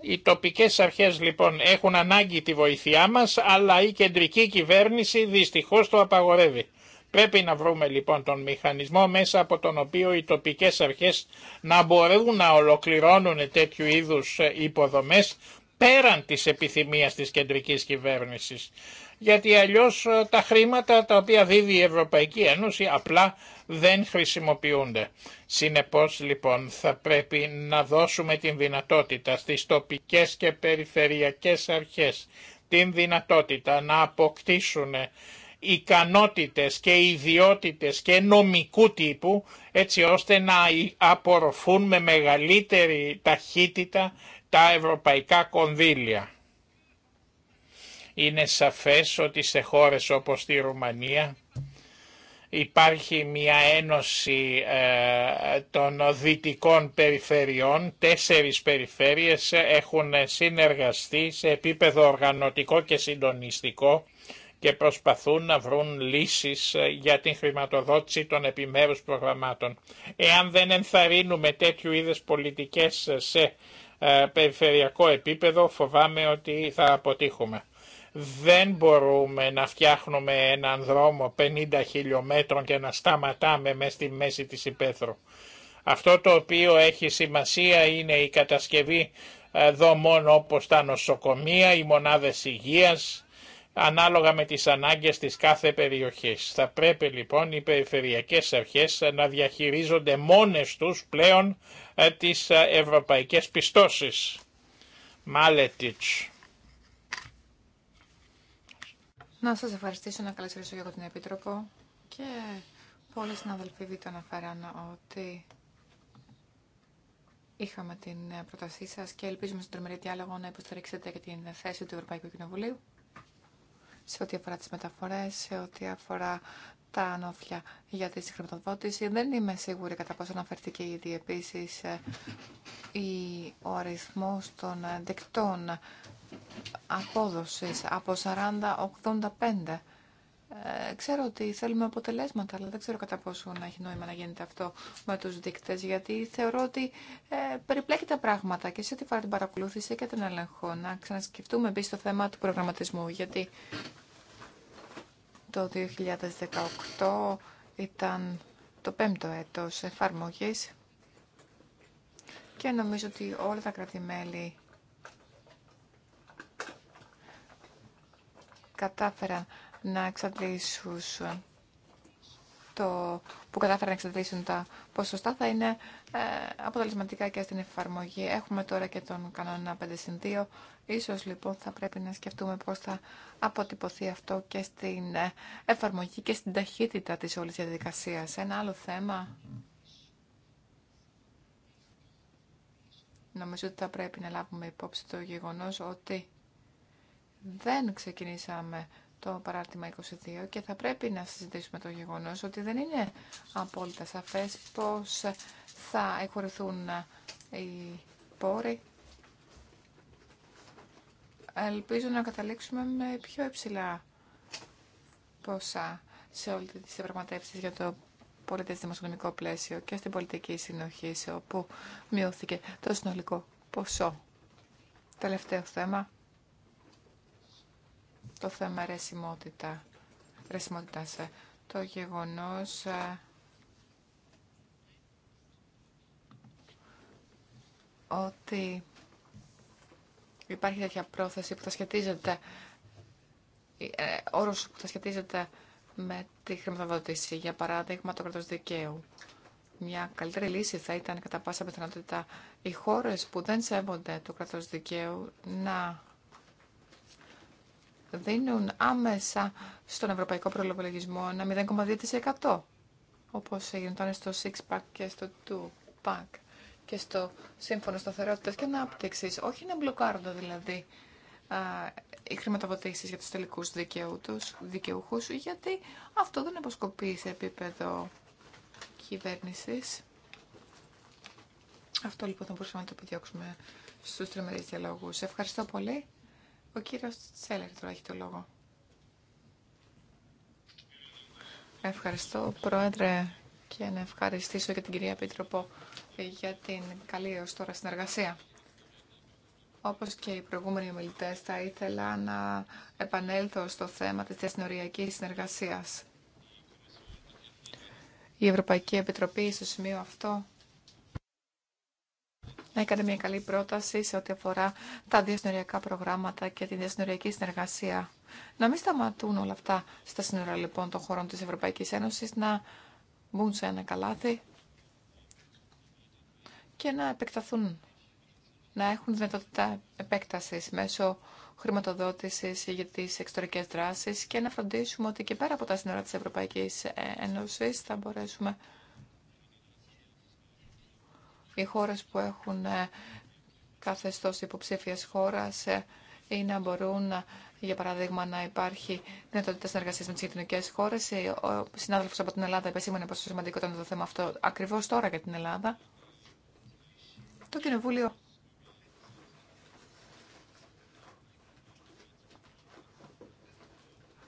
Οι τοπικές αρχές λοιπόν έχουν ανάγκη τη βοήθειά μας, αλλά η κεντρική κυβέρνηση δυστυχώς το απαγορεύει. Πρέπει να βρούμε λοιπόν τον μηχανισμό μέσα από τον οποίο οι τοπικές αρχές να μπορούν να ολοκληρώνουν τέτοιου είδους υποδομές πέραν της επιθυμίας της κεντρικής κυβέρνησης. Γιατί αλλιώς ε, τα χρήματα τα οποία δίδει η Ευρωπαϊκή Ένωση απλά δεν χρησιμοποιούνται. Συνεπώς λοιπόν θα πρέπει να δώσουμε την δυνατότητα στις τοπικές και περιφερειακές αρχές την δυνατότητα να αποκτήσουν ικανότητες και ιδιότητες και νομικού τύπου έτσι ώστε να απορροφούν με μεγαλύτερη ταχύτητα τα ευρωπαϊκά κονδύλια. Είναι σαφές ότι σε χώρες όπως τη Ρουμανία υπάρχει μια ένωση ε, των δυτικών περιφερειών. Τέσσερις περιφέρειες έχουν συνεργαστεί σε επίπεδο οργανωτικό και συντονιστικό και προσπαθούν να βρουν λύσεις ε, για την χρηματοδότηση των επιμέρους προγραμμάτων. Εάν δεν ενθαρρύνουμε τέτοιου είδες πολιτικές σε ε, περιφερειακό επίπεδο φοβάμαι ότι θα αποτύχουμε. Δεν μπορούμε να φτιάχνουμε έναν δρόμο 50 χιλιόμετρων και να σταματάμε μέσα στη μέση της υπαίθρου. Αυτό το οποίο έχει σημασία είναι η κατασκευή ε, δομών όπως τα νοσοκομεία, οι μονάδες υγείας, ανάλογα με τις ανάγκες της κάθε περιοχής. Θα πρέπει λοιπόν οι περιφερειακές αρχές να διαχειρίζονται μόνες τους πλέον ε, τις ε, ευρωπαϊκές πιστώσεις. Μάλετιτς. Να σας ευχαριστήσω να καλωσορίσω για τον Επίτροπο και πολλοί συναδελφοί βίντεο αναφέραν ότι είχαμε την πρότασή σας και ελπίζουμε στον τρομερή διάλογο να υποστηρίξετε και την θέση του Ευρωπαϊκού Κοινοβουλίου σε ό,τι αφορά τις μεταφορές, σε ό,τι αφορά τα ανώφια για τη συγχρηματοδότηση. Δεν είμαι σίγουρη κατά πόσο αναφέρθηκε ήδη επίσης ε, η, ο αριθμός των ε, δεκτών απόδοσης από 40-85 ε, ξέρω ότι θέλουμε αποτελέσματα, αλλά δεν ξέρω κατά πόσο να έχει νόημα να γίνεται αυτό με του δείκτες, γιατί θεωρώ ότι ε, περιπλέκει τα πράγματα και σε ό,τι φορά την παρακολούθηση και τον έλεγχο. Να ξανασκεφτούμε επίση το θέμα του προγραμματισμού, γιατί το 2018 ήταν το πέμπτο έτος εφαρμογής και νομίζω ότι όλα τα κρατημέλη κατάφεραν να εξαντλήσουν το που κατάφεραν να εξαντλήσουν τα ποσοστά θα είναι ε, αποτελεσματικά και στην εφαρμογή. Έχουμε τώρα και τον κανόνα 5 2. Ίσως λοιπόν θα πρέπει να σκεφτούμε πώς θα αποτυπωθεί αυτό και στην ε, εφαρμογή και στην ταχύτητα της όλης διαδικασίας. Ένα άλλο θέμα. Νομίζω ότι θα πρέπει να λάβουμε υπόψη το γεγονός ότι δεν ξεκινήσαμε το παράρτημα 22 και θα πρέπει να συζητήσουμε το γεγονός ότι δεν είναι απόλυτα σαφές πώς θα εκχωρηθούν οι πόροι. Ελπίζω να καταλήξουμε με πιο υψηλά ποσά σε όλες τις διαπραγματεύση για το πολιτικό δημοσιονομικό πλαίσιο και στην πολιτική συνοχή, όπου μειώθηκε το συνολικό ποσό. Τελευταίο θέμα το θέμα ρεσιμότητα, ρεσιμότητας. Ε. Το γεγονός ε, ότι υπάρχει τέτοια πρόθεση που θα σχετίζεται, ε, όρος που θα σχετίζεται με τη χρηματοδότηση, για παράδειγμα το κρατός δικαίου. Μια καλύτερη λύση θα ήταν κατά πάσα πιθανότητα οι χώρες που δεν σέβονται το κρατός δικαίου να δίνουν άμεσα στον ευρωπαϊκό προλογισμό ένα 0,2% όπως γινόταν στο 6 pack και στο 2 pack και στο σύμφωνο σταθερότητα και ανάπτυξη. Όχι να μπλοκάρονται δηλαδή α, οι χρηματοδοτήσει για του τελικού δικαιούχου, γιατί αυτό δεν αποσκοπεί σε επίπεδο κυβέρνηση. Αυτό λοιπόν θα μπορούσαμε να το επιδιώξουμε στου τριμερεί διαλόγου. Ευχαριστώ πολύ. Ο κύριος Τσέλερ τώρα έχει το λόγο. Ευχαριστώ, Πρόεδρε, και να ευχαριστήσω και την κυρία Πίτροπο για την καλή ως τώρα συνεργασία. Όπως και οι προηγούμενοι ομιλητέ, θα ήθελα να επανέλθω στο θέμα της διασυνοριακής συνεργασίας. Η Ευρωπαϊκή Επιτροπή στο σημείο αυτό να έκανε μια καλή πρόταση σε ό,τι αφορά τα διασυνοριακά προγράμματα και τη διασυνοριακή συνεργασία. Να μην σταματούν όλα αυτά στα σύνορα λοιπόν των χωρών της Ευρωπαϊκής Ένωσης να μπουν σε ένα καλάθι και να επεκταθούν, να έχουν δυνατότητα επέκτασης μέσω χρηματοδότησης για τις εξωτερικές δράσεις και να φροντίσουμε ότι και πέρα από τα σύνορα της Ευρωπαϊκής Ένωσης θα μπορέσουμε οι χώρες που έχουν ε, καθεστώς υποψήφιας χώρας ε, ή να μπορούν, ε, για παράδειγμα, να υπάρχει δυνατότητα συνεργασία με τι γειτονικέ χώρε. Ο συνάδελφο από την Ελλάδα επεσήμανε πόσο σημαντικό ήταν το θέμα αυτό ακριβώ τώρα για την Ελλάδα. Το Κοινοβούλιο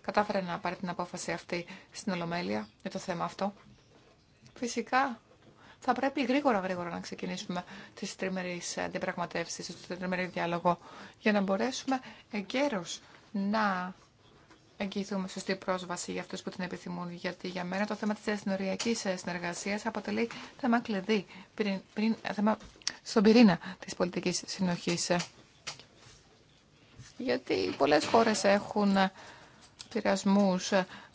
κατάφερε να πάρει την απόφαση αυτή στην Ολομέλεια για το θέμα αυτό. Φυσικά θα πρέπει γρήγορα γρήγορα να ξεκινήσουμε τις τριμερεί αντιπραγματεύσει, το τριμερή διάλογο, για να μπορέσουμε εγκαίρως να εγγυηθούμε σωστή πρόσβαση για αυτούς που την επιθυμούν. Γιατί για μένα το θέμα της εθνωριακής συνεργασία αποτελεί θέμα κλειδί πριν, πριν, θέμα στον πυρήνα της πολιτικής συνοχή Γιατί πολλέ χώρε έχουν ε,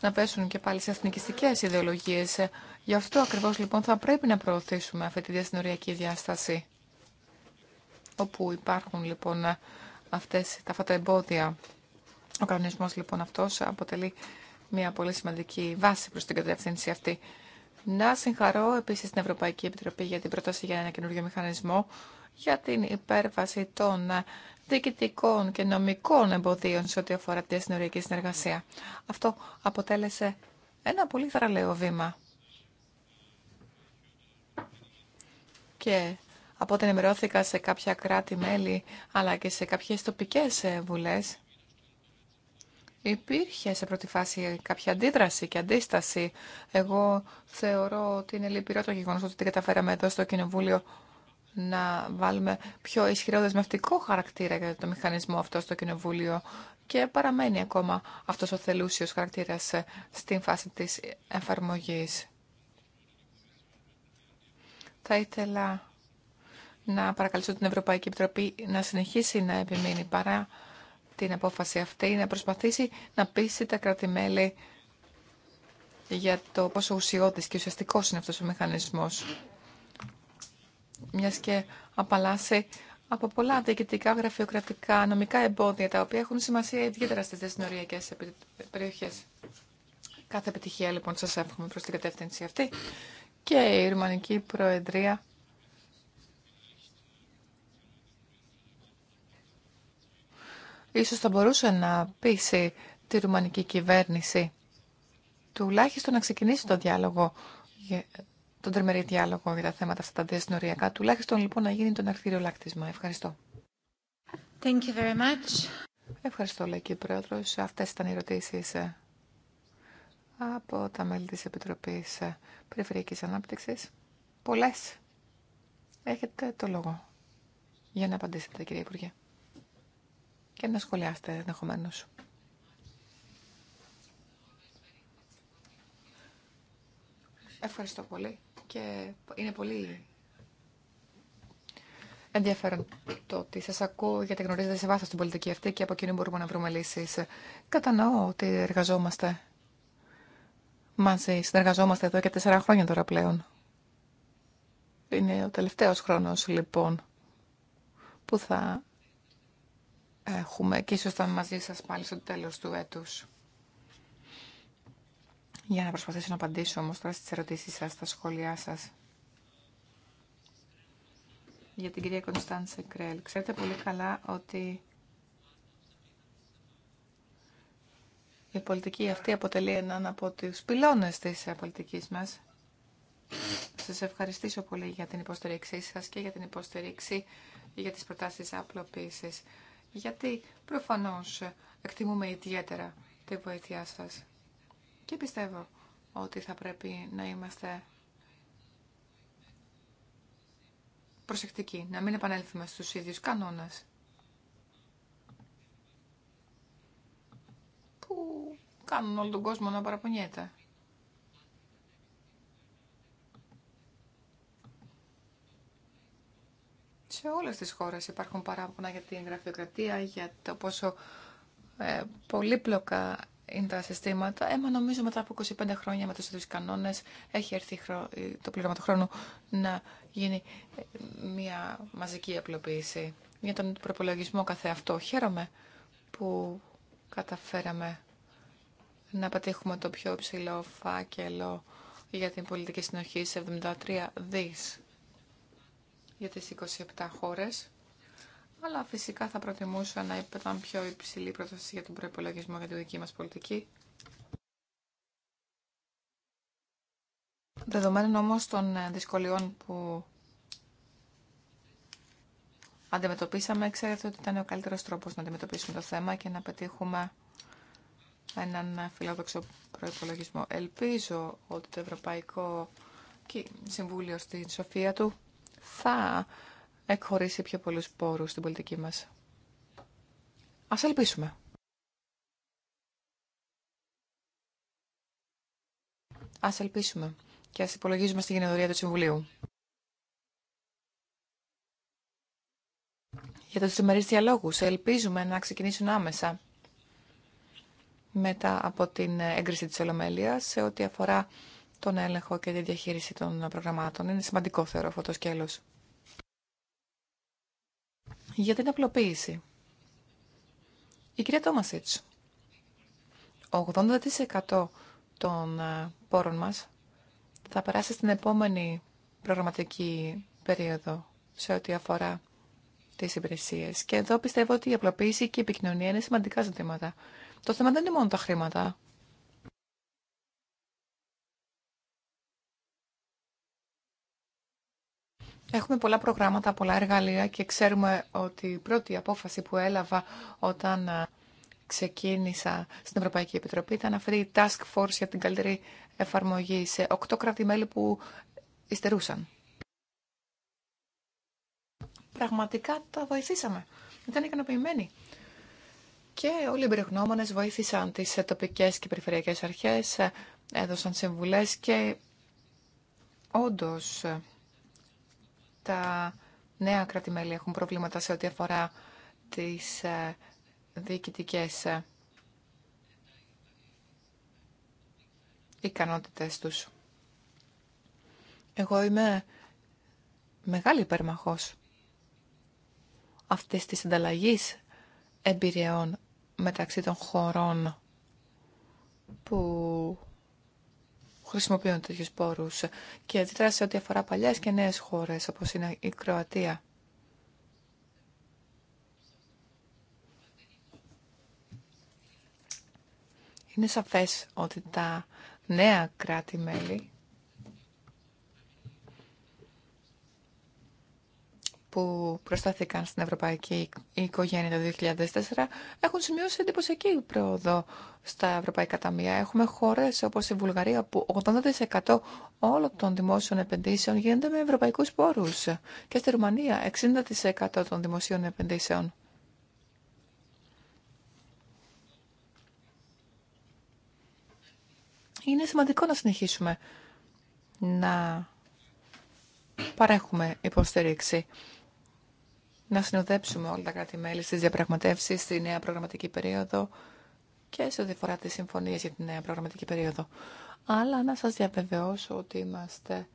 να πέσουν και πάλι σε εθνικιστικές ιδεολογίες. Ε, γι' αυτό ακριβώς λοιπόν θα πρέπει να προωθήσουμε αυτή τη διασυνοριακή διάσταση, όπου υπάρχουν λοιπόν ε, αυτές, τα εμπόδια. Ο κανονισμός λοιπόν αυτός αποτελεί μια πολύ σημαντική βάση προς την κατεύθυνση αυτή. Να συγχαρώ επίση την Ευρωπαϊκή Επιτροπή για την πρόταση για ένα καινούριο μηχανισμό για την υπέρβαση των διοικητικών και νομικών εμποδίων σε ό,τι αφορά τη συνοριακή συνεργασία. Αυτό αποτέλεσε ένα πολύ θαραλέο βήμα. Και από όταν ενημερώθηκα σε κάποια κράτη-μέλη, αλλά και σε κάποιες τοπικές ε, βουλές, Υπήρχε σε πρώτη φάση κάποια αντίδραση και αντίσταση. Εγώ θεωρώ ότι είναι λυπηρό το γεγονό ότι την καταφέραμε εδώ στο Κοινοβούλιο να βάλουμε πιο ισχυρό δεσμευτικό χαρακτήρα για το μηχανισμό αυτό στο Κοινοβούλιο και παραμένει ακόμα αυτός ο θελούσιος χαρακτήρας στην φάση της εφαρμογής. Θα ήθελα να παρακαλέσω την Ευρωπαϊκή Επιτροπή να συνεχίσει να επιμείνει παρά την απόφαση αυτή, να προσπαθήσει να πείσει τα κρατη για το πόσο ουσιώδης και ουσιαστικός είναι αυτός ο μηχανισμός μιας και απαλλάσσει από πολλά διοικητικά, γραφειοκρατικά, νομικά εμπόδια, τα οποία έχουν σημασία ιδιαίτερα στις δεσνοριακές περιοχές. Κάθε επιτυχία λοιπόν σας εύχομαι προς την κατεύθυνση αυτή και η Ρουμανική Προεδρία ίσως θα μπορούσε να πείσει τη ρουμανική κυβέρνηση τουλάχιστον να ξεκινήσει το διάλογο τον τρεμερή διάλογο για τα θέματα αυτά τα διασυνοριακά, τουλάχιστον λοιπόν να γίνει τον αρθήριο λάκτισμα. Ευχαριστώ. Thank you very much. Ευχαριστώ, λέει και η Πρόεδρος. Αυτές ήταν οι ερωτήσεις ε, από τα μέλη της Επιτροπής ε, Περιφερειακής Ανάπτυξης. Πολλές. Έχετε το λόγο για να απαντήσετε, κύριε Υπουργέ. Και να σχολιάσετε ενδεχομένω. Ευχαριστώ πολύ και είναι πολύ ενδιαφέρον το ότι σα ακούω γιατί γνωρίζετε σε βάθο την πολιτική αυτή και από εκείνη μπορούμε να βρούμε λύσει. Κατανοώ ότι εργαζόμαστε μαζί, συνεργαζόμαστε εδώ και τέσσερα χρόνια τώρα πλέον. Είναι ο τελευταίος χρόνος λοιπόν που θα έχουμε και ίσως θα μαζί σας πάλι στο τέλος του έτους για να προσπαθήσω να απαντήσω όμως τώρα στις ερωτήσεις σας, στα σχόλιά σας. Για την κυρία Κωνσταντσε Κρέλ. Ξέρετε πολύ καλά ότι η πολιτική αυτή αποτελεί έναν από τους πυλώνες της πολιτικής μας. Σας ευχαριστήσω πολύ για την υποστηρίξή σας και για την υποστηρίξη για τις προτάσεις απλοποίησης. Γιατί προφανώς εκτιμούμε ιδιαίτερα τη βοήθειά σας. Και πιστεύω ότι θα πρέπει να είμαστε προσεκτικοί, να μην επανέλθουμε στους ίδιους κανόνες. Που κάνουν όλο τον κόσμο να παραπονιέται. σε όλες τις χώρες υπάρχουν παράπονα για την γραφειοκρατία, για το πόσο ε, πολύπλοκα είναι τα συστήματα. Έμα ε, νομίζω μετά από 25 χρόνια με τους ίδιους κανόνες έχει έρθει το πλήρωμα του χρόνου να γίνει ε, μια μαζική απλοποίηση. Για τον προπολογισμό καθε αυτό χαίρομαι που καταφέραμε να πετύχουμε το πιο ψηλό φάκελο για την πολιτική συνοχή σε 73 δις για τις 27 χώρες αλλά φυσικά θα προτιμούσα να ήταν πιο υψηλή πρόταση για τον προπολογισμό για τη δική μας πολιτική. Δεδομένων όμως των ε, δυσκολιών που αντιμετωπίσαμε, ξέρετε ότι ήταν ο καλύτερος τρόπος να αντιμετωπίσουμε το θέμα και να πετύχουμε έναν ε, φιλόδοξο προπολογισμό. Ελπίζω ότι το Ευρωπαϊκό Συμβούλιο στην σοφία του θα εκχωρήσει πιο πολλούς πόρους στην πολιτική μας. Ας ελπίσουμε. Ας ελπίσουμε και ας υπολογίζουμε στην γενεδορία του Συμβουλίου. Για τους σημερινούς διαλόγους ελπίζουμε να ξεκινήσουν άμεσα μετά από την έγκριση της Ολομέλειας σε ό,τι αφορά τον έλεγχο και τη διαχείριση των προγραμμάτων. Είναι σημαντικό θεωρώ αυτό το σκέλος για την απλοποίηση. Η κυρία Τόμασιτς, 80% των ε, πόρων μας θα περάσει στην επόμενη προγραμματική περίοδο σε ό,τι αφορά τις υπηρεσίες. Και εδώ πιστεύω ότι η απλοποίηση και η επικοινωνία είναι σημαντικά ζητήματα. Το θέμα δεν είναι μόνο τα χρήματα. Έχουμε πολλά προγράμματα, πολλά εργαλεία και ξέρουμε ότι η πρώτη απόφαση που έλαβα όταν ε, ξεκίνησα στην Ευρωπαϊκή Επιτροπή ήταν αυτή η Task Force για την καλύτερη εφαρμογή σε οκτώ κράτη-μέλη που υστερούσαν. Πραγματικά τα βοηθήσαμε. Ήταν ικανοποιημένοι. Και όλοι οι εμπειρογνώμονες βοήθησαν τις ε, τοπικές και περιφερειακές αρχές, ε, έδωσαν συμβουλές και όντως τα νεα κρατημέλη έχουν προβλήματα σε ό,τι αφορά τις ε, διοικητικές ε, ικανότητες τους. Εγώ είμαι μεγάλη υπερμαχός αυτής της ανταλλαγής εμπειριών μεταξύ των χωρών που χρησιμοποιούν τέτοιου πόρου. Και αντίδρα σε ό,τι αφορά παλιέ και νέε χώρε, όπω είναι η Κροατία. Είναι σαφές ότι τα νέα κράτη-μέλη που προστάθηκαν στην Ευρωπαϊκή Οικογένεια το 2004 έχουν σημειώσει εντυπωσιακή πρόοδο στα ευρωπαϊκά ταμεία. Έχουμε χώρε όπω η Βουλγαρία που 80% όλων των δημόσιων επενδύσεων γίνονται με ευρωπαϊκού πόρου και στη Ρουμανία 60% των δημοσίων επενδύσεων. Είναι σημαντικό να συνεχίσουμε να παρέχουμε υποστήριξη να συνοδέψουμε όλα τα κράτη-μέλη στις διαπραγματεύσεις στη νέα προγραμματική περίοδο και σε ό,τι αφορά τις συμφωνίες για τη νέα προγραμματική περίοδο. Αλλά να σας διαβεβαιώσω ότι είμαστε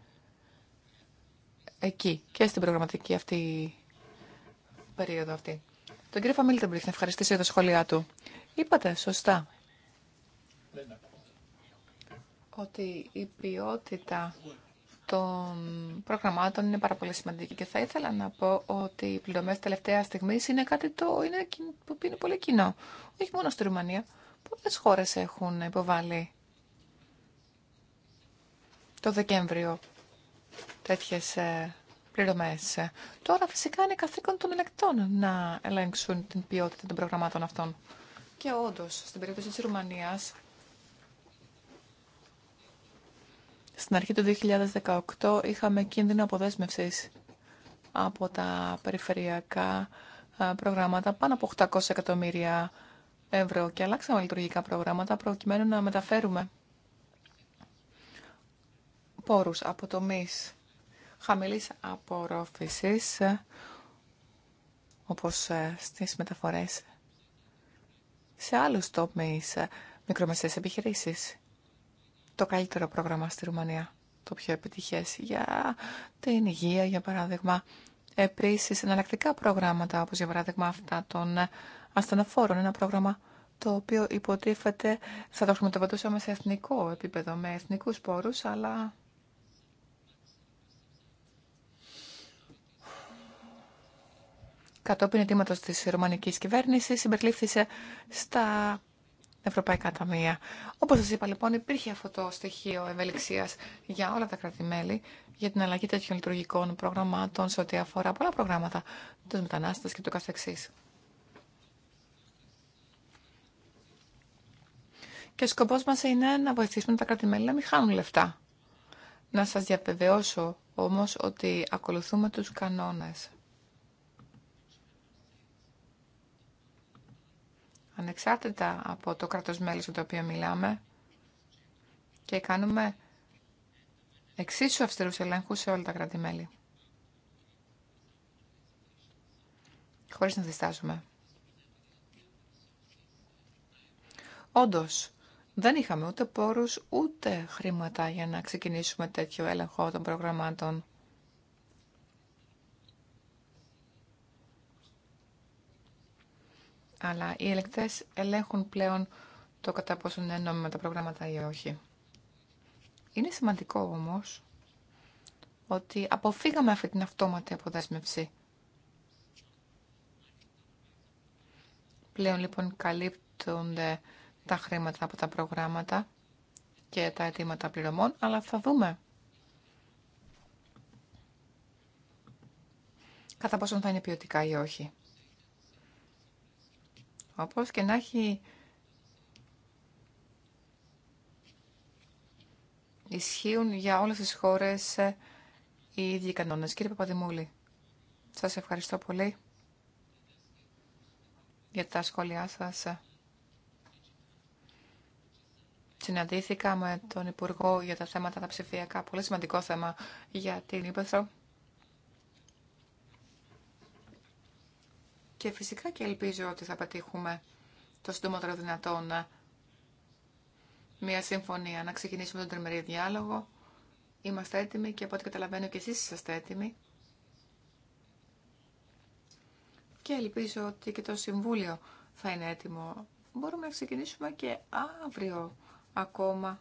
εκεί και στην προγραμματική αυτή περίοδο αυτή. Τον κύριο Φαμίλτεμπριχ να ευχαριστήσω για τα σχόλιά του. Είπατε σωστά ότι η ποιότητα των προγραμμάτων είναι πάρα πολύ σημαντική και θα ήθελα να πω ότι οι πληρωμέ τελευταία στιγμή είναι κάτι το είναι, που είναι πολύ κοινό. Όχι μόνο στη Ρουμανία. Πολλέ χώρε έχουν υποβάλει το Δεκέμβριο τέτοιε πληρωμέ. Τώρα φυσικά είναι καθήκον των ελεκτών να ελέγξουν την ποιότητα των προγραμμάτων αυτών. Και όντω, στην περίπτωση τη Ρουμανία, Στην αρχή του 2018 είχαμε κίνδυνο αποδέσμευσης από τα περιφερειακά ε, προγράμματα πάνω από 800 εκατομμύρια ευρώ και αλλάξαμε λειτουργικά προγράμματα προκειμένου να μεταφέρουμε πόρους από τομείς χαμηλής απορρόφησης ε, όπως ε, στις μεταφορές σε άλλους τομείς μικρομεσαίες επιχειρήσεις το καλύτερο πρόγραμμα στη Ρουμανία, το πιο επιτυχέ. για την υγεία, για παράδειγμα. επίση εναλλακτικά προγράμματα, όπως για παράδειγμα αυτά των ασθενοφόρων, ένα πρόγραμμα το οποίο υποτίθεται θα το χρηματοδοτούσαμε σε εθνικό επίπεδο, με εθνικού πόρους, αλλά κατόπιν αιτήματο τη ρουμανική κυβέρνηση, συμπεριλήφθησε στα ευρωπαϊκά ταμεία. Όπως σα είπα λοιπόν υπήρχε αυτό το στοιχείο ευελιξίας για όλα τα κράτη-μέλη για την αλλαγή τέτοιων λειτουργικών προγραμμάτων σε ό,τι αφορά πολλά προγράμματα, τους μετανάστες και το καθεξής. Και ο σκοπός μας είναι να βοηθήσουμε τα κράτη-μέλη να μην χάνουν λεφτά. Να σας διαβεβαιώσω όμω ότι ακολουθούμε του κανόνε. ανεξάρτητα από το κράτος μέλος το οποίο μιλάμε και κάνουμε εξίσου αυστηρούς ελέγχους σε όλα τα κράτη-μέλη. Χωρίς να διστάζουμε. Όντως, δεν είχαμε ούτε πόρους, ούτε χρήματα για να ξεκινήσουμε τέτοιο έλεγχο των προγραμμάτων. αλλά οι ελεκτές ελέγχουν πλέον το κατά πόσο είναι νόμιμα τα προγράμματα ή όχι. Είναι σημαντικό όμως ότι αποφύγαμε αυτή την αυτόματη αποδέσμευση. Πλέον λοιπόν καλύπτονται τα χρήματα από τα προγράμματα και τα αιτήματα πληρωμών, αλλά θα δούμε κατά πόσο θα είναι ποιοτικά ή όχι. Όπως και να έχει ισχύουν για όλες τις χώρες ε, οι ίδιοι κανόνες. Κύριε Παπαδημούλη, σας ευχαριστώ πολύ για τα σχόλιά σας. Συναντήθηκα με τον Υπουργό για τα θέματα τα ψηφιακά, πολύ σημαντικό θέμα για την Ήπεθρο. Και φυσικά και ελπίζω ότι θα πετύχουμε το συντομότερο δυνατόν μια συμφωνία, να ξεκινήσουμε τον τριμερή διάλογο. Είμαστε έτοιμοι και από ό,τι καταλαβαίνω και εσείς είσαστε έτοιμοι. Και ελπίζω ότι και το Συμβούλιο θα είναι έτοιμο. Μπορούμε να ξεκινήσουμε και αύριο ακόμα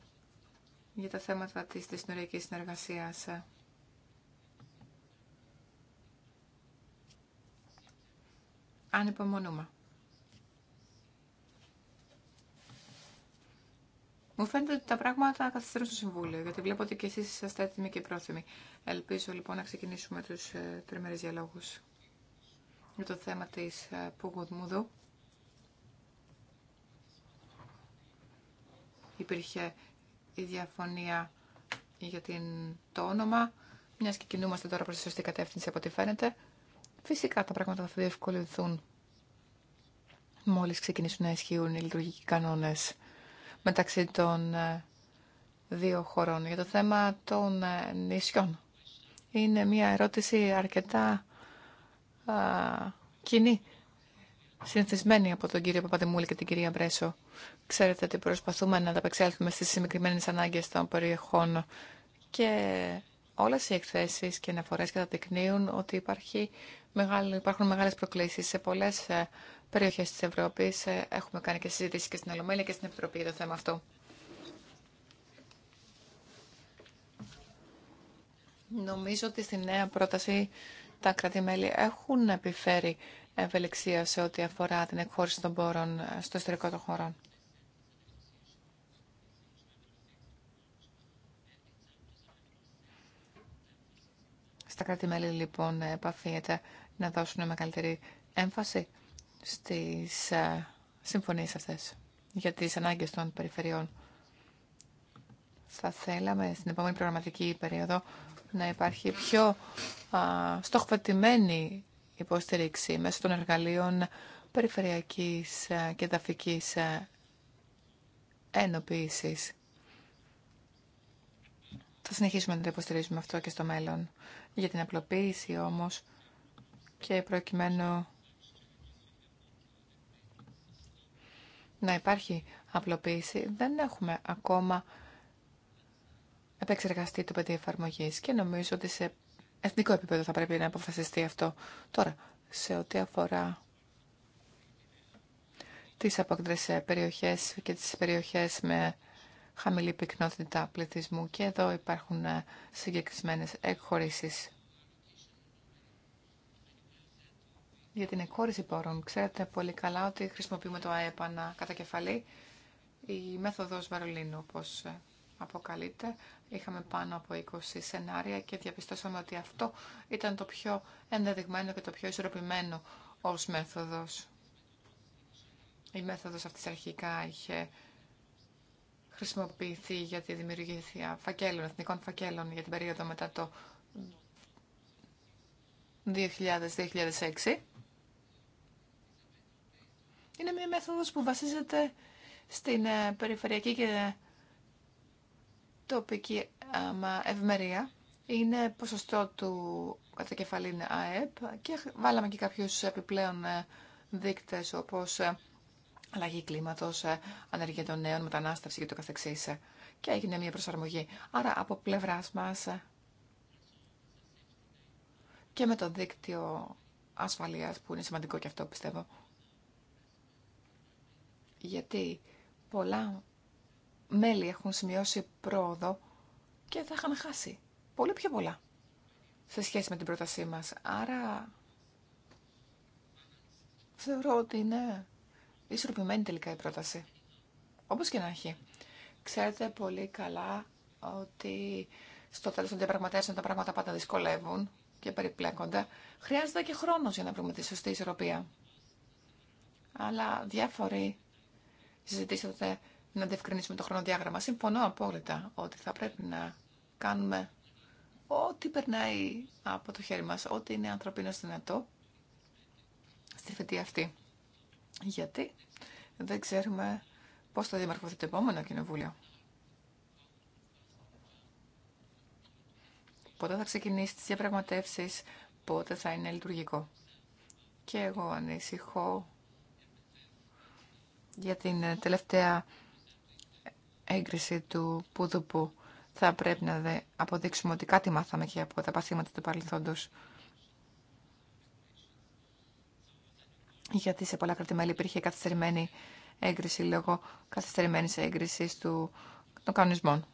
για τα θέματα της δυσνοριακής συνεργασίας. ανυπομονούμε. Μου φαίνεται ότι τα πράγματα καθυστερούν στο Συμβούλιο, γιατί βλέπω ότι και εσείς είσαστε έτοιμοι και πρόθυμοι. Ελπίζω λοιπόν να ξεκινήσουμε τους ε, τριμερείς διαλόγους για το θέμα της ε, Πουγουδμούδου. Υπήρχε η διαφωνία για το όνομα, μιας και κινούμαστε τώρα προς τη σωστή κατεύθυνση από ό,τι φαίνεται. Φυσικά τα πράγματα θα διευκολυνθούν μόλις ξεκινήσουν να ισχύουν οι λειτουργικοί κανόνες μεταξύ των ε, δύο χωρών. Για το θέμα των ε, νησιών. Είναι μια ερώτηση αρκετά κοινή, συνηθισμένη από τον κύριο Παπαδημούλη και την κυρία Μπρέσο. Ξέρετε ότι προσπαθούμε να ανταπεξέλθουμε στις συγκεκριμένε ανάγκες των περιεχών και όλες οι εκθέσεις και αναφορές καταδεικνύουν ότι υπάρχει Μεγάλη, υπάρχουν μεγάλες προκλήσεις σε πολλές ε, περιοχές της Ευρώπης. Ε, έχουμε κάνει και συζήτηση και στην Ολομέλεια και στην Επιτροπή για το θέμα αυτό. Νομίζω ότι στη νέα πρόταση τα κρατη έχουν επιφέρει ευελιξία σε ό,τι αφορά την εκχώρηση των πόρων ε, στο ιστορικό των χωρών. Στα κρατη λοιπόν επαφήνεται να δώσουν μεγαλύτερη έμφαση στις ε, συμφωνίες αυτές για τις ανάγκες των περιφερειών. Θα θέλαμε στην επόμενη προγραμματική περίοδο να υπάρχει πιο α, υποστήριξη μέσω των εργαλείων περιφερειακής ε, και ταφικής ε, ενοποίησης. Θα συνεχίσουμε να το υποστηρίζουμε αυτό και στο μέλλον. Για την απλοποίηση όμως και προκειμένου να υπάρχει απλοποίηση, δεν έχουμε ακόμα επεξεργαστεί το πεδίο εφαρμογή και νομίζω ότι σε εθνικό επίπεδο θα πρέπει να αποφασιστεί αυτό. Τώρα, σε ό,τι αφορά τις απόκτρες περιοχές και τις περιοχές με χαμηλή πυκνότητα πληθυσμού και εδώ υπάρχουν ε, συγκεκριμένες εκχωρήσεις. για την εκχώρηση πόρων. Ξέρετε πολύ καλά ότι χρησιμοποιούμε το ΑΕΠΑΝΑ κατά κεφαλή. Η μέθοδος Βαρολίνου, όπως ε, αποκαλείται, είχαμε πάνω από 20 σενάρια και διαπιστώσαμε ότι αυτό ήταν το πιο ενδεδειγμένο και το πιο ισορροπημένο ως μέθοδος. Η μέθοδος αυτής αρχικά είχε χρησιμοποιηθεί για τη δημιουργία φακέλων, εθνικών φακέλων για την περίοδο μετά το 2000-2006 είναι μια μέθοδος που βασίζεται στην ε, περιφερειακή και τοπική ευμερία. Είναι ποσοστό του κατακεφαλήν ΑΕΠ και βάλαμε και κάποιους επιπλέον ε, δείκτες όπως ε, αλλαγή κλίματος, ανεργία των νέων, μετανάστευση και το καθεξής. Και έγινε μια προσαρμογή. Άρα από πλευράς μας και με το δίκτυο ασφαλείας που είναι σημαντικό και αυτό πιστεύω γιατί πολλά μέλη έχουν σημειώσει πρόοδο και θα είχαν χάσει πολύ πιο πολλά σε σχέση με την πρότασή μας. Άρα θεωρώ ότι είναι ισορροπημένη τελικά η πρόταση. Όπως και να έχει. Ξέρετε πολύ καλά ότι στο τέλος των διαπραγματεύσεων τα πράγματα πάντα δυσκολεύουν και περιπλέκονται. Χρειάζεται και χρόνος για να βρούμε τη σωστή ισορροπία. Αλλά διάφοροι Συζητήσατε να διευκρινίσουμε το χρονοδιάγραμμα. Συμφωνώ απόλυτα ότι θα πρέπει να κάνουμε ό,τι περνάει από το χέρι μας, ό,τι είναι ανθρωπίνο δυνατό στη φετή αυτή. Γιατί δεν ξέρουμε πώς θα διαμορφωθεί το επόμενο κοινοβούλιο. Πότε θα ξεκινήσει τις διαπραγματεύσεις, πότε θα είναι λειτουργικό. Και εγώ ανησυχώ για την ε, τελευταία έγκριση του Πουδουπού. Θα πρέπει να δε αποδείξουμε ότι κάτι μάθαμε και από τα παθήματα του παρελθόντος. Γιατί σε πολλά κρατημέλη υπήρχε καθυστερημένη έγκριση λόγω καθυστερημένης έγκρισης του, των κανονισμών.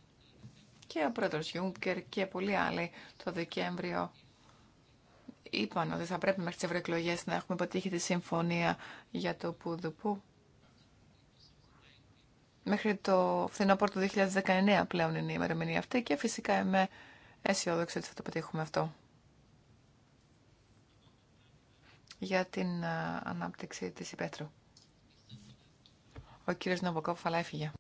Και ο πρόεδρος Γιούγκερ και πολλοί άλλοι το Δεκέμβριο είπαν ότι θα πρέπει μέχρι τις ευρωεκλογές να έχουμε πετύχει τη συμφωνία για το Πουδουπού Μέχρι το φθινόπωρο του 2019 πλέον είναι η ημερομηνία αυτή και φυσικά είμαι αισιόδοξη ότι θα το πετύχουμε αυτό. Για την ανάπτυξη της υπέτρου. Ο κύριος Νομποκόφ αλλά έφυγε.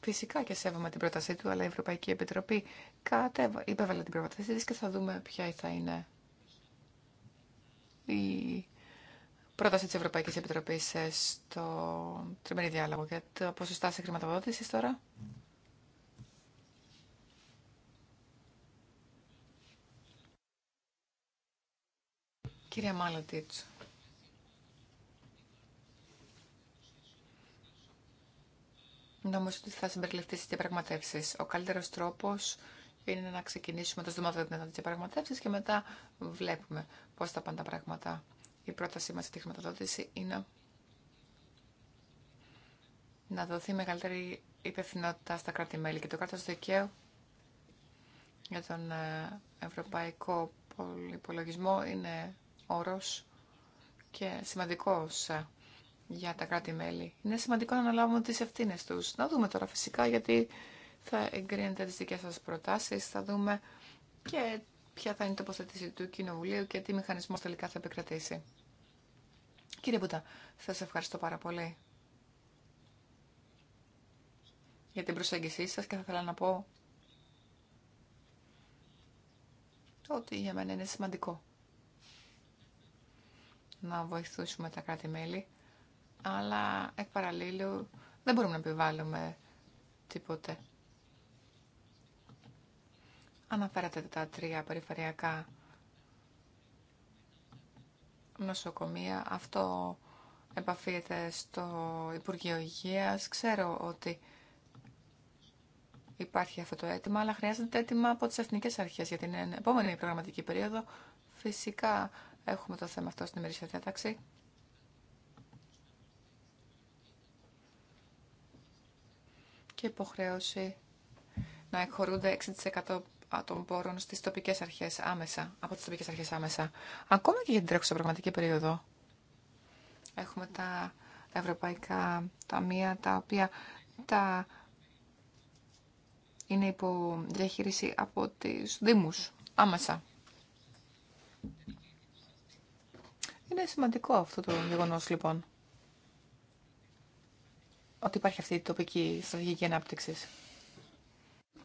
Φυσικά και σέβομαι την πρότασή του, αλλά η Ευρωπαϊκή Επιτροπή κατέβα, υπέβαλε την πρότασή της και θα δούμε ποια θα είναι η πρόταση τη Ευρωπαϊκή Επιτροπή ε, στο τριμερή διάλογο για τα ποσοστά σε χρηματοδότηση τώρα. Κυρία Μάλατιτς. Νομίζω ότι θα συμπεριληφθεί στι διαπραγματεύσει. Ο καλύτερο τρόπος είναι να ξεκινήσουμε το συντομότερο των της διαπραγματεύσει και μετά βλέπουμε πώς θα πάνε τα πράγματα. Η πρότασή μας για τη χρηματοδότηση είναι να δοθεί μεγαλύτερη υπευθυνότητα στα κράτη-μέλη και το κράτος δικαίου για τον ε, ευρωπαϊκό υπολογισμό είναι όρος και σημαντικός ε, για τα κράτη-μέλη. Είναι σημαντικό να αναλάβουμε τις ευθύνε τους. Να δούμε τώρα φυσικά γιατί θα εγκρίνετε τις δικές σας προτάσεις, θα δούμε και ποια θα είναι η τοποθέτηση του Κοινοβουλίου και τι μηχανισμός τελικά θα επικρατήσει. Κύριε Μπουτά, σα ευχαριστώ πάρα πολύ για την προσέγγισή σας και θα ήθελα να πω ότι για μένα είναι σημαντικό να βοηθούσουμε τα κράτη-μέλη, αλλά εκ παραλλήλου δεν μπορούμε να επιβάλλουμε τίποτε αναφέρατε τα τρία περιφερειακά νοσοκομεία. Αυτό επαφείται στο Υπουργείο Υγείας. Ξέρω ότι υπάρχει αυτό το αίτημα, αλλά χρειάζεται αίτημα από τις εθνικές αρχές για την επόμενη προγραμματική περίοδο. Φυσικά έχουμε το θέμα αυτό στην ημερήσια διάταξη. Και υποχρέωση να εκχωρούνται 6% των πόρων στις τοπικές αρχές άμεσα, από τις τοπικές αρχές άμεσα. Ακόμα και για την τρέχουσα πραγματική περίοδο. Έχουμε τα ευρωπαϊκά ταμεία τα οποία τα είναι υπό διαχείριση από τις Δήμους άμεσα. Είναι σημαντικό αυτό το γεγονός λοιπόν ότι υπάρχει αυτή η τοπική στρατηγική ανάπτυξη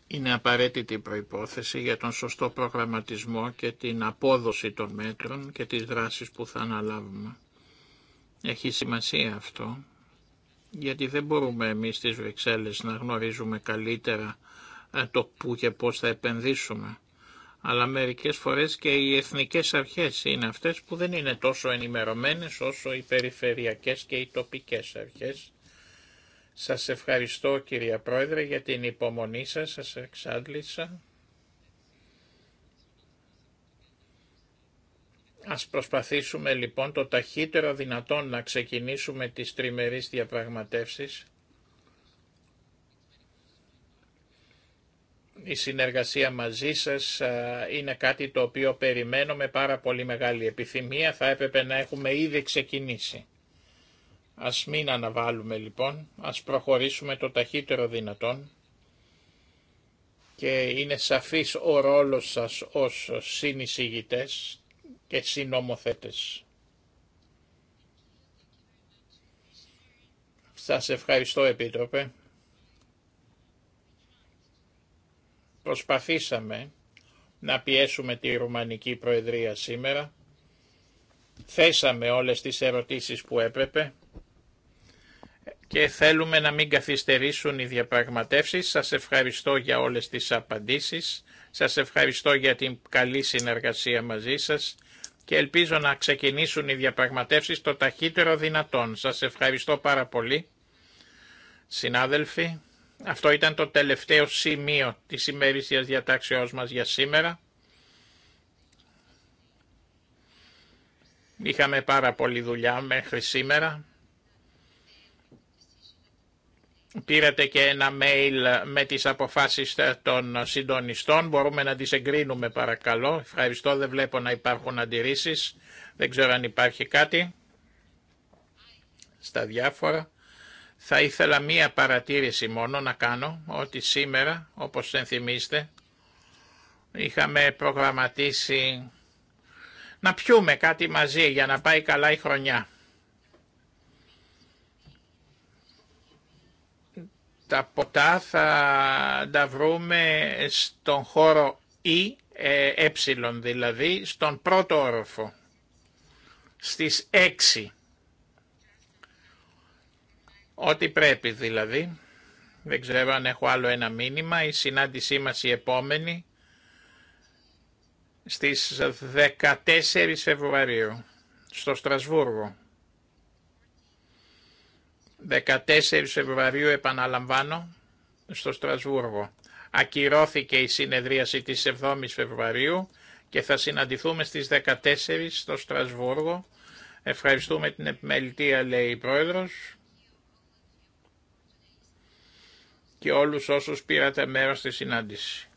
είναι απαραίτητη προϋπόθεση για τον σωστό προγραμματισμό και την απόδοση των μέτρων και τις δράσεις που θα αναλάβουμε. Έχει σημασία αυτό, γιατί δεν μπορούμε εμείς στις Βρυξέλλες να γνωρίζουμε καλύτερα ε, το πού και πώς θα επενδύσουμε. Αλλά μερικές φορές και οι εθνικές αρχές είναι αυτές που δεν είναι τόσο ενημερωμένες όσο οι περιφερειακές και οι τοπικές αρχές σας ευχαριστώ κυρία Πρόεδρε για την υπομονή σας, σας εξάντλησα. Ας προσπαθήσουμε λοιπόν το ταχύτερο δυνατόν να ξεκινήσουμε τις τριμερείς διαπραγματεύσεις. Η συνεργασία μαζί σας είναι κάτι το οποίο περιμένω με πάρα πολύ μεγάλη επιθυμία. Θα έπρεπε να έχουμε ήδη ξεκινήσει. Ας μην αναβάλουμε λοιπόν, ας προχωρήσουμε το ταχύτερο δυνατόν και είναι σαφής ο ρόλος σας ως συνεισηγητές και συνομοθέτες. Σας ευχαριστώ Επίτροπε. Προσπαθήσαμε να πιέσουμε τη Ρουμανική Προεδρία σήμερα. Θέσαμε όλες τις ερωτήσεις που έπρεπε και θέλουμε να μην καθυστερήσουν οι διαπραγματεύσεις. Σας ευχαριστώ για όλες τις απαντήσεις. Σας ευχαριστώ για την καλή συνεργασία μαζί σας και ελπίζω να ξεκινήσουν οι διαπραγματεύσεις το ταχύτερο δυνατόν. Σας ευχαριστώ πάρα πολύ. Συνάδελφοι, αυτό ήταν το τελευταίο σημείο της ημερήσιας διατάξεώς μας για σήμερα. Είχαμε πάρα πολλή δουλειά μέχρι σήμερα. Πήρατε και ένα mail με τις αποφάσεις των συντονιστών. Μπορούμε να τις εγκρίνουμε παρακαλώ. Ευχαριστώ, δεν βλέπω να υπάρχουν αντιρρήσεις. Δεν ξέρω αν υπάρχει κάτι στα διάφορα. Θα ήθελα μία παρατήρηση μόνο να κάνω, ότι σήμερα, όπως θυμίστε, είχαμε προγραμματίσει να πιούμε κάτι μαζί για να πάει καλά η χρονιά. Τα ποτά θα τα βρούμε στον χώρο Ι, ε, ε δηλαδή, στον πρώτο όροφο, στις 6. Ό,τι πρέπει δηλαδή. Δεν ξέρω αν έχω άλλο ένα μήνυμα. Η συνάντησή μας η επόμενη στις 14 Φεβρουαρίου στο Στρασβούργο. 14 Φεβρουαρίου επαναλαμβάνω στο Στρασβούργο. Ακυρώθηκε η συνεδρίαση της 7 η Φεβρουαρίου και θα συναντηθούμε στις 14 στο Στρασβούργο. Ευχαριστούμε την επιμελητία λέει η Πρόεδρος και όλους όσους πήρατε μέρος στη συνάντηση.